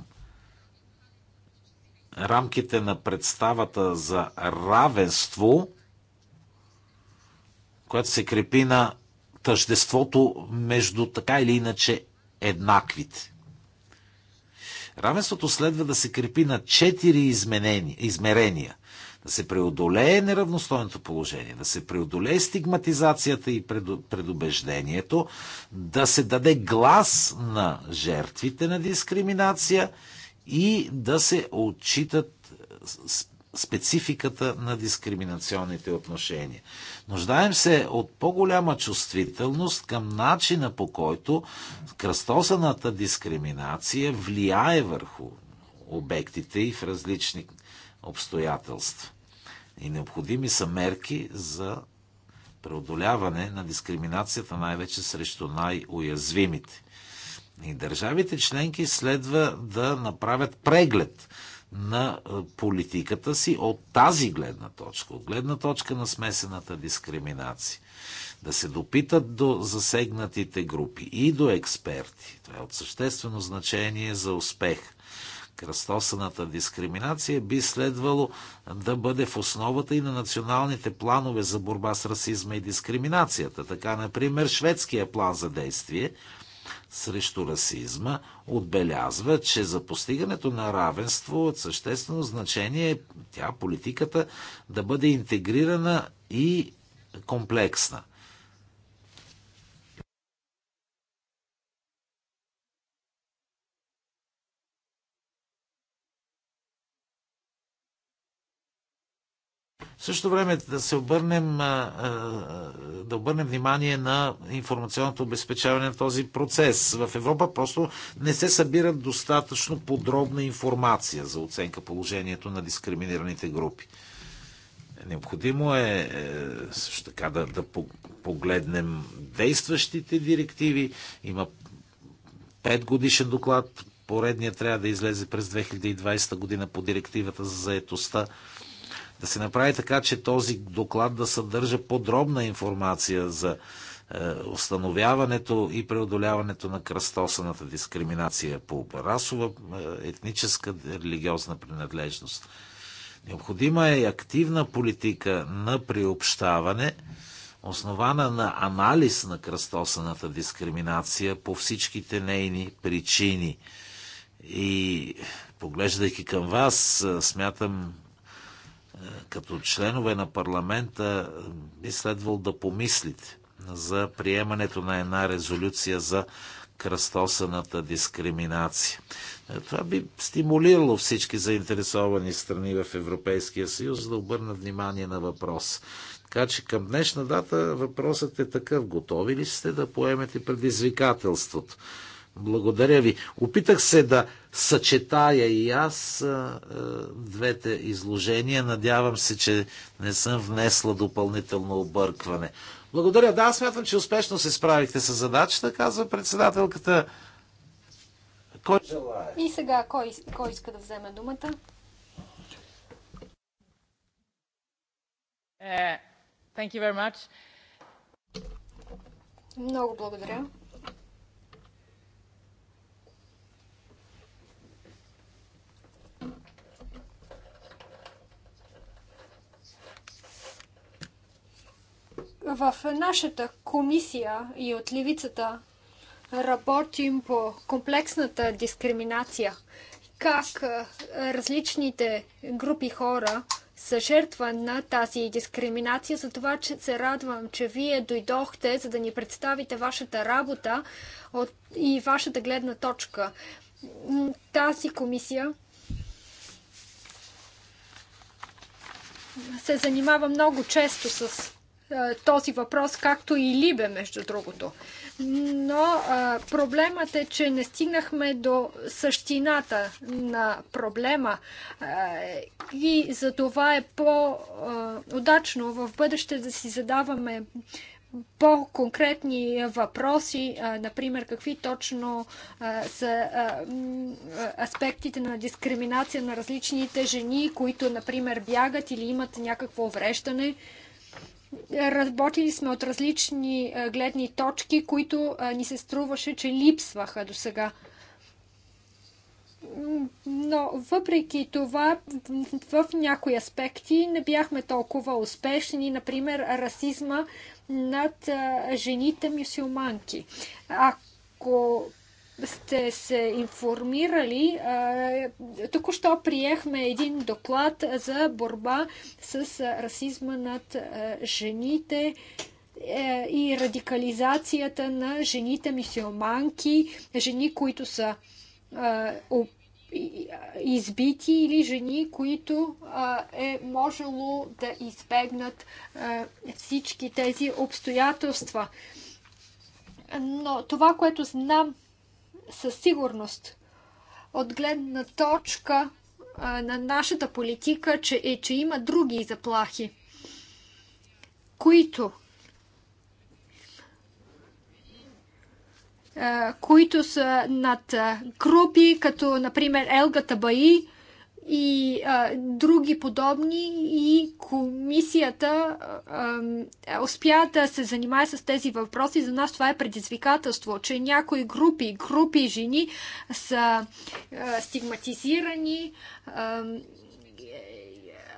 рамките на представата за равенство, което се крепи на тъждеството между така или иначе еднаквите. Равенството следва да се крепи на четири измерения да се преодолее неравностойното положение, да се преодолее стигматизацията и предубеждението, да се даде глас на жертвите на дискриминация и да се отчитат спецификата на дискриминационните отношения. Нуждаем се от по-голяма чувствителност към начина по който кръстосаната дискриминация влияе върху обектите и в различни обстоятелства. И необходими са мерки за преодоляване на дискриминацията, най-вече срещу най-уязвимите. И държавите членки следва да направят преглед на е, политиката си от тази гледна точка, от гледна точка на смесената дискриминация. Да се допитат до засегнатите групи и до експерти. Това е от съществено значение за успех кръстосаната дискриминация би следвало да бъде в основата и на националните планове за борба с расизма и дискриминацията. Така, например, шведския план за действие срещу расизма отбелязва, че за постигането на равенство от съществено значение е тя политиката да бъде интегрирана и комплексна. Също време да се обърнем, да обърнем внимание на информационното обезпечаване на този процес. В Европа просто не се събира достатъчно подробна информация за оценка положението на дискриминираните групи. Необходимо е, е също така да, да погледнем действащите директиви. Има пет годишен доклад, поредният трябва да излезе през 2020 година по директивата за заетостта. Да се направи така, че този доклад да съдържа подробна информация за е, установяването и преодоляването на кръстосаната дискриминация по расова, е, етническа, религиозна принадлежност. Необходима е активна политика на приобщаване, основана на анализ на кръстосаната дискриминация по всичките нейни причини. И поглеждайки към вас, е, смятам като членове на парламента би следвало да помислите за приемането на една резолюция за кръстосаната дискриминация. Е, това би стимулирало всички заинтересовани страни в Европейския съюз да обърнат внимание на въпрос. Така че към днешна дата въпросът е такъв. Готови ли сте да поемете предизвикателството? Благодаря ви. Опитах се да съчетая и аз двете изложения. Надявам се, че не съм внесла допълнително объркване. Благодаря. Да, смятам, че успешно се справихте с задачата, казва председателката. Кой желая? И сега, кой, кой иска да вземе думата? Uh, thank you very much. Много благодаря. В нашата комисия и от левицата работим по комплексната дискриминация. Как различните групи хора са жертва на тази дискриминация. За това, че се радвам, че вие дойдохте, за да ни представите вашата работа и вашата гледна точка. Тази комисия се занимава много често с е, този въпрос, както и Либе, между другото. Но а, е, проблемът е, че не стигнахме до същината на проблема а, е, и за това е по-удачно в бъдеще да си задаваме по-конкретни въпроси, например, какви точно са аспектите на дискриминация на различните жени, които, например, бягат или имат някакво увреждане. Работили сме от различни гледни точки, които ни се струваше, че липсваха до сега. Но въпреки това, в някои аспекти не бяхме толкова успешни. Например, расизма над жените мюсюлманки. Ако сте се информирали, току-що приехме един доклад за борба с расизма над жените е, и радикализацията на жените мисиоманки, жени, които са избити или жени, които а, е можело да избегнат а, всички тези обстоятелства. Но това, което знам със сигурност от гледна точка а, на нашата политика, че, е, че има други заплахи, които които са над групи, като например ЛГТБИ и а, други подобни и комисията а, а, успя да се занимае с тези въпроси. За нас това е предизвикателство, че някои групи, групи жени са а, стигматизирани. А,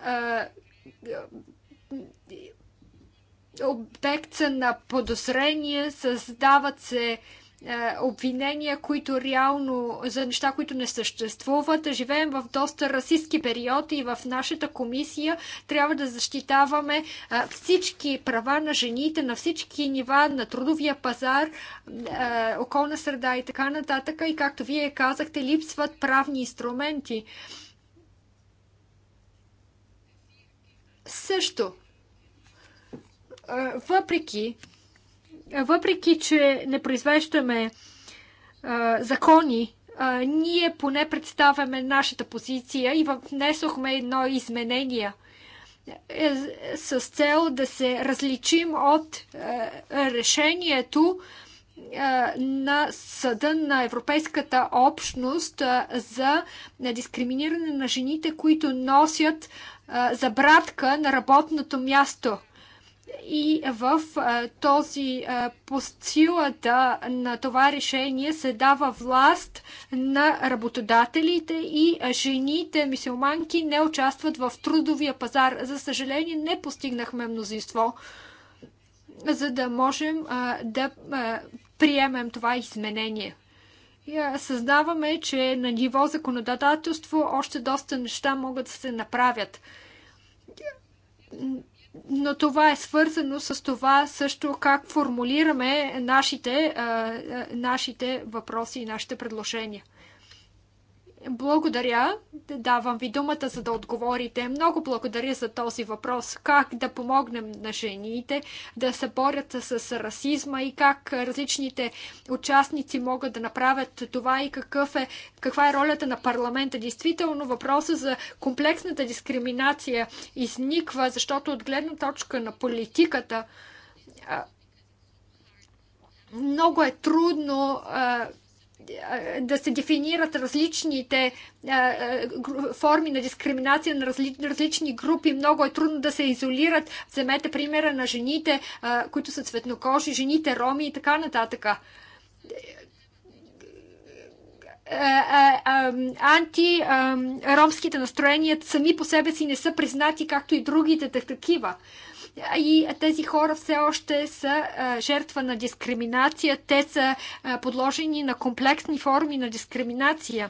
а, обект на подозрение, създават се е, обвинения, които реално, за неща, които не съществуват. Живеем в доста расистски период и в нашата комисия трябва да защитаваме е, всички права на жените, на всички нива, на трудовия пазар, е, околна среда и така нататък. И както вие казахте, липсват правни инструменти. Също, въпреки въпреки, че не произвеждаме а, закони, а, ние поне представяме нашата позиция и внесохме едно изменение е, с цел да се различим от а, е, решението е, на Съда на Европейската общност за дискриминиране на жените, които носят забратка на работното място – и в този по силата на това решение се дава власт на работодателите и жените мисиоманки не участват в трудовия пазар. За съжаление не постигнахме мнозинство, за да можем да приемем това изменение. Съзнаваме, че на ниво законодателство още доста неща могат да се направят но това е свързано с това също как формулираме нашите, нашите въпроси и нашите предложения. Благодаря. Давам ви думата, за да отговорите. Много благодаря за този въпрос. Как да помогнем на жените да се борят с расизма и как различните участници могат да направят това и какъв е, каква е ролята на парламента. Действително въпроса за комплексната дискриминация изниква, защото от гледна точка на политиката много е трудно да се дефинират различните форми на дискриминация на различни групи. Много е трудно да се изолират. Вземете примера на жените, които са цветнокожи, жените роми и така нататък антиромските настроения сами по себе си не са признати, както и другите такива и тези хора все още са жертва на дискриминация. Те са подложени на комплексни форми на дискриминация.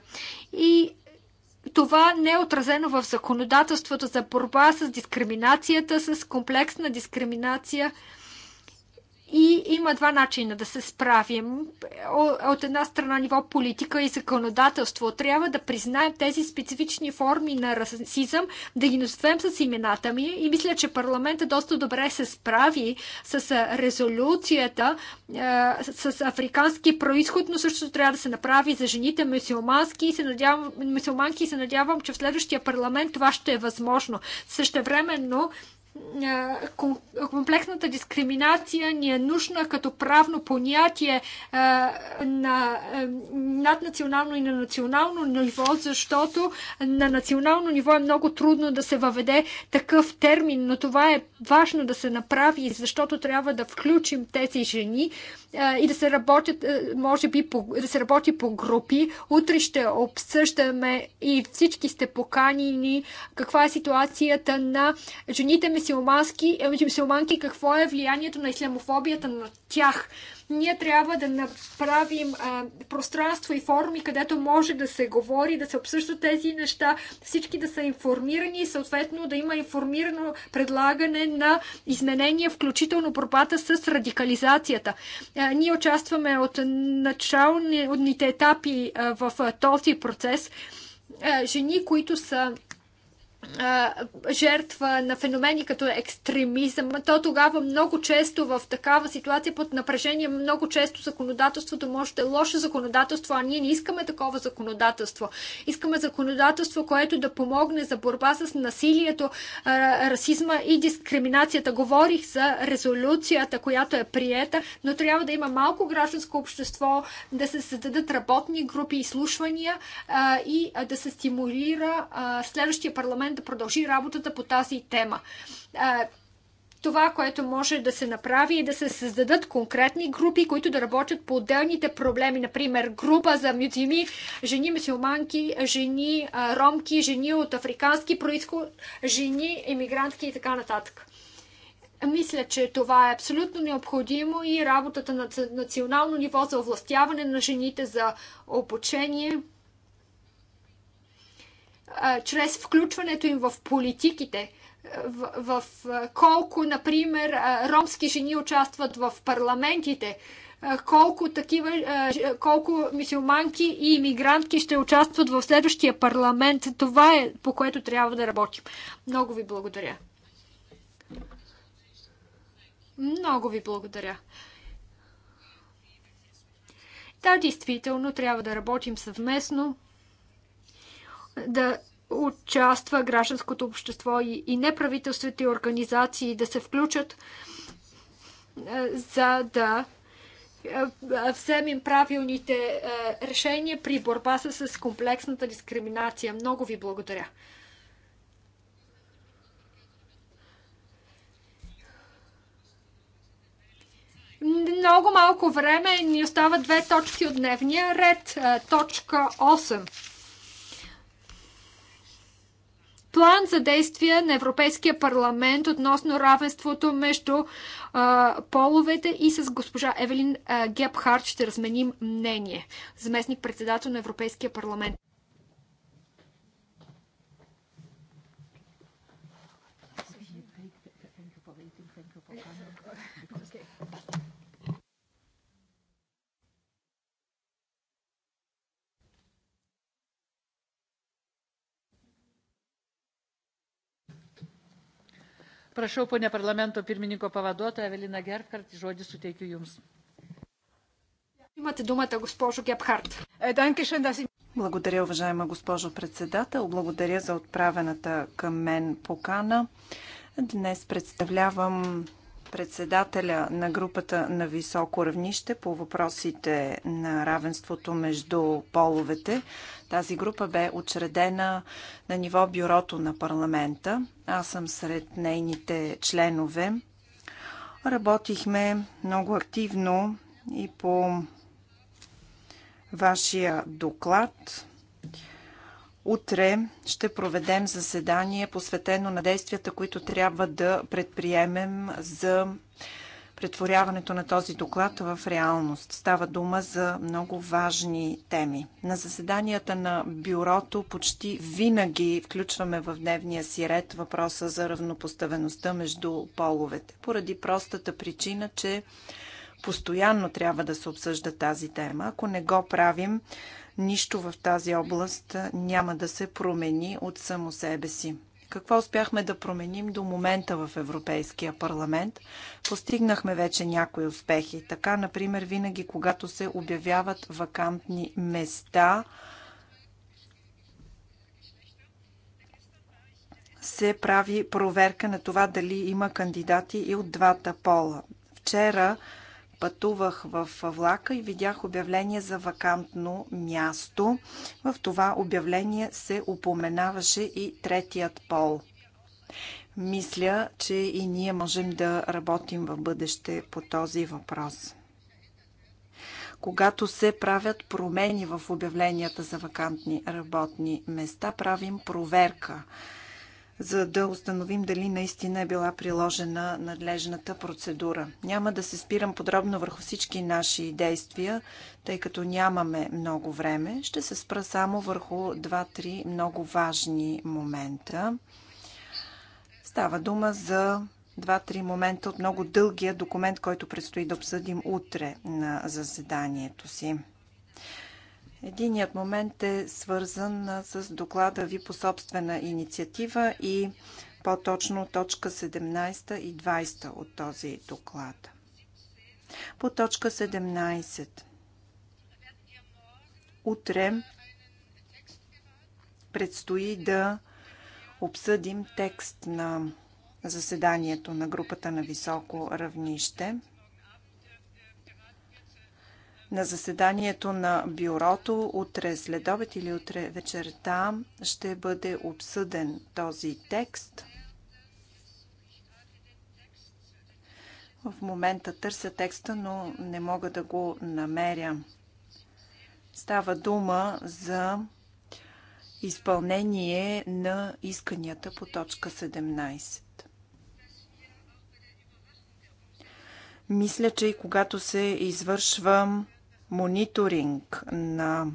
И това не е отразено в законодателството за борба с дискриминацията, с комплексна дискриминация. И има два начина да се справим. От една страна ниво политика и законодателство. Трябва да признаем тези специфични форми на расизъм, да ги назовем с имената ми. И мисля, че парламентът доста добре се справи с резолюцията с африкански происход, но също трябва да се направи за жените мусулмански и се надявам, мусулманки и се надявам, че в следващия парламент това ще е възможно. Същевременно комплексната дискриминация ни е нужна като правно понятие на наднационално и на национално ниво, защото на национално ниво е много трудно да се въведе такъв термин, но това е важно да се направи, защото трябва да включим тези жени и да се работят, може би, по, да се работи по групи. Утре ще обсъждаме и всички сте поканини каква е ситуацията на жените мисиоманки, е, мисиоманки какво е влиянието на ислямофобията на тях. Ние трябва да направим а, пространство и форми, където може да се говори, да се обсъждат тези неща, всички да са информирани и съответно да има информирано предлагане на изменения, включително борбата с радикализацията. А, ние участваме от началните етапи а, в а, този процес жени, които са жертва на феномени като екстремизъм, то тогава много често в такава ситуация под напрежение, много често законодателството може да е лошо законодателство, а ние не искаме такова законодателство. Искаме законодателство, което да помогне за борба с насилието, расизма и дискриминацията. Говорих за резолюцията, която е приета, но трябва да има малко гражданско общество, да се създадат работни групи, изслушвания и да се стимулира следващия парламент да продължи работата по тази тема. Това, което може да се направи е да се създадат конкретни групи, които да работят по отделните проблеми. Например, група за мюзими, жени мюсюлманки, жени ромки, жени от африкански происход, жени емигрантки и така нататък. Мисля, че това е абсолютно необходимо и работата на национално ниво за овластяване на жените за обучение – чрез включването им в политиките, в, в колко, например, ромски жени участват в парламентите, колко такива, колко мисиоманки и иммигрантки ще участват в следващия парламент. Това е по което трябва да работим. Много ви благодаря. Много ви благодаря. Да, действително трябва да работим съвместно да участва гражданското общество и, и неправителствените организации да се включат, е, за да е, е, вземем правилните решения при борба с комплексната дискриминация. Много ви благодаря. Много малко време ни остават две точки от дневния ред. Точка 8 план за действие на Европейския парламент относно равенството между а, половете и с госпожа Евелин Гепхард ще разменим мнение, заместник председател на Европейския парламент. Prašau, parlamento pirmininko pavaduotoja Evelina žodį suteikiu Jums. Имате думата, госпожо е, Благодаря, уважаема госпожо председател. Благодаря за отправената към мен покана. Днес представлявам председателя на групата на високо равнище по въпросите на равенството между половете. Тази група бе учредена на ниво бюрото на парламента. Аз съм сред нейните членове. Работихме много активно и по вашия доклад. Утре ще проведем заседание, посветено на действията, които трябва да предприемем за претворяването на този доклад в реалност. Става дума за много важни теми. На заседанията на бюрото почти винаги включваме в дневния си ред въпроса за равнопоставеността между половете, поради простата причина, че постоянно трябва да се обсъжда тази тема. Ако не го правим, Нищо в тази област няма да се промени от само себе си. Какво успяхме да променим до момента в Европейския парламент? Постигнахме вече някои успехи. Така, например, винаги когато се обявяват вакантни места, се прави проверка на това дали има кандидати и от двата пола. Вчера пътувах в влака и видях обявление за вакантно място. В това обявление се упоменаваше и третият пол. Мисля, че и ние можем да работим в бъдеще по този въпрос. Когато се правят промени в обявленията за вакантни работни места, правим проверка – за да установим дали наистина е била приложена надлежната процедура. Няма да се спирам подробно върху всички наши действия, тъй като нямаме много време. Ще се спра само върху два-три много важни момента. Става дума за два-три момента от много дългия документ, който предстои да обсъдим утре на заседанието си. Единият момент е свързан с доклада ви по собствена инициатива и по-точно точка 17 и 20 от този доклад. По точка 17. Утре предстои да обсъдим текст на заседанието на групата на високо равнище – на заседанието на бюрото утре следобед или утре вечерта ще бъде обсъден този текст. В момента търся текста, но не мога да го намеря. Става дума за изпълнение на исканията по точка 17. Мисля, че и когато се извършва мониторинг на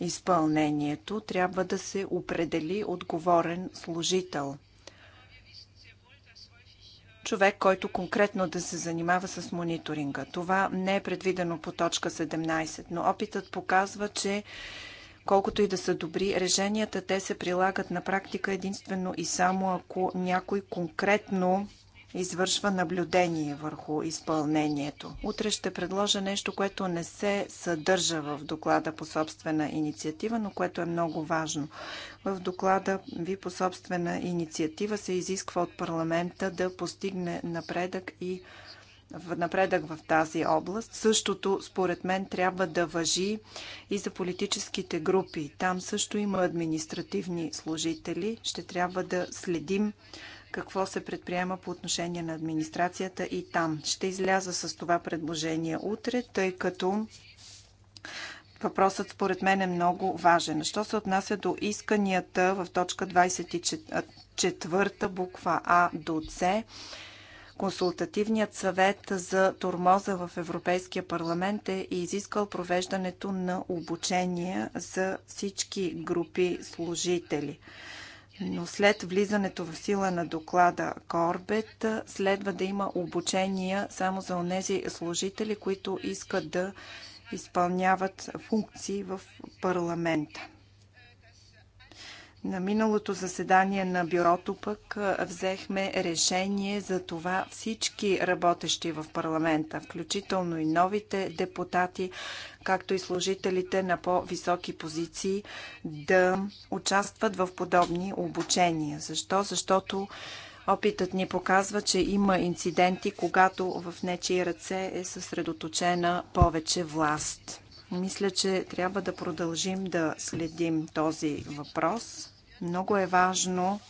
изпълнението трябва да се определи отговорен служител. Човек, който конкретно да се занимава с мониторинга. Това не е предвидено по точка 17, но опитът показва, че колкото и да са добри решенията, те се прилагат на практика единствено и само ако някой конкретно извършва наблюдение върху изпълнението. Утре ще предложа нещо, което не се съдържа в доклада по собствена инициатива, но което е много важно. В доклада ви по собствена инициатива се изисква от парламента да постигне напредък и в напредък в тази област. Същото, според мен, трябва да въжи и за политическите групи. Там също има административни служители. Ще трябва да следим какво се предприема по отношение на администрацията и там. Ще изляза с това предложение утре, тъй като Въпросът според мен е много важен. Що се отнася до исканията в точка 24 буква А до С, Консултативният съвет за тормоза в Европейския парламент е изискал провеждането на обучение за всички групи служители. Но след влизането в сила на доклада Корбет следва да има обучения само за онези служители, които искат да изпълняват функции в парламента. На миналото заседание на бюрото пък взехме решение за това всички работещи в парламента, включително и новите депутати, както и служителите на по-високи позиции, да участват в подобни обучения. Защо? Защото Опитът ни показва, че има инциденти, когато в нечи ръце е съсредоточена повече власт. Мисля, че трябва да продължим да следим този въпрос. Много е важно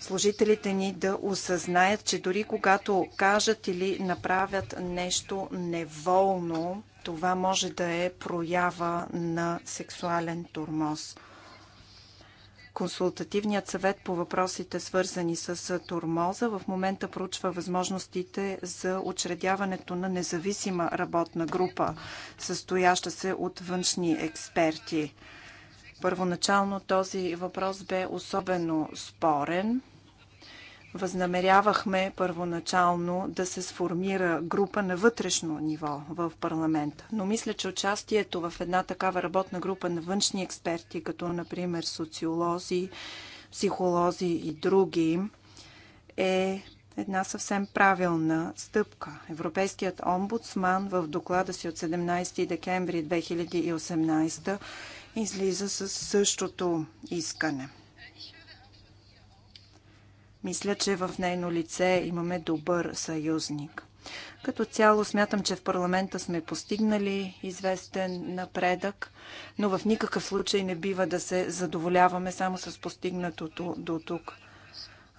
служителите ни да осъзнаят, че дори когато кажат или направят нещо неволно, това може да е проява на сексуален турмоз. Консултативният съвет по въпросите, свързани с турмоза, в момента проучва възможностите за учредяването на независима работна група, състояща се от външни експерти. Първоначално този въпрос бе особено спорен. Възнамерявахме първоначално да се сформира група на вътрешно ниво в парламента. Но мисля, че участието в една такава работна група на външни експерти, като например социолози, психолози и други, е една съвсем правилна стъпка. Европейският омбудсман в доклада си от 17 декември 2018 излиза с същото искане. Мисля, че в нейно лице имаме добър съюзник. Като цяло смятам, че в парламента сме постигнали известен напредък, но в никакъв случай не бива да се задоволяваме само с постигнатото до тук.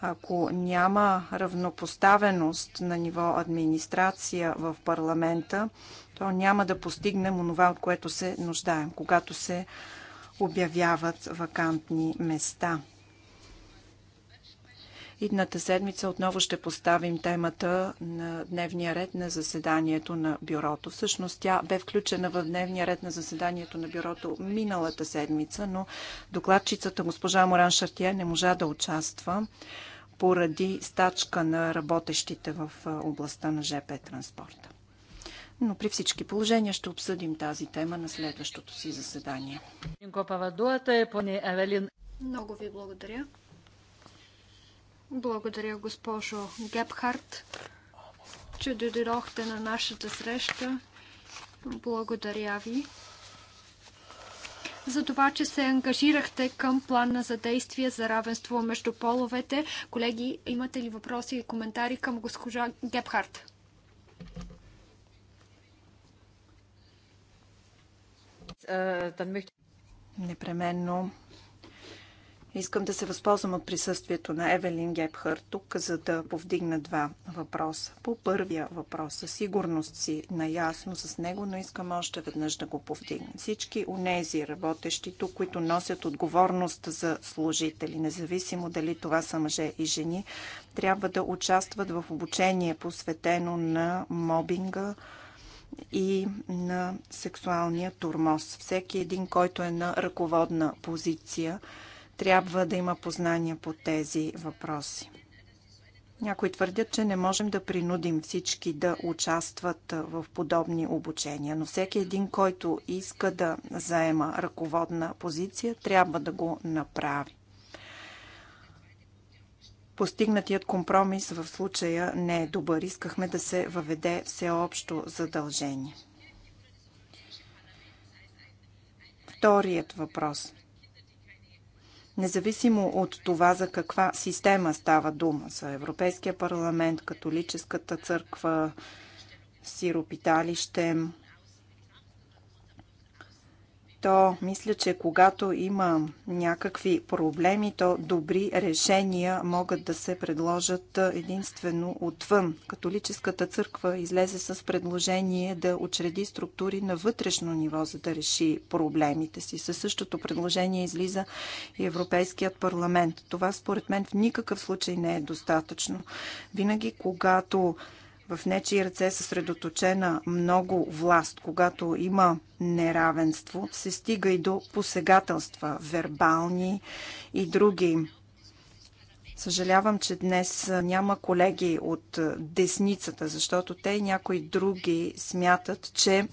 Ако няма равнопоставеност на ниво администрация в парламента, то няма да постигнем онова, от което се нуждаем, когато се обявяват вакантни места. Идната седмица отново ще поставим темата на дневния ред на заседанието на бюрото. Всъщност тя бе включена в дневния ред на заседанието на бюрото миналата седмица, но докладчицата госпожа Моран Шартия не можа да участва поради стачка на работещите в областта на ЖП транспорта но при всички положения ще обсъдим тази тема на следващото си заседание. Е Много ви благодаря. Благодаря, госпожо Гепхарт, че дойдохте на нашата среща. Благодаря ви за това, че се ангажирахте към плана за действие за равенство между половете. Колеги, имате ли въпроси и коментари към госпожа Гепхарт? Äh, Непременно искам да се възползвам от присъствието на Евелин Гепхър тук, за да повдигна два въпроса. По първия въпрос, със сигурност си наясно с него, но искам още веднъж да го повдигна. Всички унези работещи тук, които носят отговорност за служители, независимо дали това са мъже и жени, трябва да участват в обучение, посветено на мобинга, и на сексуалния турмоз. Всеки един, който е на ръководна позиция, трябва да има познания по тези въпроси. Някои твърдят, че не можем да принудим всички да участват в подобни обучения, но всеки един, който иска да заема ръководна позиция, трябва да го направи. Постигнатият компромис в случая не е добър. Искахме да се въведе всеобщо задължение. Вторият въпрос. Независимо от това за каква система става дума, за Европейския парламент, католическата църква, сиропиталище, то мисля, че когато има някакви проблеми, то добри решения могат да се предложат единствено отвън. Католическата църква излезе с предложение да учреди структури на вътрешно ниво, за да реши проблемите си. Със същото предложение излиза и Европейският парламент. Това според мен в никакъв случай не е достатъчно. Винаги, когато в нечи ръце е съсредоточена много власт, когато има неравенство, се стига и до посегателства, вербални и други Съжалявам, че днес няма колеги от десницата, защото те и някои други смятат, че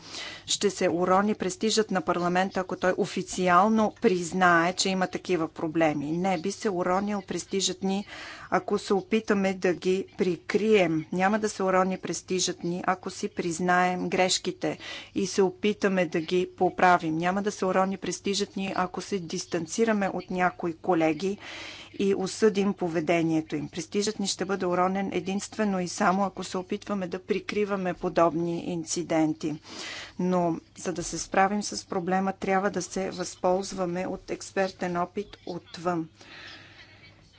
ще се урони престижът на парламента, ако той официално признае, че има такива проблеми. Не би се уронил престижът ни, ако се опитаме да ги прикрием. Няма да се урони престижът ни, ако си признаем грешките и се опитаме да ги поправим. Няма да се урони престижът ни, ако се дистанцираме от някои колеги и осъдим поведението им. Престижът ни ще бъде уронен единствено и само ако се опитваме да прикриваме подобни инциденти. Но за да се справим с проблема, трябва да се възползваме от експертен опит отвън.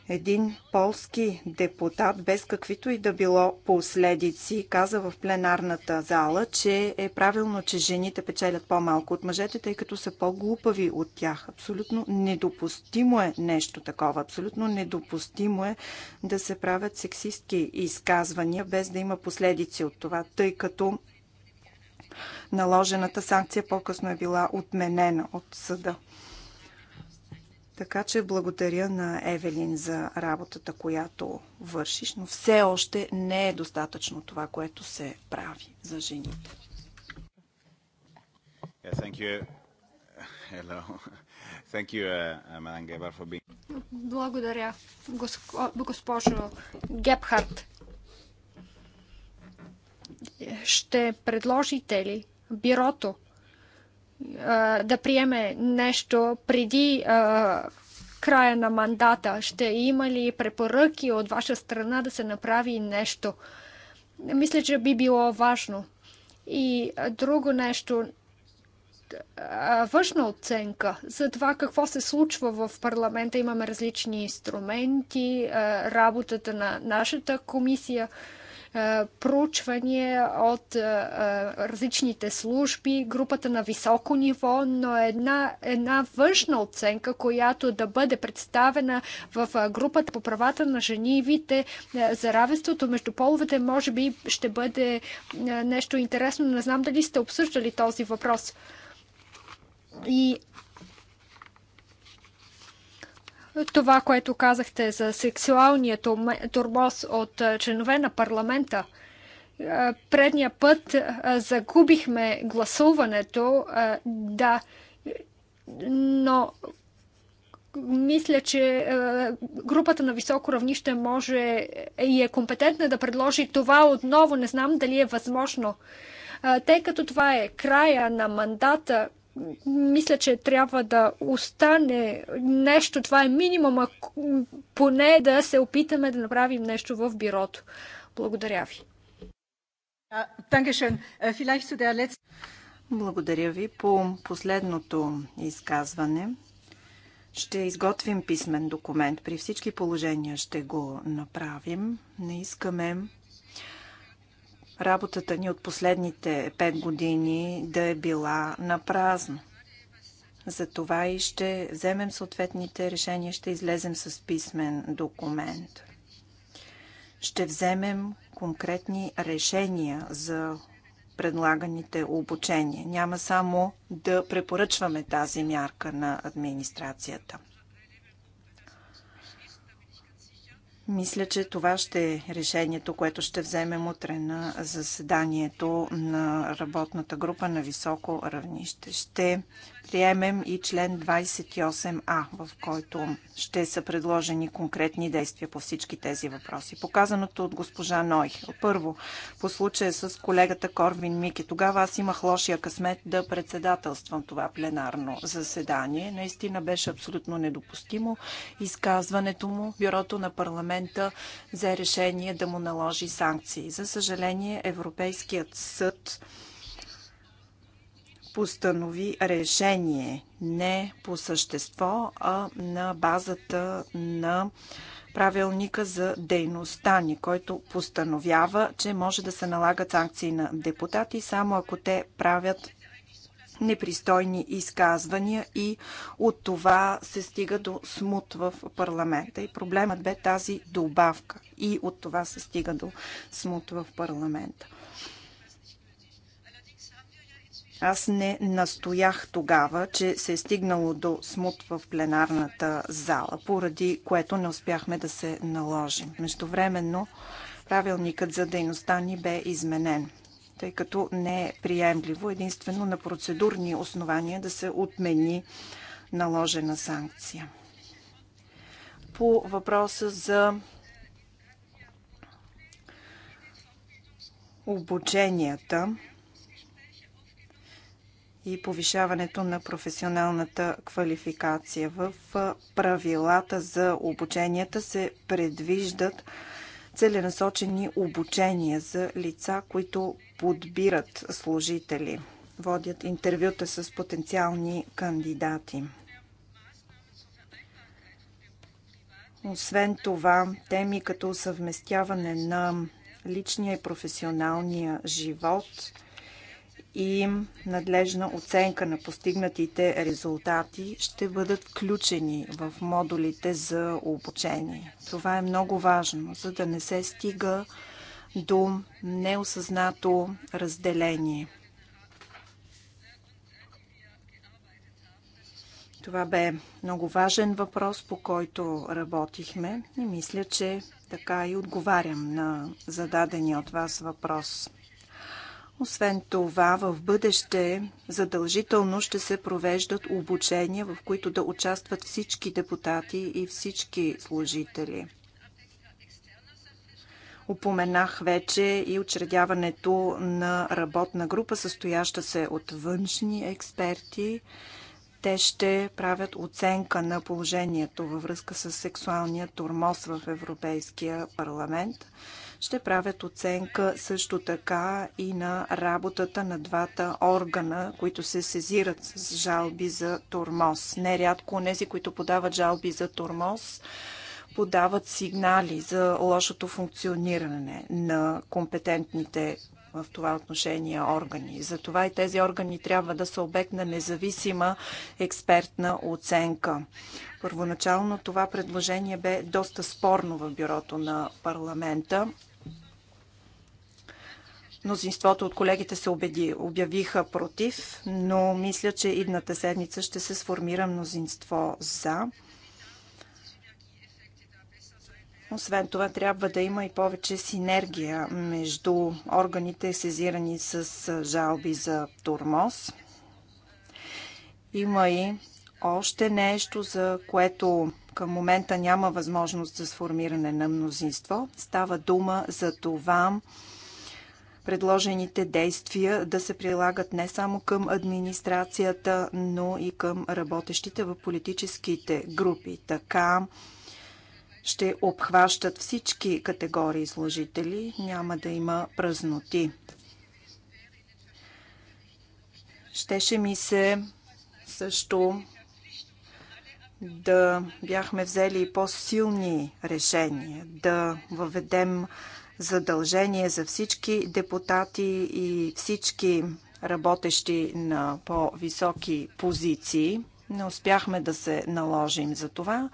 Един полски депутат, без каквито и да било последици, каза в пленарната зала, че е правилно, че жените печелят по-малко от мъжете, тъй като са по-глупави от тях. Абсолютно недопустимо е нещо такова. Абсолютно недопустимо е да се правят сексистки изказвания, без да има последици от това, тъй като наложената санкция по-късно е била отменена от съда. Така че благодаря на Евелин за работата, която вършиш, но все още не е достатъчно това, което се прави за жените. Yeah, You, uh, being... Благодаря, госпожо Гепхарт. Ще предложите ли бюрото да приеме нещо преди края на мандата? Ще има ли препоръки от ваша страна да се направи нещо? Мисля, че би било важно. И друго нещо, външна оценка за това какво се случва в парламента. Имаме различни инструменти, работата на нашата комисия – проучвания от различните служби, групата на високо ниво, но една, една външна оценка, която да бъде представена в групата по правата на женивите за равенството между половете, може би ще бъде нещо интересно. Не знам дали сте обсъждали този въпрос. И това, което казахте за сексуалния турмоз от членове на парламента. Предния път загубихме гласуването, да, но мисля, че групата на високо равнище може и е компетентна да предложи това отново. Не знам дали е възможно. Тъй като това е края на мандата, мисля, че трябва да остане нещо. Това е минимума, поне да се опитаме да направим нещо в бюрото. Благодаря ви. Е, Благодаря ви по последното изказване. Ще изготвим писмен документ. При всички положения ще го направим. Не искаме работата ни от последните пет години да е била на празно. за това и ще вземем съответните решения, ще излезем с писмен документ. Ще вземем конкретни решения за предлаганите обучения. Няма само да препоръчваме тази мярка на администрацията. Мисля, че това ще е решението, което ще вземем утре на заседанието на работната група на високо равнище. Ще приемем и член 28а, в който ще са предложени конкретни действия по всички тези въпроси. Показаното от госпожа Нойх. Първо, по случая с колегата Корвин Мики. Тогава аз имах лошия късмет да председателствам това пленарно заседание. Наистина беше абсолютно недопустимо изказването му. Бюрото на парламента взе решение да му наложи санкции. За съжаление, Европейският съд постанови решение не по същество, а на базата на правилника за дейността ни, който постановява, че може да се налагат санкции на депутати само ако те правят непристойни изказвания и от това се стига до смут в парламента. И проблемът бе тази добавка. И от това се стига до смут в парламента. Аз не настоях тогава, че се е стигнало до смут в пленарната зала, поради което не успяхме да се наложим. Междувременно правилникът за дейността ни бе изменен тъй като не е приемливо единствено на процедурни основания да се отмени наложена санкция. По въпроса за обученията, и повишаването на професионалната квалификация. В правилата за обученията се предвиждат целенасочени обучения за лица, които подбират служители, водят интервюта с потенциални кандидати. Освен това, теми като съвместяване на личния и професионалния живот, и надлежна оценка на постигнатите резултати ще бъдат включени в модулите за обучение. Това е много важно, за да не се стига до неосъзнато разделение. Това бе много важен въпрос, по който работихме и мисля, че така и отговарям на зададения от вас въпрос. Освен това, в бъдеще задължително ще се провеждат обучения, в които да участват всички депутати и всички служители. Упоменах вече и учредяването на работна група, състояща се от външни експерти. Те ще правят оценка на положението във връзка с сексуалния турмоз в Европейския парламент ще правят оценка също така и на работата на двата органа, които се сезират с жалби за тормоз. Нерядко тези, които подават жалби за тормоз, подават сигнали за лошото функциониране на компетентните в това отношение органи. Затова и тези органи трябва да са обект на независима експертна оценка. Първоначално това предложение бе доста спорно в бюрото на парламента. Мнозинството от колегите се убеди, обявиха против, но мисля, че идната седмица ще се сформира мнозинство за. Освен това, трябва да има и повече синергия между органите, сезирани с жалби за турмоз. Има и още нещо, за което към момента няма възможност за сформиране на мнозинство. Става дума за това, предложените действия да се прилагат не само към администрацията, но и към работещите в политическите групи. Така ще обхващат всички категории служители, няма да има празноти. Щеше ми се също да бяхме взели по-силни решения, да въведем задължение за всички депутати и всички работещи на по-високи позиции. Не успяхме да се наложим за това,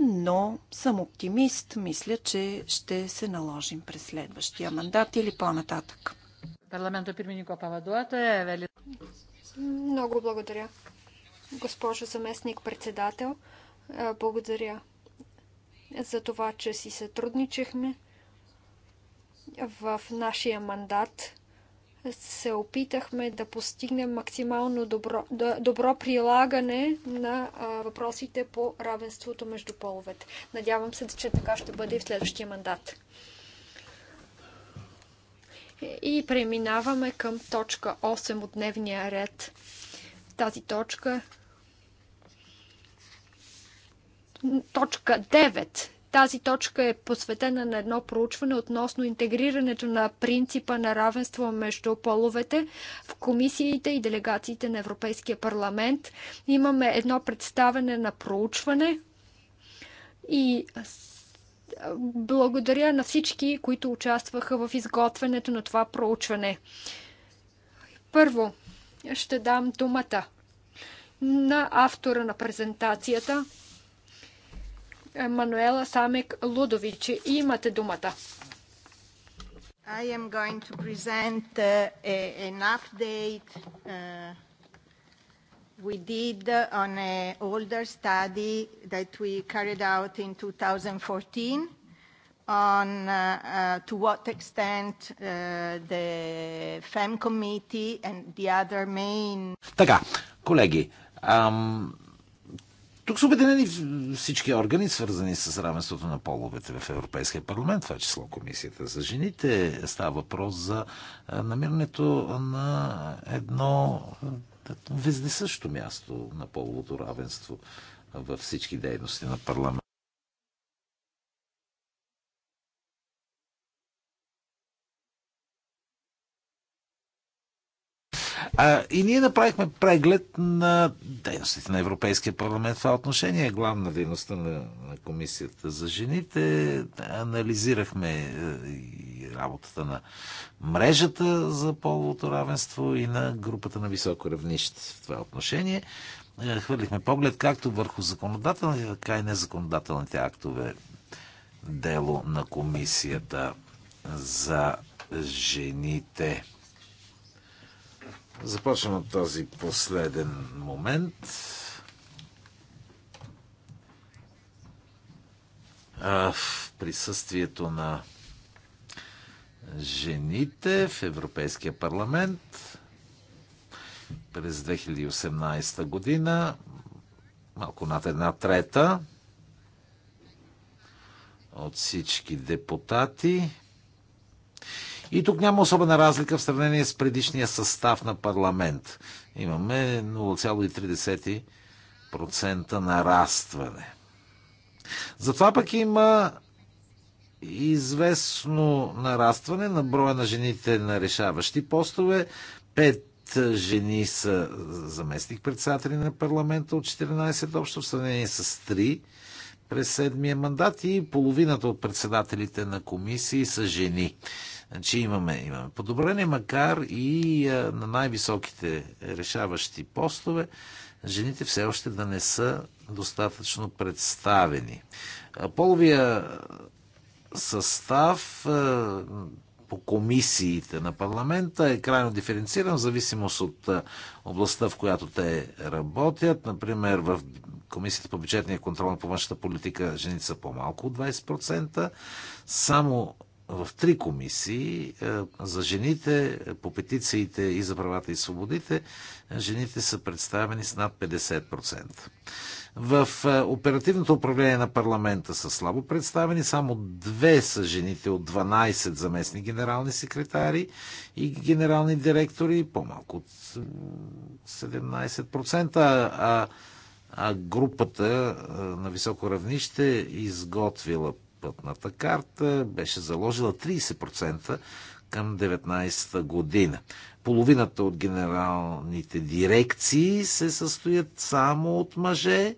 но съм оптимист. Мисля, че ще се наложим през следващия мандат или по-нататък. Парламента Пирминико Павадуато е вели... Много благодаря, госпожо заместник председател. Благодаря за това, че си сътрудничихме в нашия мандат се опитахме да постигнем максимално добро, да, добро прилагане на а, въпросите по равенството между половете. Надявам се, че така ще бъде и в следващия мандат. И преминаваме към точка 8 от дневния ред. Тази точка. Точка 9 тази точка е посветена на едно проучване относно интегрирането на принципа на равенство между половете в комисиите и делегациите на Европейския парламент. Имаме едно представене на проучване и благодаря на всички, които участваха в изготвянето на това проучване. Първо ще дам думата на автора на презентацията – Мануела Самек Лудович. Имате думата. I am going to present uh, a, an update uh, we did on an older study that we carried out in 2014 on uh, uh, to what extent uh, the FEM committee and the other main... Така, колеги, ам, тук са обединени всички органи, свързани с равенството на половете в Европейския парламент, това число Комисията за жените. Става въпрос за намирането на едно вездесъщо място на половото равенство във всички дейности на парламент. А, и ние направихме преглед на дейностите на Европейския парламент в това отношение. Главна дейността на, на Комисията за жените. Анализирахме е, и работата на мрежата за половото равенство и на групата на високо равнище в това отношение. Е, хвърлихме поглед както върху законодателните, така и незаконодателните актове дело на Комисията за жените. Започвам от този последен момент. в присъствието на жените в Европейския парламент през 2018 година, малко над една трета от всички депутати и тук няма особена разлика в сравнение с предишния състав на парламент. Имаме 0,3% нарастване. Затова пък има известно нарастване на броя на жените на решаващи постове. Пет жени са заместник председатели на парламента от 14 общо в сравнение с 3 през седмия мандат и половината от председателите на комисии са жени. Значи имаме, имаме подобрение, макар и на най-високите решаващи постове жените все още да не са достатъчно представени. Половия състав по комисиите на парламента е крайно диференциран в зависимост от областта, в която те работят. Например, в Комисията по бюджетния контрол на външната политика жените са по-малко от 20%. Само в три комисии е, за жените, е, по петициите и за правата и свободите, е, жените са представени с над 50%. В оперативното управление на парламента са слабо представени, само две са жените от 12 заместни генерални секретари и генерални директори, по-малко от 17%, а, а групата на високо равнище изготвила пътната карта беше заложила 30% към 19-та година. Половината от генералните дирекции се състоят само от мъже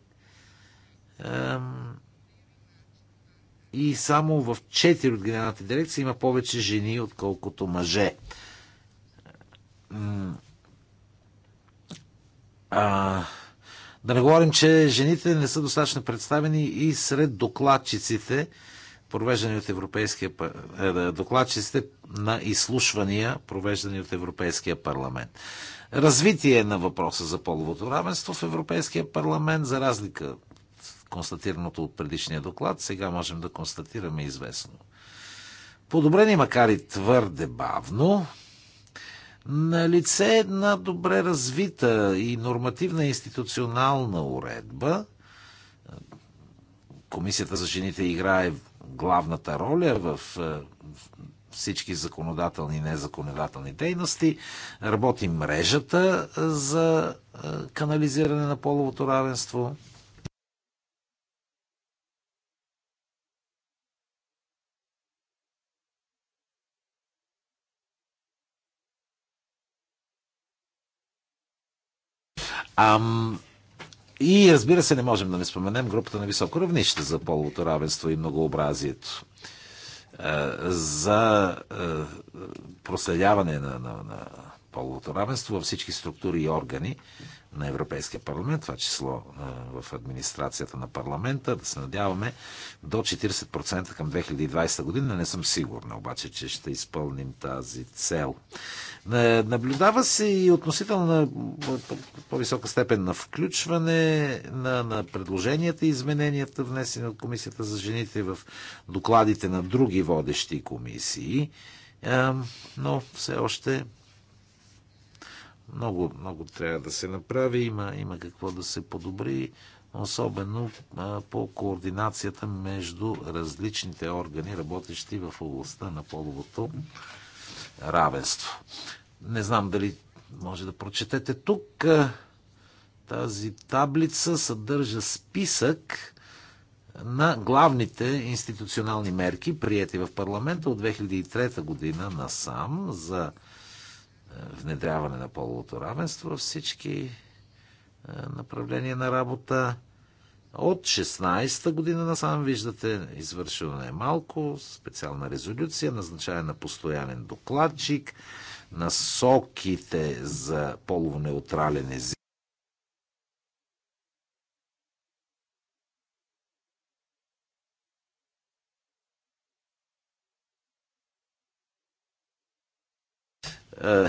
и само в 4 от генералните дирекции има повече жени, отколкото мъже. А, да не говорим, че жените не са достатъчно представени и сред докладчиците, провеждани от Европейския е, докладчиците на изслушвания, провеждани от Европейския парламент. Развитие на въпроса за половото равенство в Европейския парламент, за разлика от констатираното от предишния доклад, сега можем да констатираме известно. Подобрени, макар и твърде бавно, на лице една добре развита и нормативна институционална уредба. Комисията за жените играе главната роля в е, всички законодателни и незаконодателни дейности. Работи мрежата за е, канализиране на половото равенство. Ам, и разбира се, не можем да не споменем групата на високо равнище за половото равенство и многообразието е, за е, проследяване на, на, на половото равенство във всички структури и органи на Европейския парламент, това число в администрацията на парламента, да се надяваме до 40% към 2020 година. Не съм сигурна обаче, че ще изпълним тази цел. Е, наблюдава се и относително по-висока степен на включване на, на предложенията и измененията, внесени от Комисията за жените в докладите на други водещи комисии но все още много, много трябва да се направи, има, има какво да се подобри, особено по координацията между различните органи, работещи в областта на половото равенство. Не знам дали може да прочетете тук. Тази таблица съдържа списък на главните институционални мерки, прияти в парламента от 2003 година насам за внедряване на половото равенство във всички е, направления на работа. От 16-та година насам виждате, извършено е малко, специална резолюция, назначаване на постоянен докладчик, насоките за половонеутрален език. Е,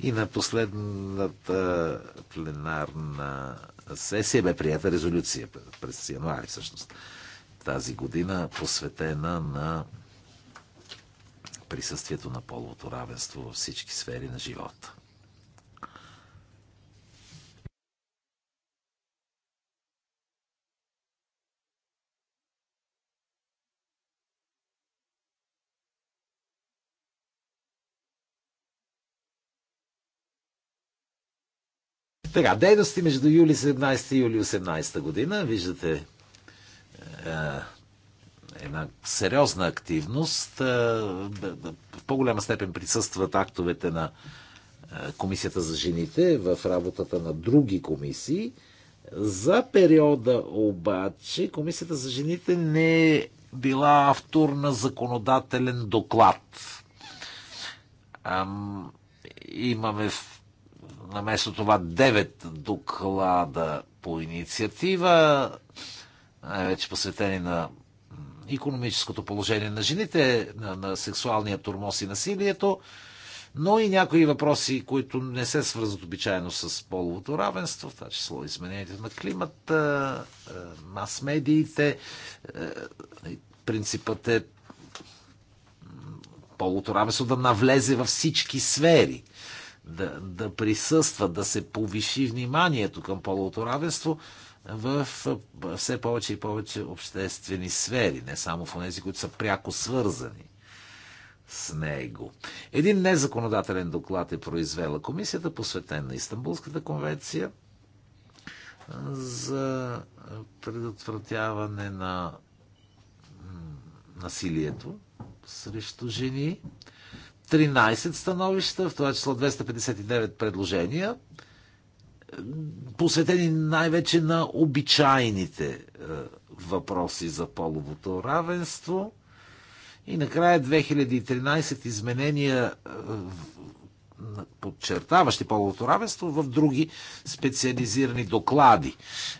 и на последната пленарна сесия бе прията резолюция през януари всъщност тази година, посветена на присъствието на половото равенство във всички сфери на живота. Така, дейности между юли 17 и юли 18 година. Виждате е, една сериозна активност. Е, в по-голяма степен присъстват актовете на е, Комисията за жените в работата на други комисии. За периода обаче Комисията за жените не е била автор на законодателен доклад. Ам, имаме наместо това 9 доклада по инициатива, най-вече посветени на економическото положение на жените, на, на сексуалния турмоз и насилието, но и някои въпроси, които не се свързват обичайно с половото равенство, в това число изменението на климата, е, мас-медиите. Е, принципът е половото равенство да навлезе във всички сфери да, да присъства, да се повиши вниманието към половото равенство в все повече и повече обществени сфери, не само в тези, които са пряко свързани с него. Един незаконодателен доклад е произвела комисията, посветен на Истанбулската конвенция за предотвратяване на насилието срещу жени. 13 становища, в това число 259 предложения, посветени най-вече на обичайните е, въпроси за половото равенство. И накрая 2013 изменения е, подчертаващи половото равенство в други специализирани доклади.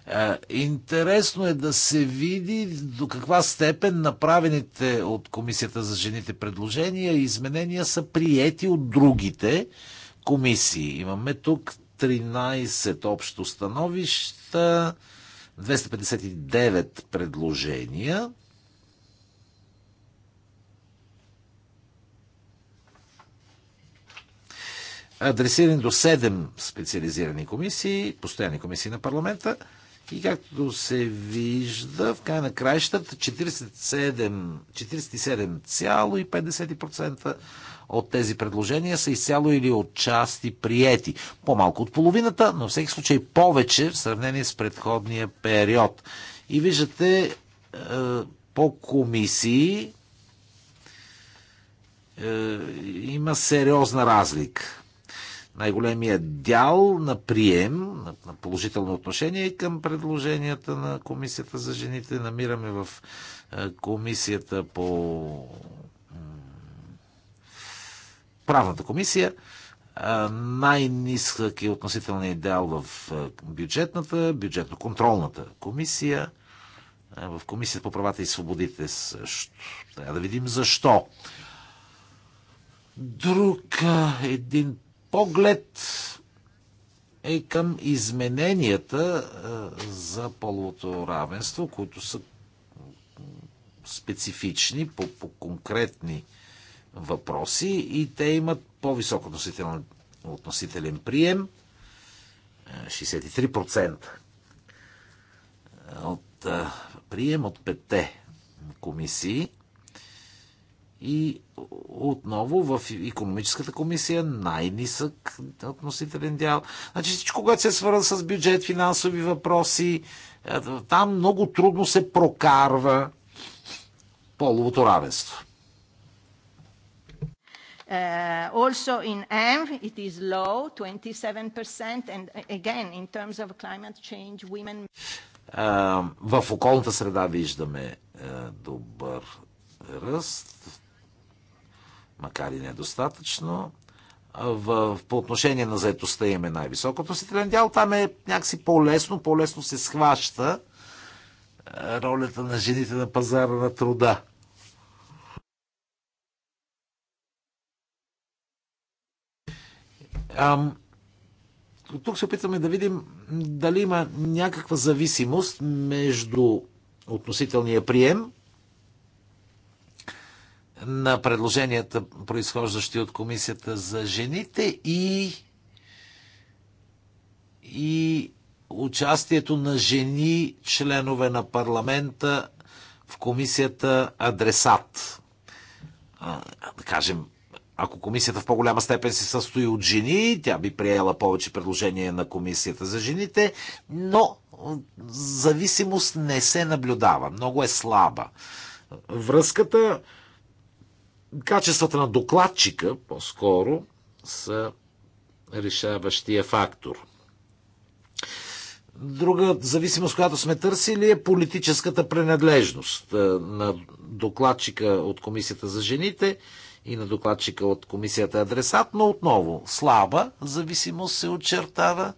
Е, интересно е да се види до каква степен направените от Комисията за жените предложения и изменения са приети от другите комисии. Имаме тук 13 общо становища, 259 предложения адресирани до 7 специализирани комисии, постоянни комисии на парламента. И както се вижда, в края на краищата 47,50% от тези предложения са изцяло или от части приети. По-малко от половината, но всеки случай повече в сравнение с предходния период. И виждате е, по комисии е, има сериозна разлика най-големия дял на прием, на положително отношение към предложенията на Комисията за жените. Намираме в е, Комисията по правната комисия е, най-нисък е относителният дял в е, бюджетната, бюджетно-контролната комисия, в комисията по правата и свободите също. Трябва да видим защо. Друг един Поглед е към измененията е, за половото равенство, които са специфични по, по конкретни въпроси и те имат по-висок относителен, относителен прием 63% е, от е, прием от петте комисии и отново в економическата комисия най-нисък относителен дял. Значи всичко, което се свърза с бюджет, финансови въпроси, е, там много трудно се прокарва половото равенство. Uh, also in ENV, it is low, 27%, and again, in terms of climate change, women... Uh, в околната среда виждаме uh, добър ръст, макар и недостатъчно. В, по отношение на заетостта имаме най-висок относителен дял. Там е някакси по-лесно, по-лесно се схваща е, ролята на жените на пазара на труда. Ам, тук се опитваме да видим дали има някаква зависимост между относителния прием на предложенията, произхождащи от Комисията за жените и, и участието на жени, членове на парламента в комисията адресат. А, да кажем, ако комисията в по-голяма степен се състои от жени, тя би приела повече предложения на комисията за жените, но зависимост не се наблюдава. Много е слаба. Връзката качествата на докладчика, по-скоро, са решаващия фактор. Друга зависимост, която сме търсили е политическата принадлежност е, на докладчика от Комисията за жените и на докладчика от Комисията адресат, но отново слаба зависимост се очертава.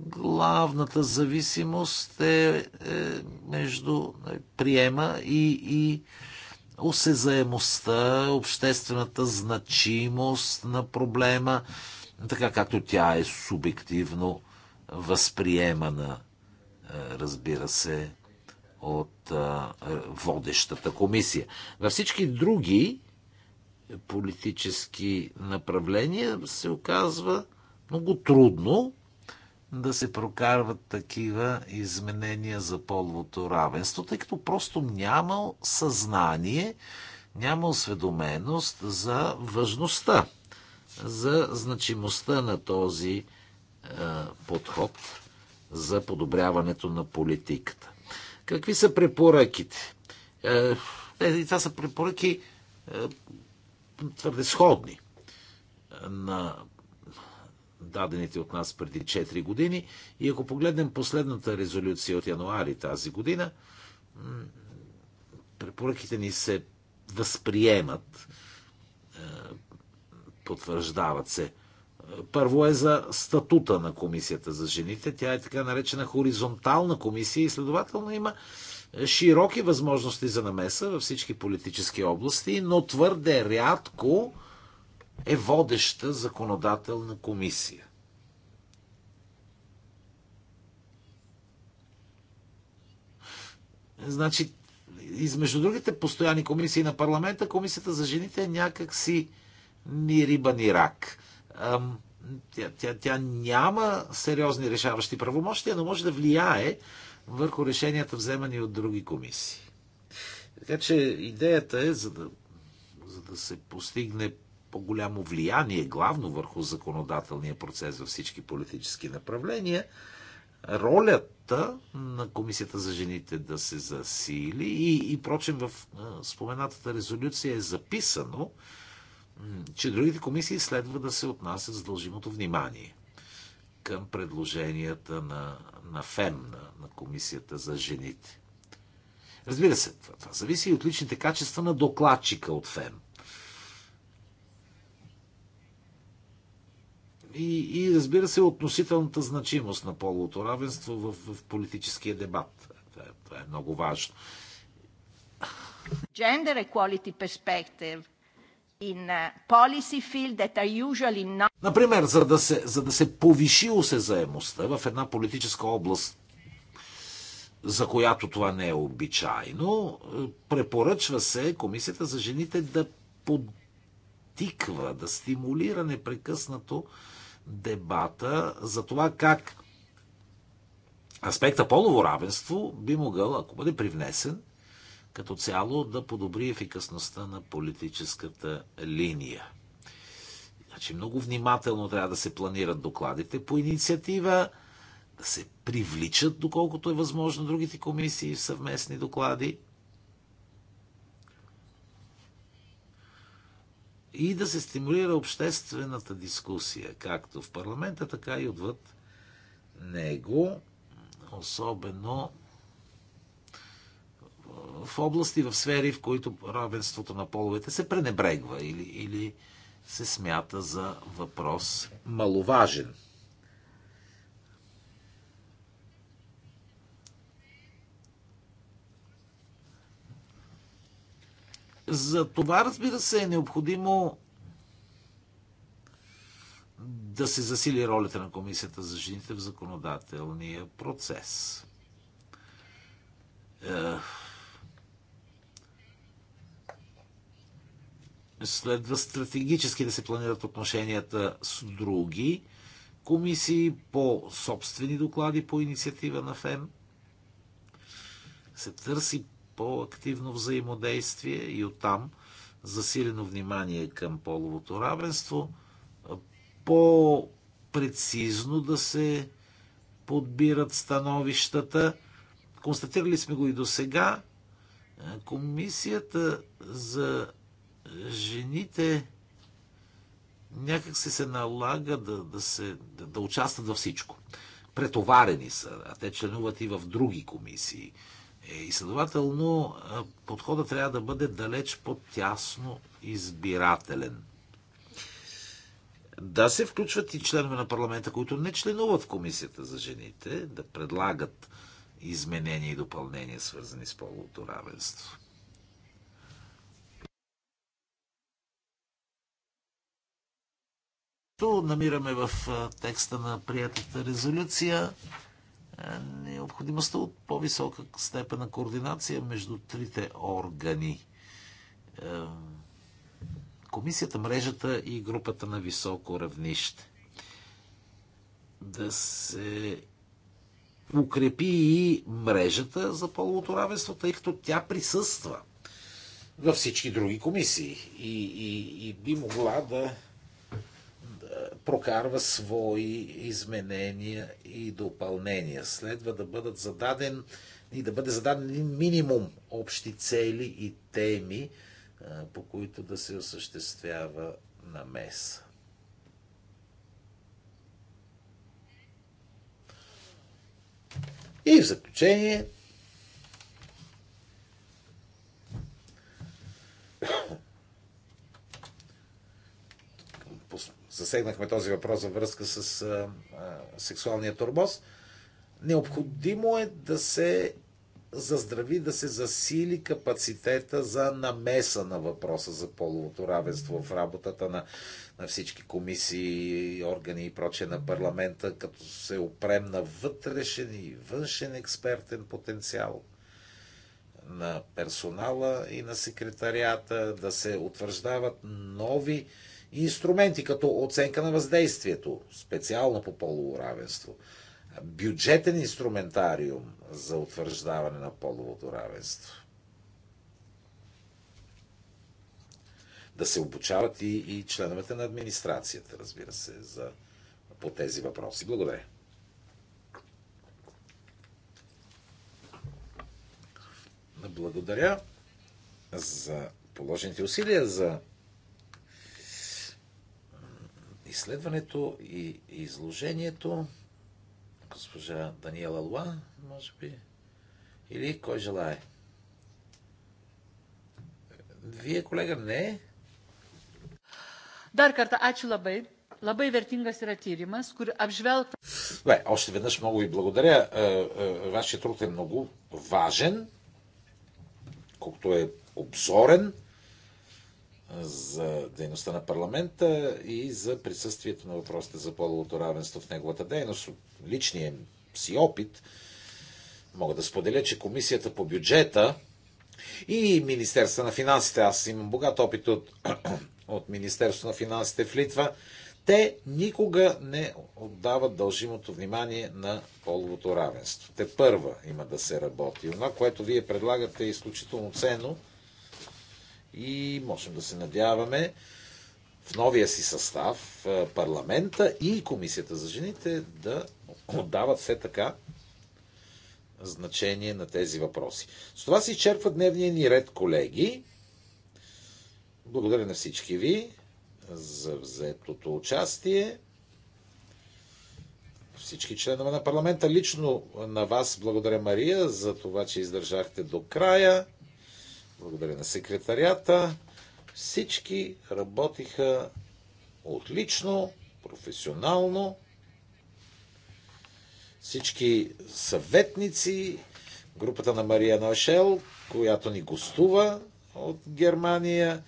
Главната зависимост е, е между е, приема и, и осезаемостта, обществената значимост на проблема, така както тя е субективно възприемана, е, разбира се, от е, водещата комисия. Във всички други политически направления се оказва много трудно да се прокарват такива изменения за половото равенство, тъй като просто няма съзнание, няма осведоменост за важността, за значимостта на този е, подход за подобряването на политиката. Какви са препоръките? Е, е това са препоръки е, твърде сходни на дадените от нас преди 4 години. И ако погледнем последната резолюция от януари тази година, препоръките ни се възприемат, е, потвърждават се. Първо е за статута на комисията за жените. Тя е така наречена хоризонтална комисия и следователно има широки възможности за намеса във всички политически области, но твърде рядко е водеща законодателна комисия. Значи, измежду другите постоянни комисии на парламента, комисията за жените е някак си ни риба, ни рак. Тя, тя, тя няма сериозни решаващи правомощия, но може да влияе върху решенията вземани от други комисии. Така че идеята е, за да, за да се постигне по-голямо влияние, главно върху законодателния процес във всички политически направления, ролята на Комисията за жените да се засили и, и прочим в споменатата резолюция е записано, че другите комисии следва да се отнасят с дължимото внимание към предложенията на, на ФЕМ, на, на Комисията за жените. Разбира се, това, това зависи и от личните качества на докладчика от ФЕМ. и, и разбира се, относителната значимост на половото равенство в, в политическия дебат. Това е, това е много важно. Gender equality perspective in uh, policy field that are usually not... Например, за да се, за да се повиши усезаемостта в една политическа област, за която това не е обичайно, препоръчва се Комисията за жените да подтиква, да стимулира непрекъснато дебата за това как аспекта полово равенство би могъл, ако бъде привнесен, като цяло да подобри ефикасността на политическата линия. Значи много внимателно трябва да се планират докладите по инициатива, да се привличат, доколкото е възможно, другите комисии в съвместни доклади – и да се стимулира обществената дискусия, както в парламента, така и отвъд него, особено в области, в сфери, в които равенството на половете се пренебрегва или, или се смята за въпрос маловажен. За това, разбира се, е необходимо да се засили ролята на Комисията за жените в законодателния процес. Е, следва стратегически да се планират отношенията с други комисии по собствени доклади по инициатива на ФЕМ. Се търси по-активно взаимодействие и оттам засилено внимание към половото равенство, по-прецизно да се подбират становищата. Констатирали сме го и до сега. Комисията за жените някак се се налага да, да, се, да, да участват във всичко. Претоварени са, а те членуват и в други комисии – е, и следователно подходът трябва да бъде далеч по-тясно избирателен. Да се включват и членове на парламента, които не членуват в комисията за жените, да предлагат изменения и допълнения, свързани с половото равенство. намираме в текста на приятата резолюция е, необходимостта от по-висока степен на координация между трите органи. Е, комисията, мрежата и групата на високо равнище. Да се укрепи и мрежата за половото равенство, тъй като тя присъства във всички други комисии и, и, и би могла да прокарва свои изменения и допълнения. Следва да бъдат зададен и да бъде зададен един минимум общи цели и теми, по които да се осъществява намеса. И в заключение засегнахме този въпрос във връзка с а, а, сексуалния турбоз, необходимо е да се заздрави, да се засили капацитета за намеса на въпроса за половото равенство в работата на, на всички комисии, органи и прочее на парламента, като се опрем на вътрешен и външен експертен потенциал на персонала и на секретарията, да се утвърждават нови и инструменти, като оценка на въздействието, специална по полово равенство, бюджетен инструментариум за утвърждаване на половото равенство. Да се обучават и, и членовете на администрацията, разбира се, за, по тези въпроси. Благодаря. Благодаря за положените усилия за изследването и изложението. Госпожа Даниела Луа, може би. Или кой желае? Вие, колега, не? Dar kartą ačiū лабай, вертинга vertingas yra tyrimas, kur apžvelgta. Добре, още веднъж много ви благодаря. Е, е, Вашият труд е много важен, колкото е обзорен за дейността на парламента и за присъствието на въпросите за половото равенство в неговата дейност. Личния си опит мога да споделя, че комисията по бюджета и Министерство на финансите, аз имам богат опит от, от Министерство на финансите в Литва, те никога не отдават дължимото внимание на половото равенство. Те първа има да се работи. това, което вие предлагате е изключително ценно – и можем да се надяваме в новия си състав парламента и Комисията за жените да отдават все така значение на тези въпроси. С това се изчерпва дневния ни ред, колеги. Благодаря на всички ви за взетото участие. Всички членове на парламента. Лично на вас благодаря, Мария, за това, че издържахте до края. Благодаря на секретарията. Всички работиха отлично, професионално. Всички съветници, групата на Мария Нашел, която ни гостува от Германия.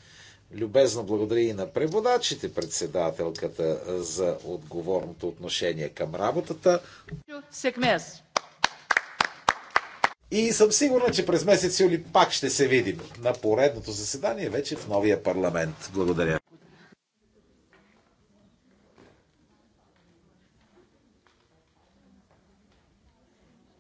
Любезно благодаря и на преводачите, председателката, за отговорното отношение към работата. Секмес. И съм сигурна, че през месец юли пак ще се видим на поредното заседание вече в новия парламент. Благодаря.